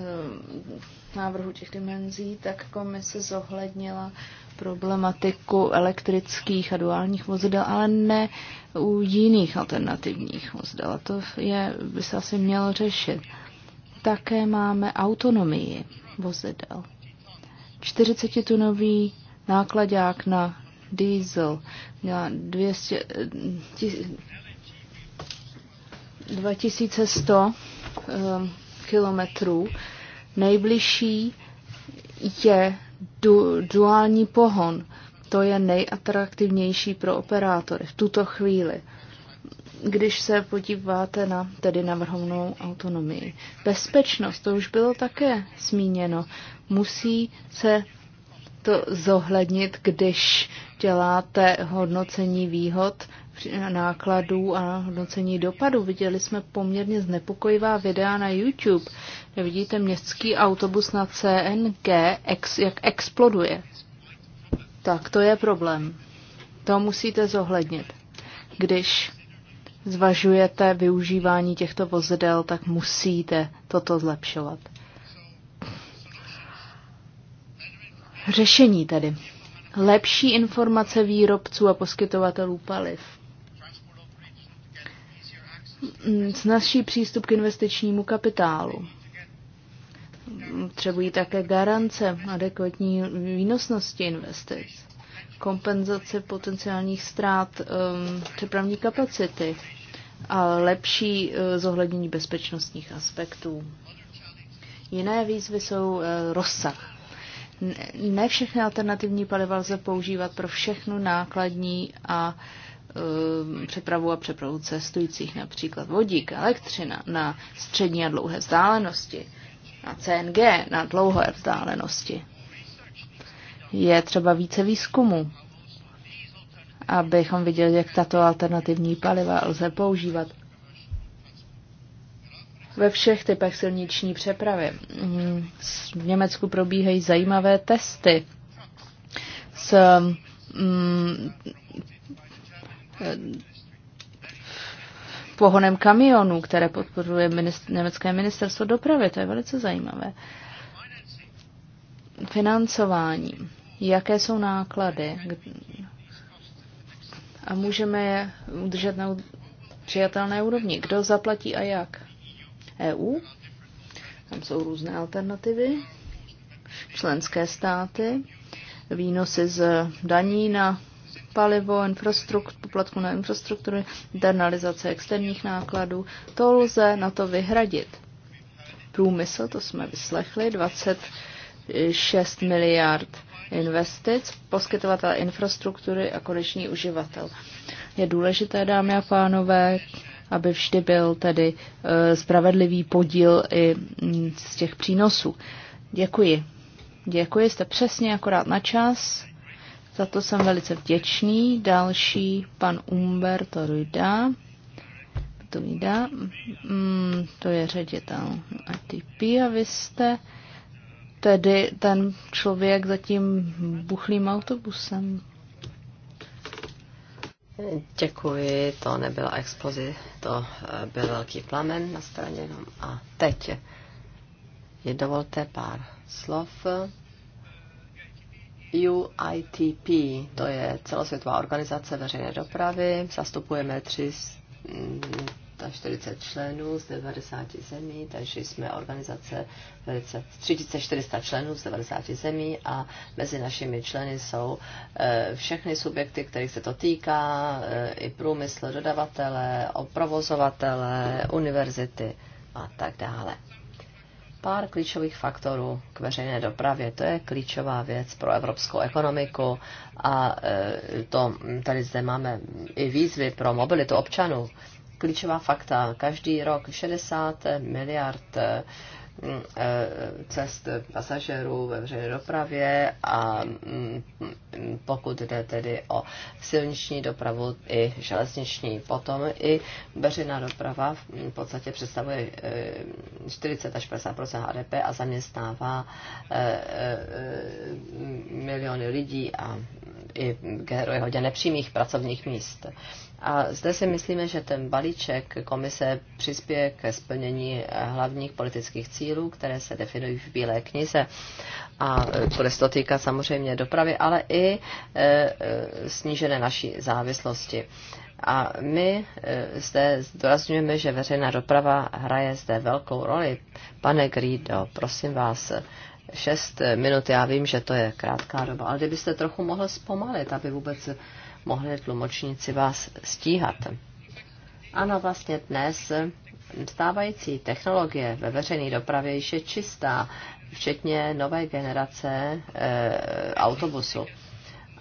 [SPEAKER 3] návrhu těch dimenzí, tak komise zohlednila problematiku elektrických a duálních vozidel, ale ne u jiných alternativních vozidel. A to je, by se asi mělo řešit. Také máme autonomii vozidel. 40-tunový nákladák na diesel měla 200, 2100 eh, kilometrů Nejbližší je du- duální pohon. To je nejatraktivnější pro operátory v tuto chvíli. Když se podíváte na tedy navrhovanou autonomii. Bezpečnost, to už bylo také zmíněno. Musí se to zohlednit, když děláte hodnocení výhod nákladů a hodnocení dopadu. Viděli jsme poměrně znepokojivá videa na YouTube, kde vidíte městský autobus na CNG, ex, jak exploduje. Tak to je problém. To musíte zohlednit. Když zvažujete využívání těchto vozidel, tak musíte toto zlepšovat. Řešení tedy. Lepší informace výrobců a poskytovatelů paliv. Mm, snazší přístup k investičnímu kapitálu. Třebují také garance adekvatní výnosnosti investic, kompenzace potenciálních ztrát um, přepravní kapacity a lepší uh, zohlednění bezpečnostních aspektů. Jiné výzvy jsou uh, rozsah. Ne všechny alternativní paliva lze používat pro všechnu nákladní a uh, Eh, přepravu a přepravu cestujících, například vodík, elektřina na střední a dlouhé vzdálenosti, na CNG na dlouhé vzdálenosti. Je třeba více výzkumu, abychom viděli, jak tato alternativní paliva lze používat ve všech typech silniční přepravy. Mm, v Německu probíhají zajímavé testy s mm, Eh, pohonem kamionů, které podporuje minist- německé ministerstvo dopravy. To je velice zajímavé. Financování. Jaké jsou náklady? A můžeme je udržet na přijatelné úrovni. Kdo zaplatí a jak? EU? Tam jsou různé alternativy. Členské státy, výnosy z daní na palivo, infrastruktu, poplatku na infrastrukturu, internalizace externích nákladů. To lze na to vyhradit. Průmysl, to jsme vyslechli, 26 miliard investic, poskytovatel infrastruktury a konečný uživatel. Je důležité, dámy a pánové, aby vždy byl tedy eh, spravedlivý podíl i mm, z těch přínosů. Děkuji. Děkuji, jste přesně akorát na čas. Za to jsem velice vděčný. Další pan Umberto Ruida. To, Ruida. Mm, to je ředitel ATP a vy jste tedy ten člověk za tím buchlým autobusem.
[SPEAKER 1] Děkuji, to nebyla expozi, to eh, byl velký plamen na straně. A teď je dovolte pár slov UITP, to je celosvětová organizace veřejné dopravy, zastupujeme 340 mm, členů z 90 zemí, takže jsme organizace 3400 členů z 90 zemí a mezi našimi členy jsou eh, všechny subjekty, kterých se to týká, eh, i průmysl, dodavatele, provozovatele, univerzity a tak dále pár klíčových faktorů k veřejné dopravě. To je klíčová věc pro evropskou ekonomiku a e, to, tady zde máme i výzvy pro mobilitu občanů. Klíčová fakta. Každý rok 60 miliard e, Eh, cest pasažerů ve veřejné dopravě a mm, mm, pokud jde tedy o silniční dopravu i železniční, potom i veřejná doprava v mm, podstatě představuje 40 eh, až 50 HDP a zaměstnává eh, miliony lidí a i generuje hodně nepřímých pracovních míst. A zde si myslíme, že ten balíček komise přispěje ke splnění hlavních politických cílů, které se definují v Bílé knize. A e, bude se to týkat samozřejmě dopravy, ale i e, e, snížené naší závislosti. A my zde zdůrazňujeme, že veřejná doprava hraje zde velkou roli. Pane Grido, prosím vás, šest minut, já vím, že to je krátká doba, ale kdybyste trochu mohl zpomalit, aby vůbec mohli tlumočníci vás stíhat. Ano, vlastně dnes stávající technologie ve veřejné dopravě již je čistá, včetně nové generace e, autobusu.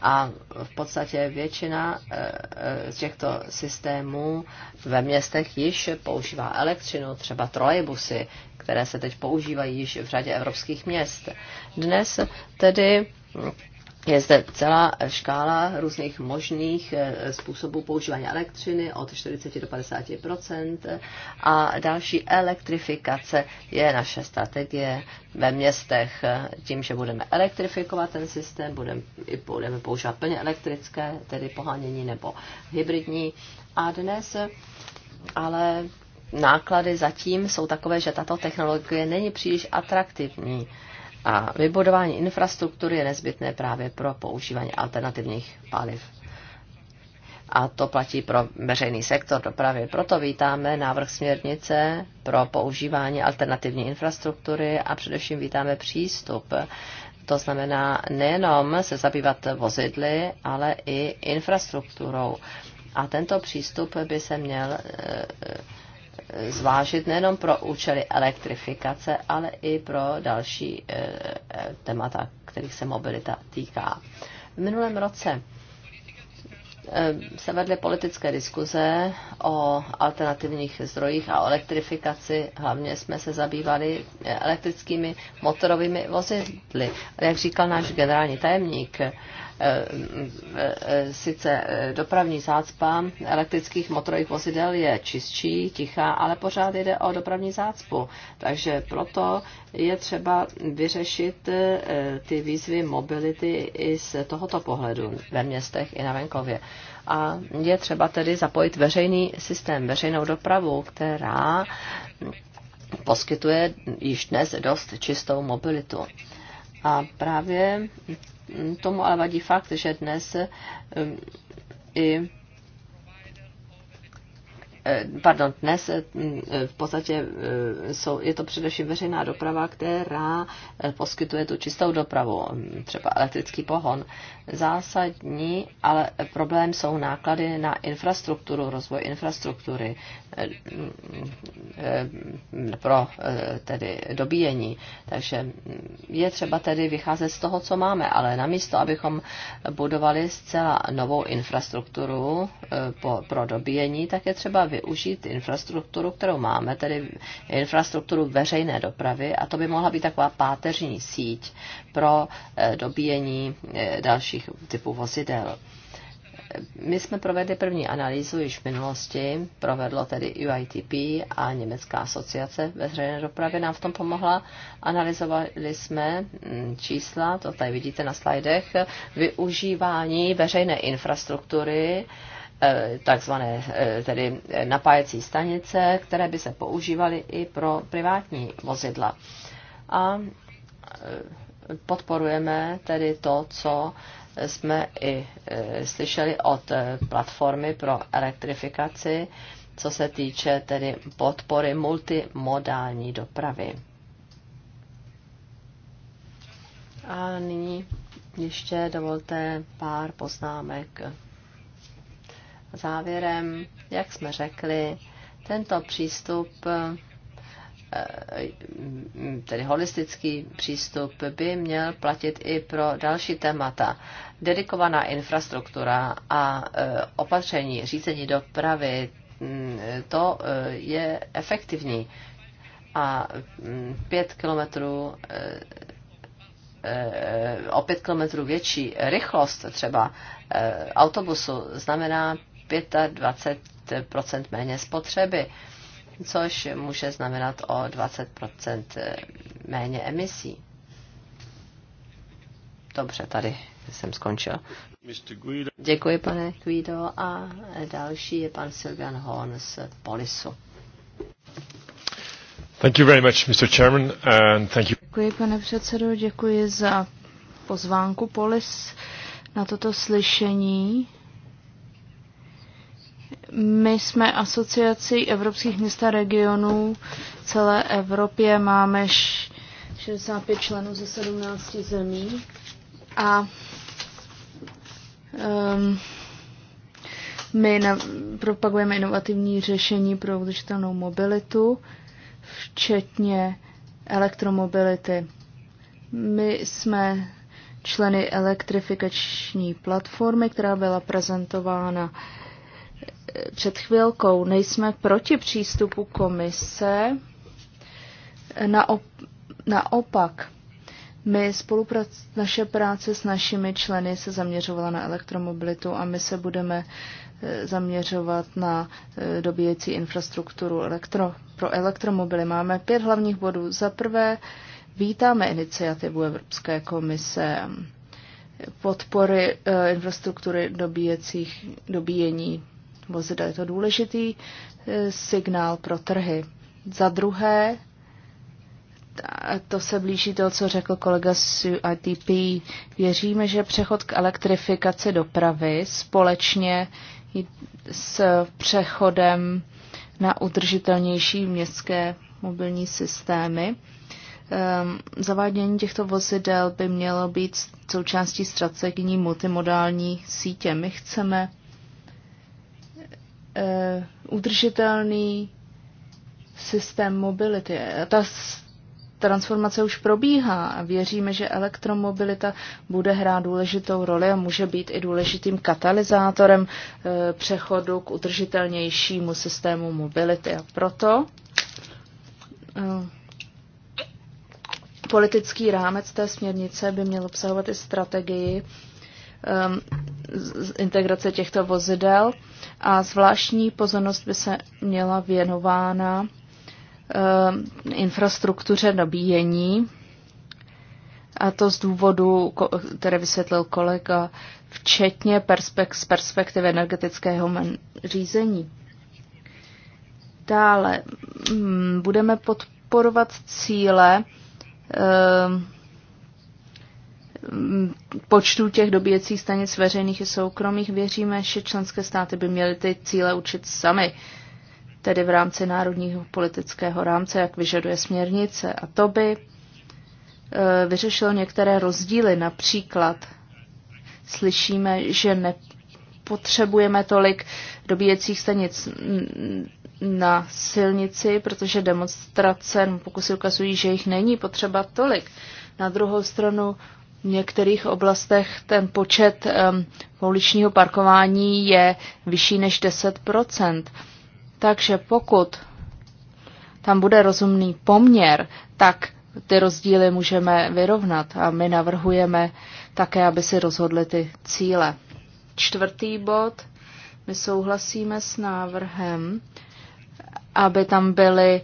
[SPEAKER 1] A v podstatě většina eh, z těchto systémů ve městech již používá elektřinu, třeba trolejbusy, které se teď používají již v řadě evropských měst. Dnes tedy je zde celá škála různých možných eh, způsobů používání elektřiny od 40 do 50 a další elektrifikace je naše strategie ve městech. Tím, že budeme elektrifikovat ten systém, budeme, budeme používat plně elektrické, tedy pohánění nebo hybridní. A dnes ale náklady zatím jsou takové, že tato technologie není příliš atraktivní a vybudování infrastruktury je nezbytné právě pro používání alternativních paliv. A to platí pro veřejný sektor dopravy. Proto vítáme návrh směrnice pro používání alternativní infrastruktury a především vítáme přístup to znamená nejenom se zabývat vozidly, ale i infrastrukturou. A tento přístup by se měl eh, zvážit nejenom pro účely elektrifikace, ale i pro další eh, témata, kterých se mobilita týká. V minulém roce eh, se vedly politické diskuze o alternativních zdrojích a o elektrifikaci. Hlavně jsme se zabývali eh, elektrickými motorovými vozidly. Jak říkal náš generální tajemník, Eh, eh, eh, sice dopravní zácpa elektrických motorových vozidel je čistší, tichá, ale pořád jde o dopravní zácpu. Takže proto je třeba vyřešit ty výzvy mobility i z tohoto pohledu ve městech i na venkově. A je třeba tedy zapojit veřejný systém, veřejnou dopravu, která poskytuje již dnes dost čistou mobilitu. A právě tomu ale vadí fakt, že dnes um, i pardon, dnes eh, v podstatě eh, jsou, je to především veřejná doprava, která eh, poskytuje tu čistou dopravu, mm, třeba elektrický pohon. Zásadní, ale problém jsou náklady na infrastrukturu, rozvoj infrastruktury mm, pro tedy dobíjení. Takže mm, je třeba tedy vycházet z toho, co máme, ale namísto, abychom budovali zcela novou infrastrukturu pro dobíjení, tak je třeba využít infrastrukturu, kterou máme, tedy infrastrukturu veřejné dopravy a to by mohla být taková páteřní síť pro eh, dobíjení eh, dalších typů vozidel. My jsme provedli první analýzu již v minulosti, provedlo tedy UITP a Německá asociace veřejné dopravy nám v tom pomohla. Analyzovali jsme mm, čísla, to tady vidíte na slajdech, využívání veřejné infrastruktury E, takzvané e, tedy napájecí stanice, které by se používaly i pro privátní vozidla. A e, podporujeme tedy to, co jsme i slyšeli od platformy pro elektrifikaci, co se týče tedy podpory multimodální dopravy. A nyní ještě dovolte pár poznámek Závěrem, jak jsme řekli, tento přístup, eh, tedy holistický přístup, by měl platit i pro další témata. Dedikovaná infrastruktura a eh, opatření řízení dopravy, mm, to eh, je efektivní. A mm, pět kilometrů o pět kilometrů větší rychlost třeba autobusu znamená 25 méně spotřeby, což může znamenat o 20 eh, méně emisí. Dobře, tady jsem skončil. Děkuji, pane Guido. A další je pan Silvian Horn z Polisu.
[SPEAKER 2] Thank you very much, Mr. Chairman, and thank you.
[SPEAKER 3] Děkuji, pane předsedo, děkuji za pozvánku Polis na toto slyšení. My jsme asociací evropských měst a regionů v celé Evropě, máme 65 členů ze 17 zemí a um, my na, propagujeme inovativní řešení pro udržitelnou mobilitu, včetně elektromobility. My jsme členy elektrifikační platformy, která byla prezentována uh, před chvilkou. Nejsme proti přístupu komise, Naop, naopak. My spoluprac, naše práce s našimi členy se zaměřovala na elektromobilitu a my se budeme e, zaměřovat na e, dobíjecí infrastrukturu elektro, pro elektromobily. Máme pět hlavních bodů. Za prvé vítáme iniciativu Evropské komise podpory e, infrastruktury dobíjecích, dobíjení Vozidla Je to důležitý e, signál pro trhy. Za druhé, to se blíží to, co řekl kolega z ITP. Věříme, že přechod k elektrifikaci dopravy společně s přechodem na udržitelnější městské mobilní systémy. Ehm, zavádění těchto vozidel by mělo být součástí strategii multimodální sítě. My chceme Eh, udržitelný systém mobility. Ta transformace už probíhá a věříme, že elektromobilita bude hrát důležitou roli a může být i důležitým katalyzátorem eh, přechodu k udržitelnějšímu systému mobility. A proto eh, politický rámec té směrnice by měl obsahovat i strategii Um, integrace těchto vozidel a zvláštní pozornost by se měla věnována um, infrastruktuře nabíjení, a to z důvodu, které vysvětlil kolega, včetně perspek- z perspektivy energetického řízení. Dále mm, budeme podporovat cíle um, Mm, počtu těch dobíjecích stanic veřejných i soukromých věříme, že členské státy by měly ty cíle učit sami, tedy v rámci národního politického rámce, jak vyžaduje směrnice. A to by e, vyřešilo některé rozdíly. Například slyšíme, že nepotřebujeme tolik dobíjecích stanic na silnici, protože demonstrace, no, pokusy ukazují, že jich není potřeba tolik. Na druhou stranu v některých oblastech ten počet um, parkování je vyšší než 10 Takže pokud tam bude rozumný poměr, tak ty rozdíly můžeme vyrovnat a my navrhujeme také, aby si rozhodly ty cíle. Čtvrtý bod. My souhlasíme s návrhem aby tam byly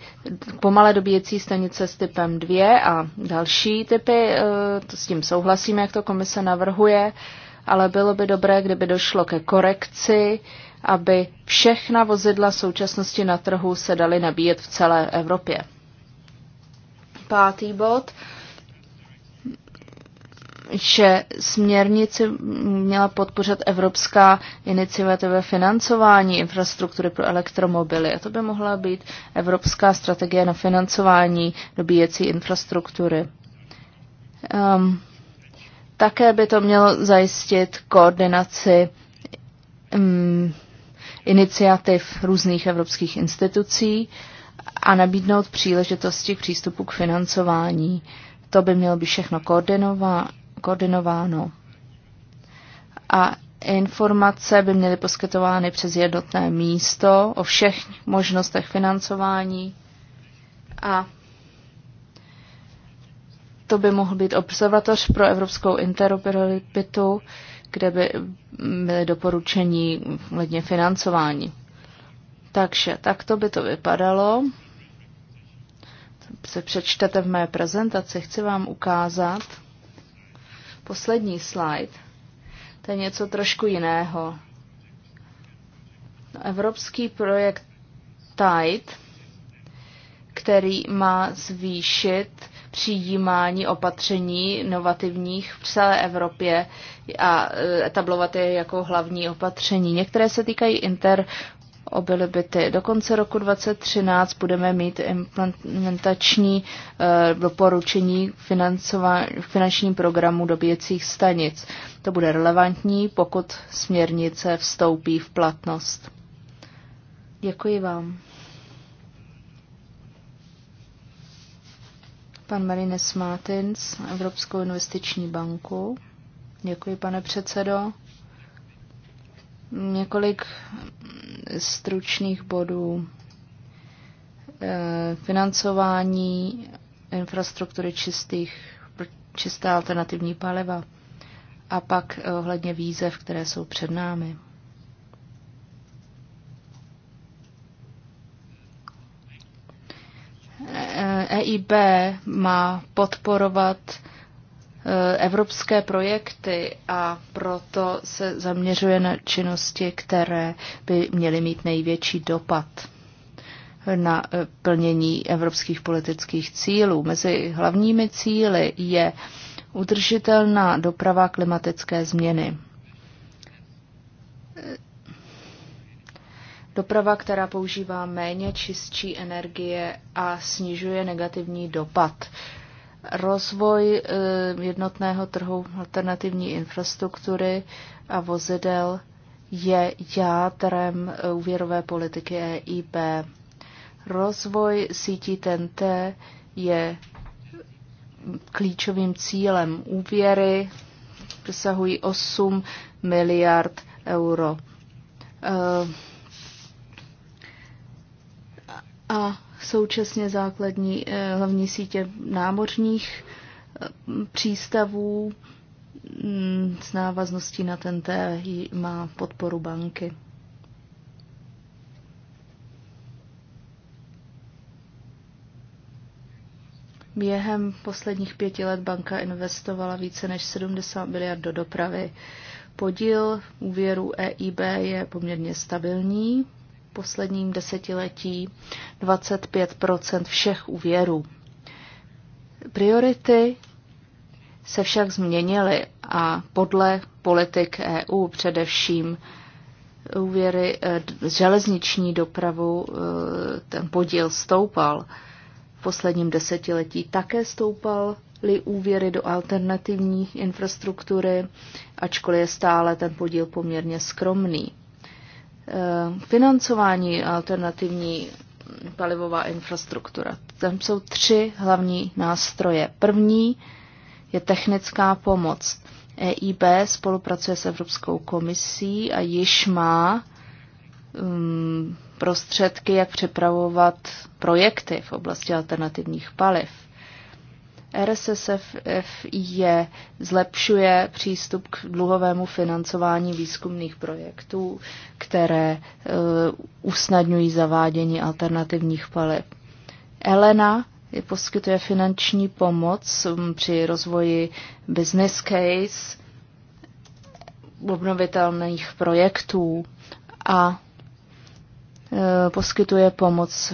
[SPEAKER 3] pomalé dobíjecí stanice s typem 2 a další typy. Eh, to s tím souhlasíme, jak to komise navrhuje, ale bylo by dobré, kdyby došlo ke korekci, aby všechna vozidla současnosti na trhu se daly nabíjet v celé Evropě. Pátý bod že směrnici měla podpořit Evropská iniciativa financování infrastruktury pro elektromobily. A to by mohla být Evropská strategie na financování dobíjecí infrastruktury. Um, také by to mělo zajistit koordinaci um, iniciativ různých evropských institucí a nabídnout příležitosti k přístupu k financování. To by mělo být všechno koordinovat koordinováno. A informace by měly poskytovány přes jednotné místo o všech možnostech financování a to by mohl být observatoř pro evropskou interoperabilitu, kde by byly doporučení hledně financování. Takže takto by to vypadalo. Se přečtete v mé prezentaci, chci vám ukázat, Poslední slide. To je něco trošku jiného. No, evropský projekt TIDE, který má zvýšit přijímání opatření inovativních v celé Evropě a e, etablovat je jako hlavní opatření. Některé se týkají inter obyly byty. Do konce roku 2013 budeme mít implementační eh, doporučení finančním programu dobíjecích stanic. To bude relevantní, pokud směrnice vstoupí v platnost. Děkuji vám. Pan Marines Martins, Evropskou investiční banku. Děkuji, pane předsedo. Několik stručných bodů. Eh, financování infrastruktury čistých, čistá alternativní paliva a pak eh, ohledně výzev, které jsou před námi. EIB eh, e má podporovat Eh, evropské projekty a proto se zaměřuje na činnosti, které by měly mít největší dopad na eh, plnění evropských politických cílů. Mezi hlavními cíly je udržitelná doprava klimatické změny. Eh, doprava, která používá méně čistší energie a snižuje negativní dopad Rozvoj eh, jednotného trhu alternativní infrastruktury a vozidel je jádrem eh, úvěrové politiky EIB. Rozvoj sítí TNT je klíčovým cílem. Úvěry přesahují 8 miliard euro. Eh, a současně základní eh, hlavní sítě námořních eh, přístavů mm, s návazností na TNT má podporu banky. Během posledních pěti let banka investovala více než 70 miliard do dopravy. Podíl úvěru EIB je poměrně stabilní, posledním desetiletí 25 všech úvěrů. Priority se však změnily a podle politik EU především úvěry z eh, železniční dopravu eh, ten podíl stoupal. V posledním desetiletí také stoupal úvěry do alternativní infrastruktury, ačkoliv je stále ten podíl poměrně skromný. Eh, financování alternativní palivová infrastruktura. Tam jsou tři hlavní nástroje. První je technická pomoc. EIB spolupracuje s Evropskou komisí a již má um, prostředky, jak připravovat projekty v oblasti alternativních paliv. RSSF je zlepšuje přístup k dluhovému financování výzkumných projektů, které uh, usnadňují zavádění alternativních paliv. Elena poskytuje finanční pomoc při rozvoji business case obnovitelných projektů a Eh, poskytuje pomoc,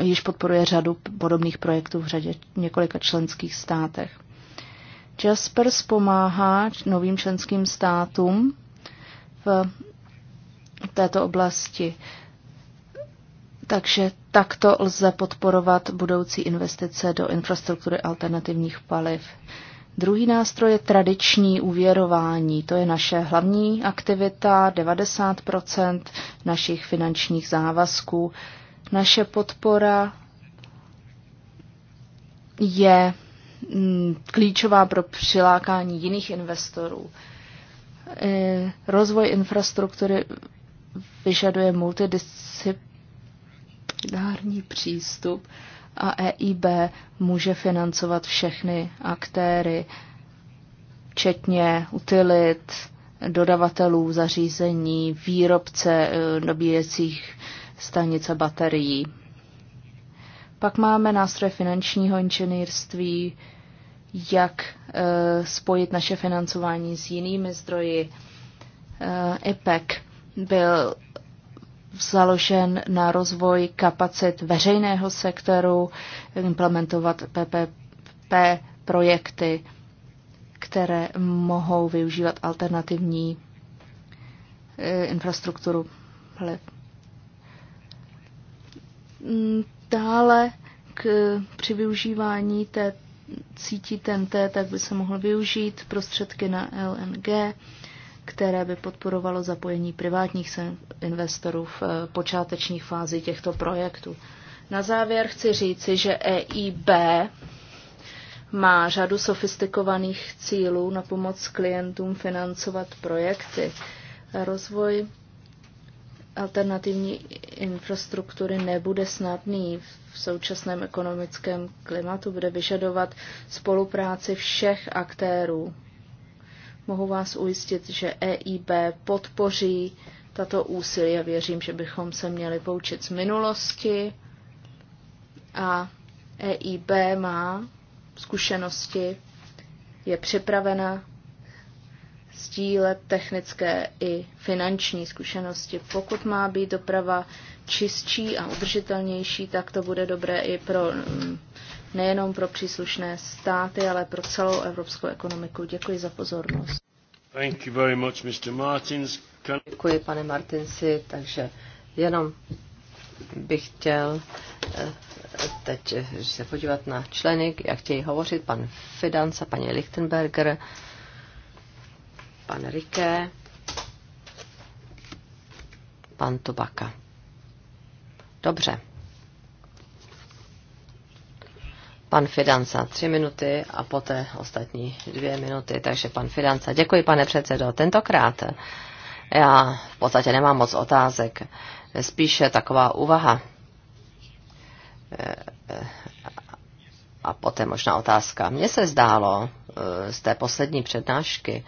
[SPEAKER 3] již podporuje řadu podobných projektů v řadě několika členských státech. Jaspers pomáhá novým členským státům v této oblasti. Takže takto lze podporovat budoucí investice do infrastruktury alternativních paliv. Druhý nástroj je tradiční uvěrování. To je naše hlavní aktivita, 90 našich finančních závazků. Naše podpora je mm, klíčová pro přilákání jiných investorů. E, rozvoj infrastruktury vyžaduje multidisciplinární přístup a EIB může financovat všechny aktéry, včetně utilit, dodavatelů zařízení, výrobce dobíjecích eh, stanice baterií. Pak máme nástroje finančního inženýrství, jak eh, spojit naše financování s jinými zdroji. Eh, IPEC byl založen na rozvoj kapacit veřejného sektoru, implementovat PPP projekty, které mohou využívat alternativní e, infrastrukturu. Mm, dále k, při využívání té sítí TNT, tak by se mohl využít prostředky na LNG které by podporovalo zapojení privátních investorů v eh, počáteční fázi těchto projektů. Na závěr chci říci, že EIB má řadu sofistikovaných cílů na pomoc klientům financovat projekty. Rozvoj alternativní infrastruktury nebude snadný v současném ekonomickém klimatu, bude vyžadovat spolupráci všech aktérů Mohu vás ujistit, že EIB podpoří tato úsilí a věřím, že bychom se měli poučit z minulosti. A EIB má zkušenosti, je připravena sdílet technické i finanční zkušenosti. Pokud má být doprava čistší a udržitelnější, tak to bude dobré i pro nejenom pro příslušné státy, ale pro celou evropskou ekonomiku. Děkuji za pozornost.
[SPEAKER 2] Thank you very much, Mr. Martins. Can...
[SPEAKER 1] Děkuji, pane Martinsi, takže jenom bych chtěl eh, teď eh, se podívat na členy, jak chtějí hovořit, pan Fidanca, paní Lichtenberger, pan Riké, pan Tobaka. Dobře. pan Fidanca tři minuty a poté ostatní dvě minuty. Takže pan Fidanca, děkuji pane předsedo. Tentokrát já v podstatě nemám moc otázek, spíše taková úvaha a poté možná otázka. Mně se zdálo eh, z té poslední přednášky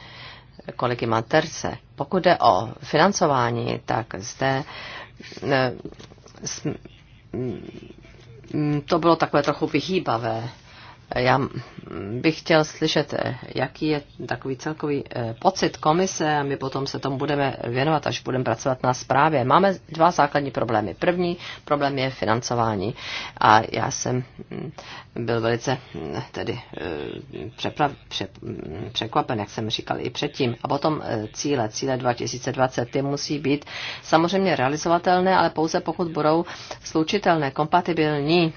[SPEAKER 1] kolegy Materce, pokud jde o financování, tak zde eh, Mm, to bylo takové trochu vyhýbavé já bych chtěl slyšet, jaký je takový celkový eh, pocit komise a my potom se tomu budeme věnovat, až budeme pracovat na zprávě. Máme dva základní problémy. První problém je financování a já jsem hm, byl velice hm, tedy eh, přeprav, pře, hm, překvapen, jak jsem říkal i předtím. A potom eh, cíle, cíle 2020, ty musí být samozřejmě realizovatelné, ale pouze pokud budou slučitelné, kompatibilní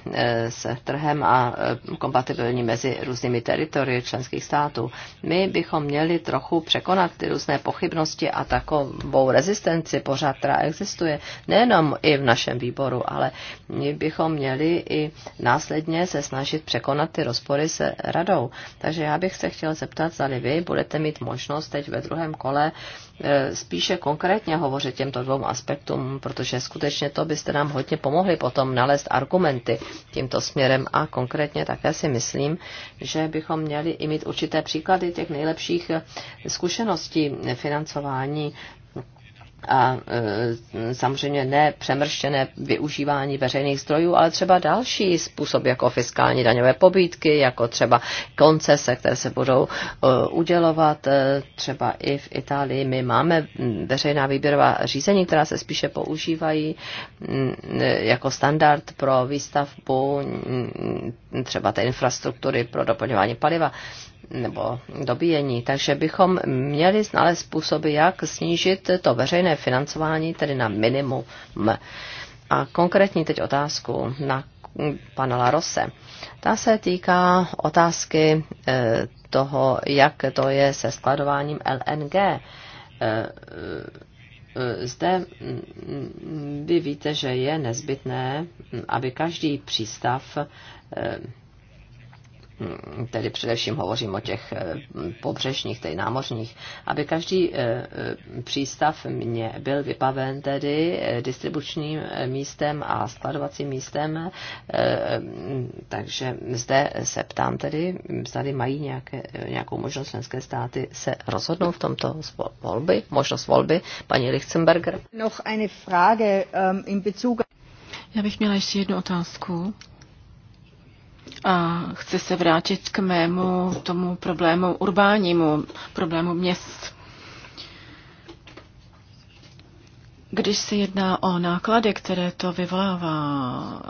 [SPEAKER 1] se trhem a kompatibilní rozdělení mezi různými teritorie členských států. My bychom měli trochu překonat ty různé pochybnosti a takovou rezistenci pořád, která existuje, nejenom i v našem výboru, ale my bychom měli i následně se snažit překonat ty rozpory se radou. Takže já bych se chtěl zeptat, zda vy budete mít možnost teď ve druhém kole Eh, spíše konkrétně hovořit těmto dvou aspektům, protože skutečně to byste nám hodně pomohli potom nalézt argumenty tímto směrem a konkrétně také si myslím, že bychom měli i mít určité příklady těch nejlepších eh, zkušeností financování a e, samozřejmě ne přemrštěné využívání veřejných zdrojů, ale třeba další způsob, jako fiskální daňové pobídky, jako třeba koncese, které se budou e, udělovat. E, třeba i v Itálii my máme veřejná výběrová řízení, která se spíše používají mm, jako standard pro výstavbu mm, mm, třeba té infrastruktury pro doplňování paliva nebo dobíjení. Takže bychom měli znalé způsoby, jak snížit to veřejné financování tedy na minimum. A konkrétní teď otázku na pana Larose. Ta se týká otázky eh, toho, jak to je se skladováním LNG. Eh, eh, zde mm, vy víte, že je nezbytné, mm, aby každý přístav Hmm, tedy především hovořím o těch eh, pobřežních, tedy námořních, aby každý eh, eh, přístav mě byl vybaven tedy distribučním místem a skladovacím místem, takže zde se ptám tedy, zdali mají nějaké, nějakou možnost členské státy se rozhodnout v tomto volby, možnost volby, paní Lichtenberger.
[SPEAKER 4] Noch eine Frage, ähm, in Bezug... Já bych měla ještě jednu otázku a chci se vrátit k mému tomu problému urbánímu, problému měst. Když se jedná o náklady, které to vyvolává,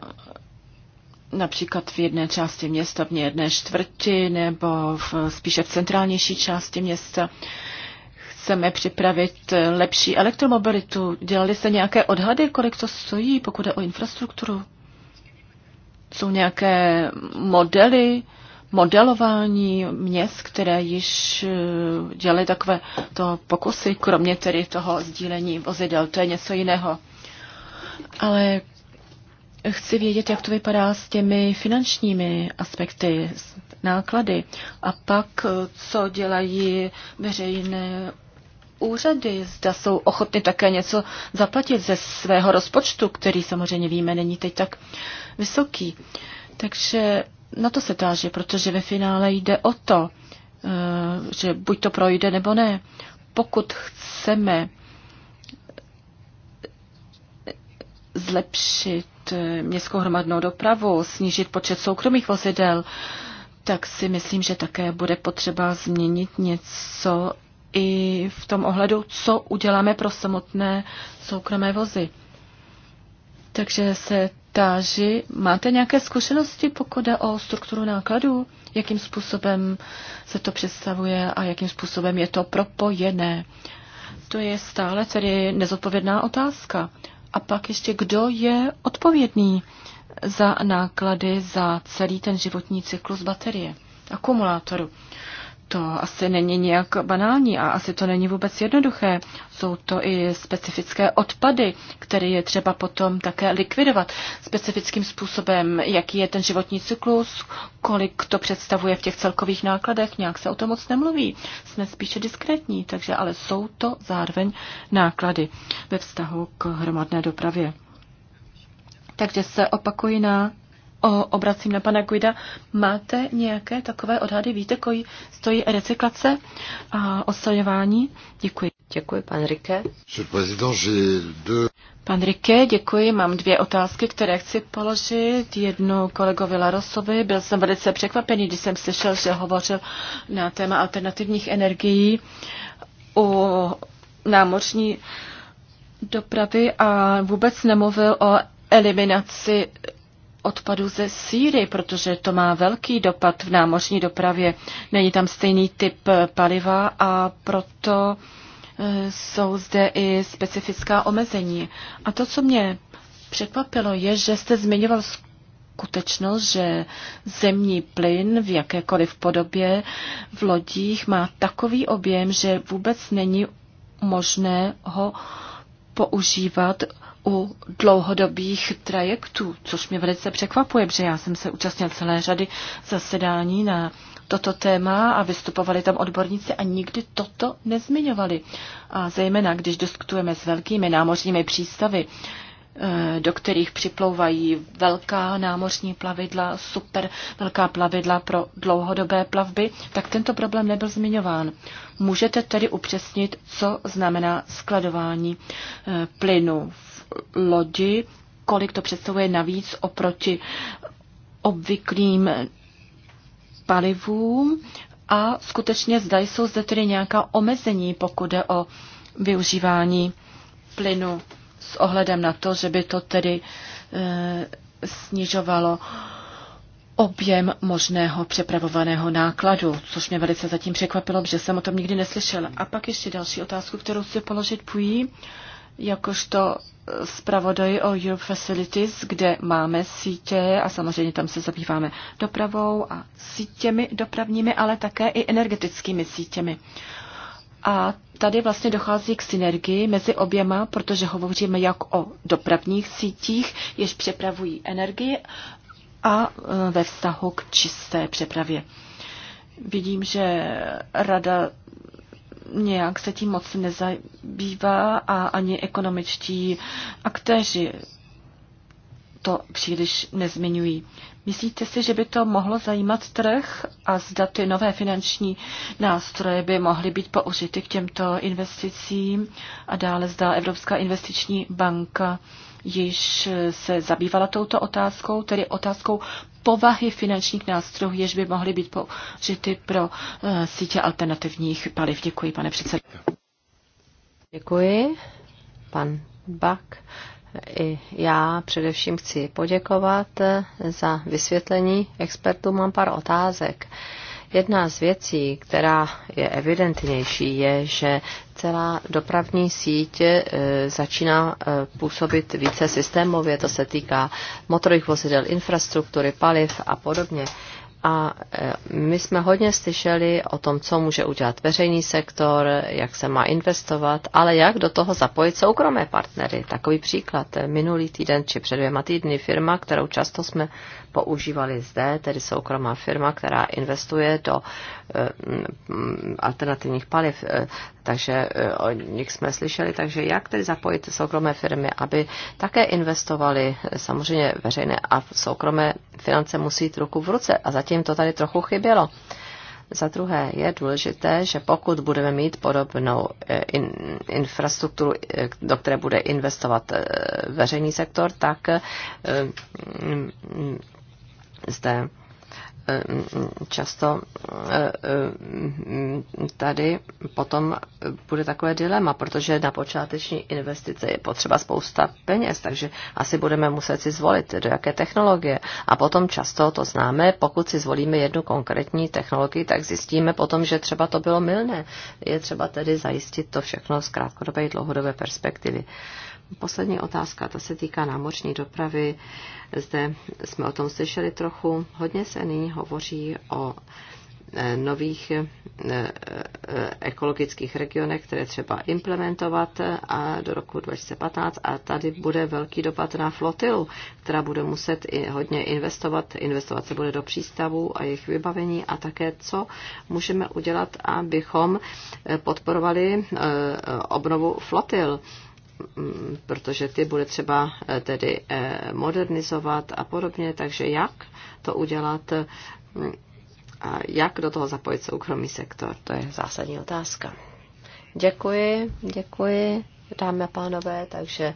[SPEAKER 4] například v jedné části města, v jedné čtvrti nebo v, spíše v centrálnější části města, chceme připravit lepší elektromobilitu. Dělali se nějaké odhady, kolik to stojí, pokud je o infrastrukturu? jsou nějaké modely, modelování měst, které již eh, dělají takové to pokusy, kromě tedy toho sdílení vozidel. To je něco jiného. Ale chci vědět, jak to vypadá s těmi finančními aspekty, náklady. A pak, eh, co dělají veřejné úřady, zda jsou ochotny také něco zaplatit ze svého rozpočtu, který samozřejmě víme není teď tak vysoký. Takže na to se táže, protože ve finále jde o to, eh, že buď to projde nebo ne. Pokud chceme zlepšit eh, městskou hromadnou dopravu, snížit počet soukromých vozidel, tak si myslím, že také bude potřeba změnit něco i v tom ohledu, co uděláme pro samotné soukromé vozy. Takže se táži, máte nějaké zkušenosti, pokud jde o strukturu nákladů? Jakým způsobem se to představuje a jakým způsobem je to propojené? To je stále tedy nezodpovědná otázka. A pak ještě, kdo je odpovědný za náklady za celý ten životní cyklus baterie, akumulátoru? To asi není nějak banální a asi to není vůbec jednoduché. Jsou to i specifické odpady, které je třeba potom také likvidovat specifickým způsobem, jaký je ten životní cyklus, kolik to představuje v těch celkových nákladech, nějak se o tom moc nemluví. Jsme spíše diskrétní, takže ale jsou to zároveň náklady ve vztahu k hromadné dopravě. Takže se opakují na o, obracím na pana Guida. Máte nějaké takové odhady? Víte, kolik stojí recyklace a odstraňování? Děkuji. Děkuji, pan Rike. Pan Rike, děkuji. Mám dvě otázky, které chci položit. Jednu kolegovi Larosovi. Byl jsem velice překvapený, když jsem slyšel, že hovořil na téma alternativních energií u námořní dopravy a vůbec nemluvil o eliminaci odpadu ze síry, protože to má velký dopad v námořní dopravě. Není tam stejný typ eh, paliva a proto eh, jsou zde i specifická omezení. A to, co mě překvapilo, je, že jste zmiňoval skutečnost, že zemní plyn v jakékoliv podobě v lodích má takový objem, že vůbec není možné ho používat u dlouhodobých trajektů, což mě velice překvapuje, protože já jsem se účastnil celé řady zasedání na toto téma a vystupovali tam odborníci a nikdy toto nezmiňovali. A zejména, když diskutujeme s velkými námořními přístavy, eh, do kterých připlouvají velká námořní plavidla, super velká plavidla pro dlouhodobé plavby, tak tento problém nebyl zmiňován. Můžete tedy upřesnit, co znamená skladování eh, plynu v lodi, kolik to představuje navíc oproti obvyklým palivům a skutečně zda jsou zde tedy nějaká omezení, pokud jde o využívání plynu s ohledem na to, že by to tedy e, snižovalo objem možného přepravovaného nákladu, což mě velice zatím překvapilo, že jsem o tom nikdy neslyšela. A pak ještě další otázku, kterou si položit půjí. E, jakožto zpravodaj o Europe Facilities, kde máme sítě a samozřejmě tam se zabýváme dopravou a sítěmi dopravními, ale také i energetickými sítěmi. A tady vlastně dochází k synergii mezi oběma, protože hovoříme jak o dopravních sítích, jež přepravují energii a e, ve vztahu k čisté přepravě. Vidím, že rada nějak se tím moc nezabývá a ani ekonomičtí aktéři to příliš nezmiňují. Myslíte si, že by to mohlo zajímat trh a zda ty nové finanční nástroje by mohly být použity k těmto investicím a dále zda Evropská investiční banka již se zabývala touto otázkou, tedy otázkou povahy finančních nástrojů, jež by mohly být použity pro eh, sítě alternativních paliv. Děkuji, pane předsedo. Děkuji, pan Bak. I já především
[SPEAKER 1] chci poděkovat eh, za vysvětlení expertů. Mám pár otázek. Jedna z věcí, která je evidentnější, je, že celá dopravní síť e, začíná e, působit více systémově, to se týká motorových vozidel, infrastruktury, paliv a podobně. A e, my jsme hodně slyšeli o tom, co může udělat veřejný sektor, jak se má investovat, ale jak do toho zapojit soukromé partnery. Takový příklad. Minulý týden či před dvěma týdny firma, kterou často jsme používali zde, tedy soukromá firma, která investuje do eh, mm, alternativních paliv. Eh, takže eh, o nich jsme slyšeli, takže jak tedy zapojit soukromé firmy, aby také investovali. Samozřejmě veřejné a soukromé finance musí jít ruku v ruce a zatím to tady trochu chybělo. Za druhé je důležité, že pokud budeme mít podobnou in, infrastrukturu, do které bude investovat veřejný sektor, tak mm, mm, zde eh, často eh, eh, tady potom bude takové dilema, protože na počáteční investice je potřeba spousta peněz, takže asi budeme muset si zvolit, do jaké technologie. A potom často to známe, pokud si zvolíme jednu konkrétní technologii, tak zjistíme potom, že třeba to bylo milné. Je třeba tedy zajistit to všechno z krátkodobé i dlouhodobé perspektivy. Uh, poslední otázka, ta se týká námořní dopravy. Zde jsme o tom slyšeli trochu. Hodně se nyní hovoří o e, nových e, e, ekologických regionech, které třeba implementovat a do roku 2015 a tady bude velký dopad na flotilu, která bude muset i hodně investovat. Investovat se bude do přístavů a jejich vybavení a také co můžeme udělat, abychom podporovali obnovu flotil protože ty bude třeba eh, tedy eh, modernizovat a podobně, takže jak to udělat mm, a jak do toho zapojit soukromý sektor, to je zásadní otázka. Děkuji, děkuji, dámy a pánové, takže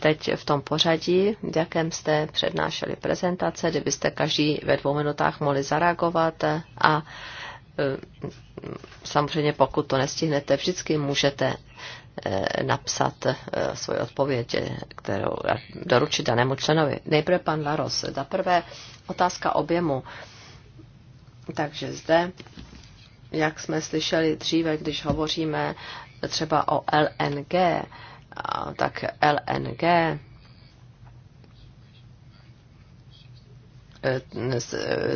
[SPEAKER 1] teď v tom pořadí, v jakém jste přednášeli prezentace, kdybyste každý ve dvou minutách mohli zareagovat a e, samozřejmě pokud to nestihnete, vždycky můžete Eh, napsat eh, svoji odpověď, eh, kterou doručit danému členovi. Nejprve pan Laros. Za prvé otázka objemu. Takže zde, jak jsme slyšeli dříve, když hovoříme třeba o LNG, tak LNG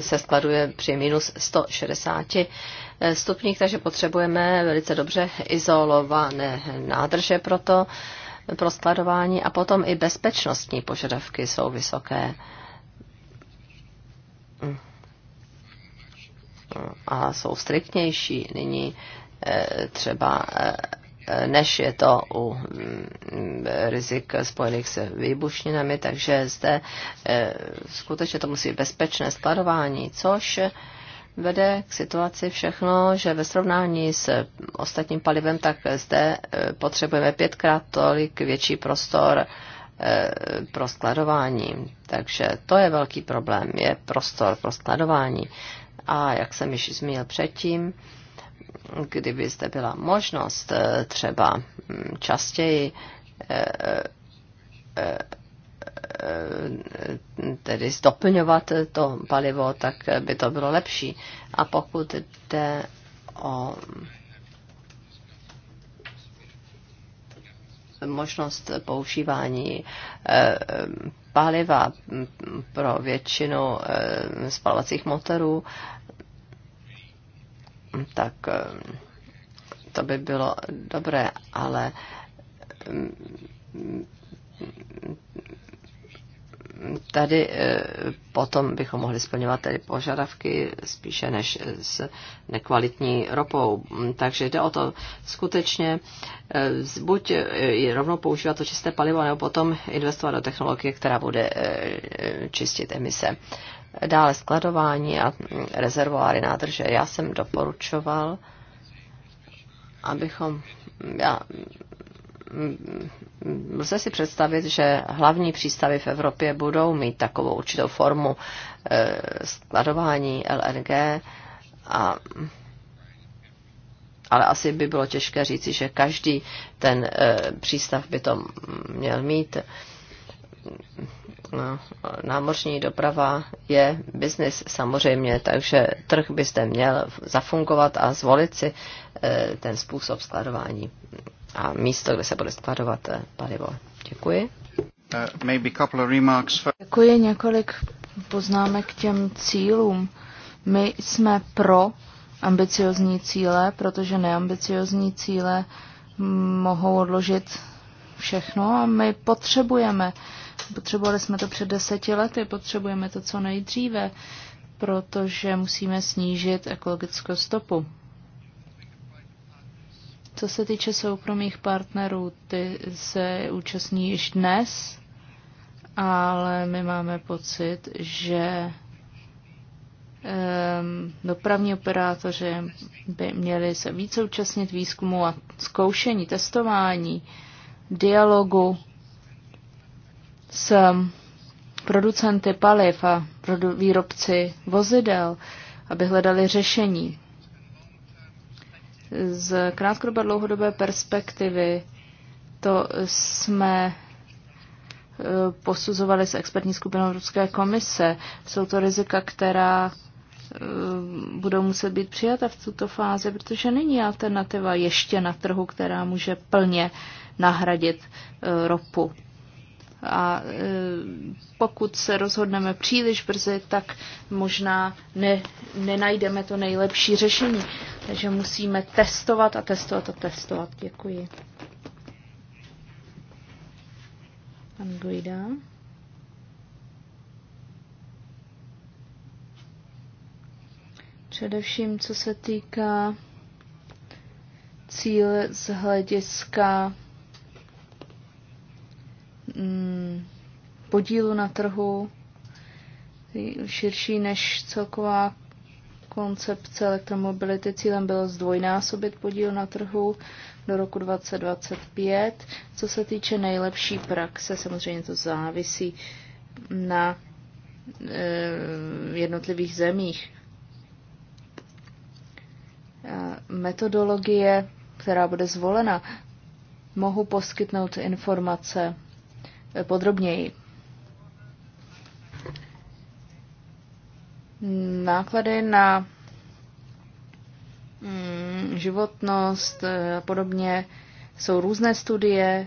[SPEAKER 1] se skladuje při minus 160 Eh, stupních, takže potřebujeme velice dobře izolované nádrže pro to, pro skladování a potom i bezpečnostní požadavky jsou vysoké. Mm. A jsou striktnější nyní eh, třeba eh, než je to u mm, rizik spojených s výbušninami, takže zde skutečně to musí být bezpečné skladování, což vede k situaci všechno, že ve srovnání s ostatním palivem, tak zde eh, potřebujeme pětkrát tolik větší prostor eh, pro skladování. Takže to je velký problém, je prostor pro skladování. A jak jsem již zmínil předtím, kdyby zde byla možnost eh, třeba mm, častěji tedy zdoplňovat to palivo, tak by to bylo lepší. A pokud jde o možnost používání eh, paliva pro většinu eh, spalovacích motorů, tak eh, to by bylo dobré, ale mm, tady eh, potom bychom mohli splňovat tedy požadavky spíše než s nekvalitní ropou. Mm, takže jde o to skutečně eh, buď eh, rovnou používat to čisté palivo, nebo potom investovat do technologie, která bude čistit emise. Dále skladování a mm, rezervoáry nádrže. Já jsem doporučoval, abychom, já lze si představit, že hlavní přístavy v Evropě budou mít takovou určitou formu eh, skladování LNG, a, ale asi by bylo těžké říci, že každý ten eh, přístav by to měl mít námořní doprava je biznis samozřejmě, takže trh by zde měl zafungovat a zvolit si eh, ten způsob skladování a místo, kde se bude skladovat eh, palivo. Děkuji.
[SPEAKER 2] Uh,
[SPEAKER 3] Děkuji několik poznámek k těm cílům. My jsme pro ambiciozní cíle, protože neambiciozní cíle mm, mohou odložit všechno a my potřebujeme uh, Potřebovali jsme to před deseti lety, potřebujeme to co nejdříve, protože musíme snížit ekologickou stopu. Co se týče soukromých partnerů, ty se účastní již dnes, ale my máme pocit, že um, dopravní operátoři by měli se více účastnit výzkumu a zkoušení, testování, dialogu s um, producenty paliv a výrobci vozidel, aby hledali řešení. Z krátkodobé dlouhodobé perspektivy to jsme uh, posuzovali s expertní skupinou Evropské komise. Jsou to rizika, která uh, budou muset být přijata v tuto fázi, protože není alternativa ještě na trhu, která může plně nahradit uh, ropu. A e, pokud se rozhodneme příliš brzy, tak možná ne, nenajdeme to nejlepší řešení. Takže musíme testovat a testovat a testovat. Děkuji. Pan Guida. Především co se týká cíle z hlediska Mm, podílu na trhu širší než celková koncepce elektromobility. Cílem bylo zdvojnásobit podíl na trhu do roku 2025. Co se týče nejlepší praxe, samozřejmě to závisí na e, jednotlivých zemích. E, metodologie, která bude zvolena, mohu poskytnout informace podrobněji. Náklady na mm, životnost a podobně jsou různé studie,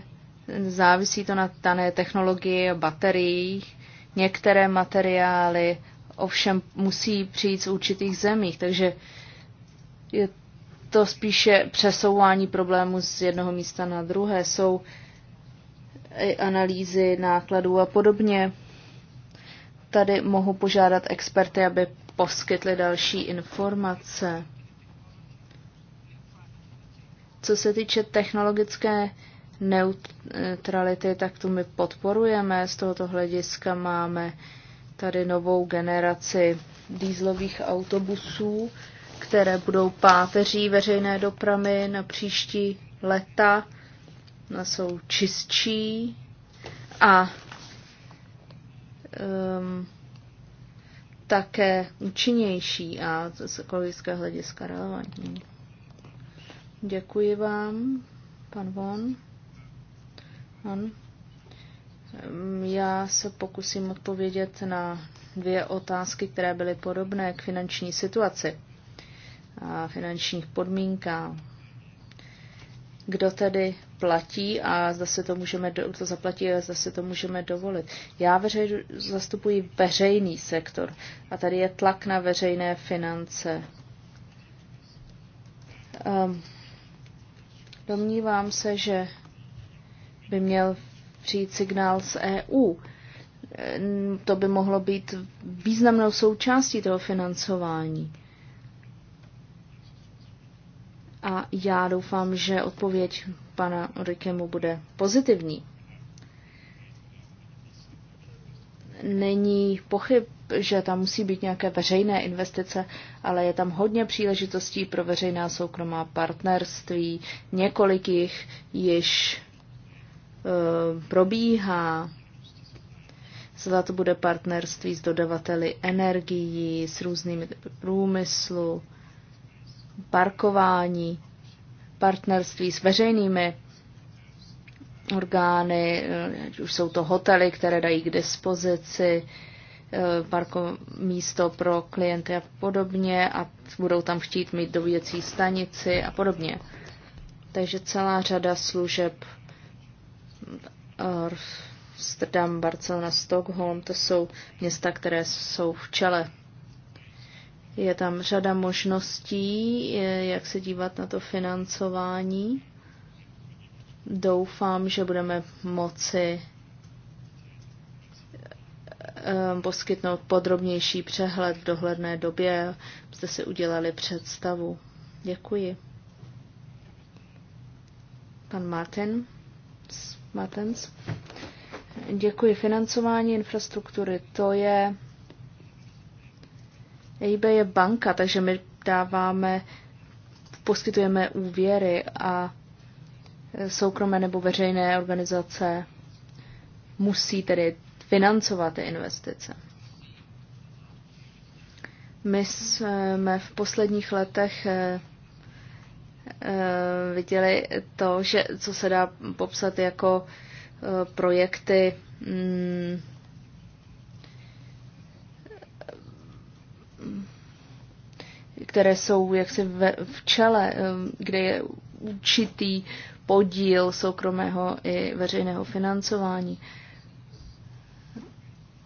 [SPEAKER 3] závisí to na dané technologii a bateriích. Některé materiály ovšem musí přijít z určitých zemích, takže je to spíše přesouvání problému z jednoho místa na druhé. Jsou analýzy nákladů a podobně. Tady mohu požádat experty, aby poskytli další informace. Co se týče technologické neutrality, tak tu my podporujeme. Z tohoto hlediska máme tady novou generaci dýzlových autobusů, které budou páteří veřejné dopravy na příští leta jsou čistší a um, také účinnější a z ekologického hlediska relevantní. Děkuji vám, pan Von. On. Um, já se pokusím odpovědět na dvě otázky, které byly podobné k finanční situaci a finančních podmínkám kdo tedy platí a zda to můžeme, to zaplatí a zda to můžeme dovolit. Já veřej, zastupuji veřejný sektor a tady je tlak na veřejné finance. Um, domnívám se, že by měl přijít signál z EU. Ehm, to by mohlo být významnou součástí toho financování. A já doufám, že odpověď pana Rikemu bude pozitivní. Není pochyb, že tam musí být nějaké veřejné investice, ale je tam hodně příležitostí pro veřejná soukromá partnerství. Několik jich již e, probíhá. Zda to bude partnerství s dodavateli energií, s různými průmyslu, parkování, partnerství s veřejnými orgány, už jsou to hotely, které dají k dispozici eh, parko, místo pro klienty a podobně a budou tam chtít mít dověcí stanici a podobně. Takže celá řada služeb Amsterdam, Barcelona, Stockholm, to jsou města, které jsou v čele je tam řada možností, jak se dívat na to financování. Doufám, že budeme moci eh, poskytnout podrobnější přehled v dohledné době, abyste si udělali představu. Děkuji. Pan Martin. Martens. Děkuji. Financování infrastruktury, to je eBay je banka, takže my dáváme, poskytujeme úvěry a e, soukromé nebo veřejné organizace musí tedy financovat ty investice. My jsme v posledních letech e, e, viděli to, že co se dá popsat jako projekty mm, které jsou jaksi ve, v čele, kde je určitý podíl soukromého i veřejného financování.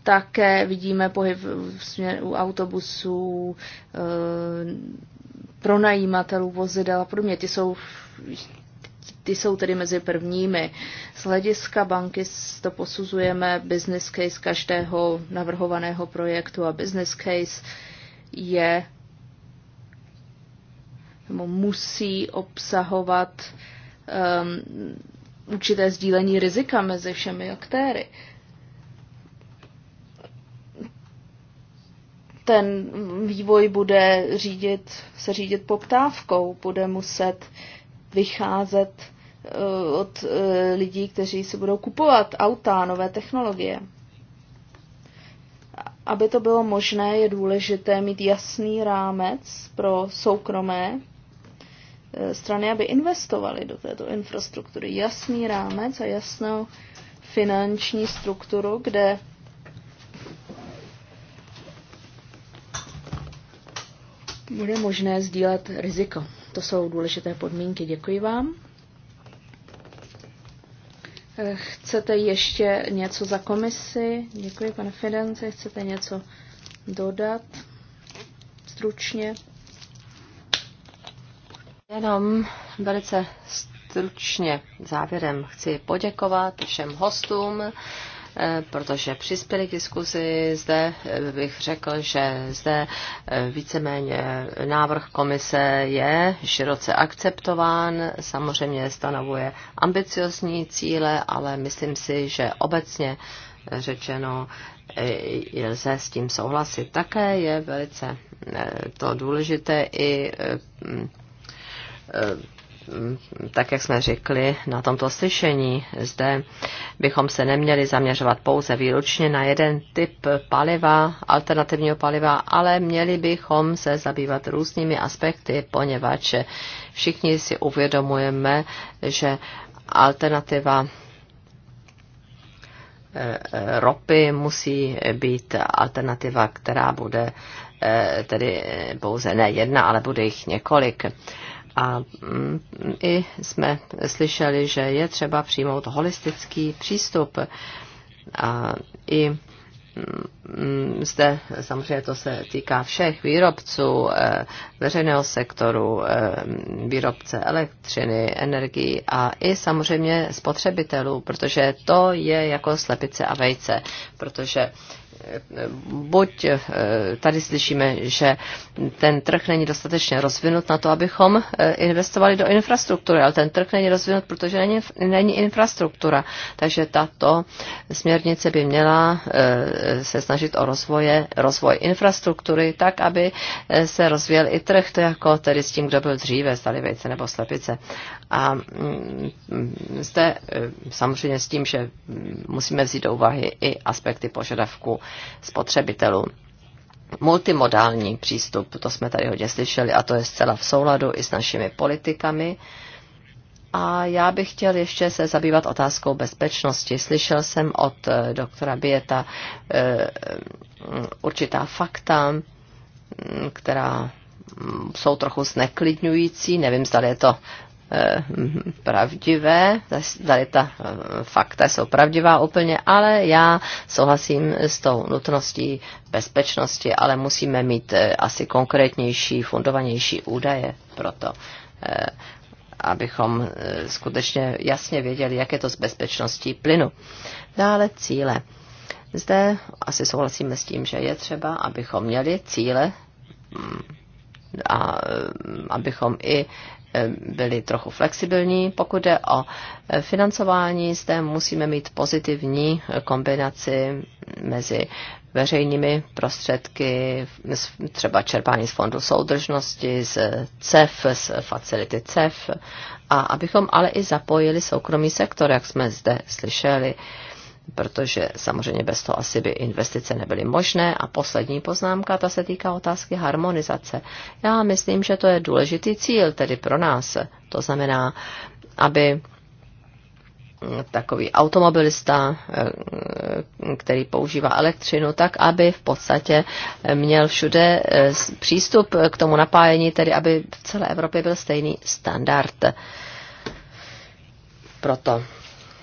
[SPEAKER 3] Také vidíme pohyb v směru autobusů, pronajímatelů vozidel a podobně. Ty jsou, ty jsou tedy mezi prvními. Z hlediska banky to posuzujeme business case každého navrhovaného projektu a business case uh, je nebo musí obsahovat um, určité sdílení rizika mezi všemi aktéry. Ten vývoj bude řídit, se řídit poptávkou, bude muset vycházet uh, od uh, lidí, kteří si budou kupovat auta, nové technologie. Aby to bylo možné, je důležité mít jasný rámec pro soukromé e, strany, aby investovali do této infrastruktury. Jasný rámec a jasnou finanční strukturu, kde bude možné sdílet riziko. To jsou důležité podmínky. Děkuji vám. Chcete ještě něco za komisi? Děkuji, pane Fidence.
[SPEAKER 1] Chcete něco dodat? Stručně. Jenom velice stručně závěrem chci poděkovat všem hostům Eh, protože přispěli k diskuzi. Zde eh, bych řekl, že zde eh, víceméně návrh komise je široce akceptován, samozřejmě stanovuje ambiciozní cíle, ale myslím si, že obecně řečeno lze s tím souhlasit. Také je velice to důležité i mm, tak jak jsme řekli na tomto slyšení, zde bychom se neměli zaměřovat pouze výlučně na jeden typ paliva, alternativního paliva, ale měli bychom se zabývat různými aspekty, poněvadž všichni si uvědomujeme, že alternativa eh, ropy musí být alternativa, která bude eh, tedy pouze ne jedna, ale bude jich několik. A mm, i jsme slyšeli, že je třeba přijmout holistický přístup. A i mm, zde samozřejmě to se týká všech výrobců e, veřejného sektoru, e, výrobce elektřiny, energii a i samozřejmě spotřebitelů, protože to je jako slepice a vejce, protože buď eh, tady slyšíme, že ten trh není dostatečně rozvinut na to, abychom eh, investovali do infrastruktury, ale ten trh není rozvinut, protože není, není infrastruktura. Takže tato směrnice by měla eh, se snažit o rozvoje, rozvoj infrastruktury tak, aby se rozvíjel i trh, to jako tedy s tím, kdo byl dříve, stali vejce nebo slepice. A mm, zde e, samozřejmě s tím, že mm, musíme vzít do úvahy i aspekty požadavku spotřebitelů. Multimodální přístup, to jsme tady hodně slyšeli a to je zcela v souladu i s našimi politikami. A já bych chtěl ještě se zabývat otázkou bezpečnosti. Slyšel jsem od e, doktora Bieta e, mm, určitá fakta, která jsou trochu zneklidňující. Nevím, zda je to Eh, pravdivé, tady ta eh, fakta jsou pravdivá úplně, ale já souhlasím s tou nutností bezpečnosti, ale musíme mít eh, asi konkrétnější, fundovanější údaje pro to, abychom skutečně jasně věděli, jak je to s bezpečností plynu. Dále cíle. Zde asi souhlasíme s tím, že je třeba, abychom měli cíle mm, a abychom i byli trochu flexibilní. Pokud jde o financování, zde musíme mít pozitivní kombinaci mezi veřejnými prostředky, třeba čerpání z fondu soudržnosti, z CEF, z facility CEF, a abychom ale i zapojili soukromý sektor, jak jsme zde slyšeli protože samozřejmě bez toho asi by investice nebyly možné. A poslední poznámka, ta se týká otázky harmonizace. Já myslím, že to je důležitý cíl, tedy pro nás. To znamená, aby takový automobilista, eh, který používá elektřinu, tak aby v podstatě měl všude eh, přístup k tomu napájení, tedy aby v celé Evropě byl stejný standard. Proto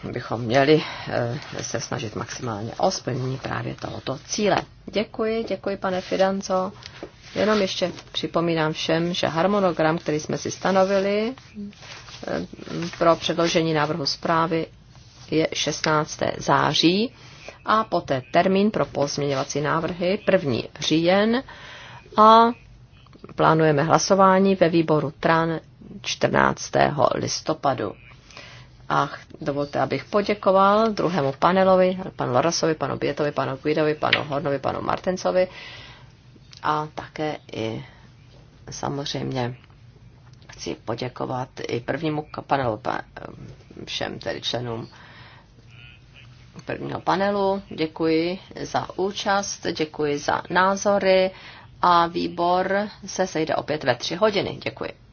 [SPEAKER 1] bychom měli eh, se snažit maximálně o splnění právě tohoto cíle. Děkuji, děkuji pane Fidanco. Jenom ještě připomínám všem, že harmonogram, který jsme si stanovili eh, pro předložení návrhu zprávy, je 16. září a poté termín pro pozměňovací návrhy 1. říjen a plánujeme hlasování ve výboru TRAN 14. listopadu a dovolte, abych poděkoval druhému panelovi, panu Larasovi, panu Bětovi, panu Guidovi, panu Hornovi, panu Martencovi a také i samozřejmě chci poděkovat i prvnímu panelu, všem tedy členům prvního panelu. Děkuji za účast, děkuji za názory a výbor se sejde opět ve tři hodiny. Děkuji.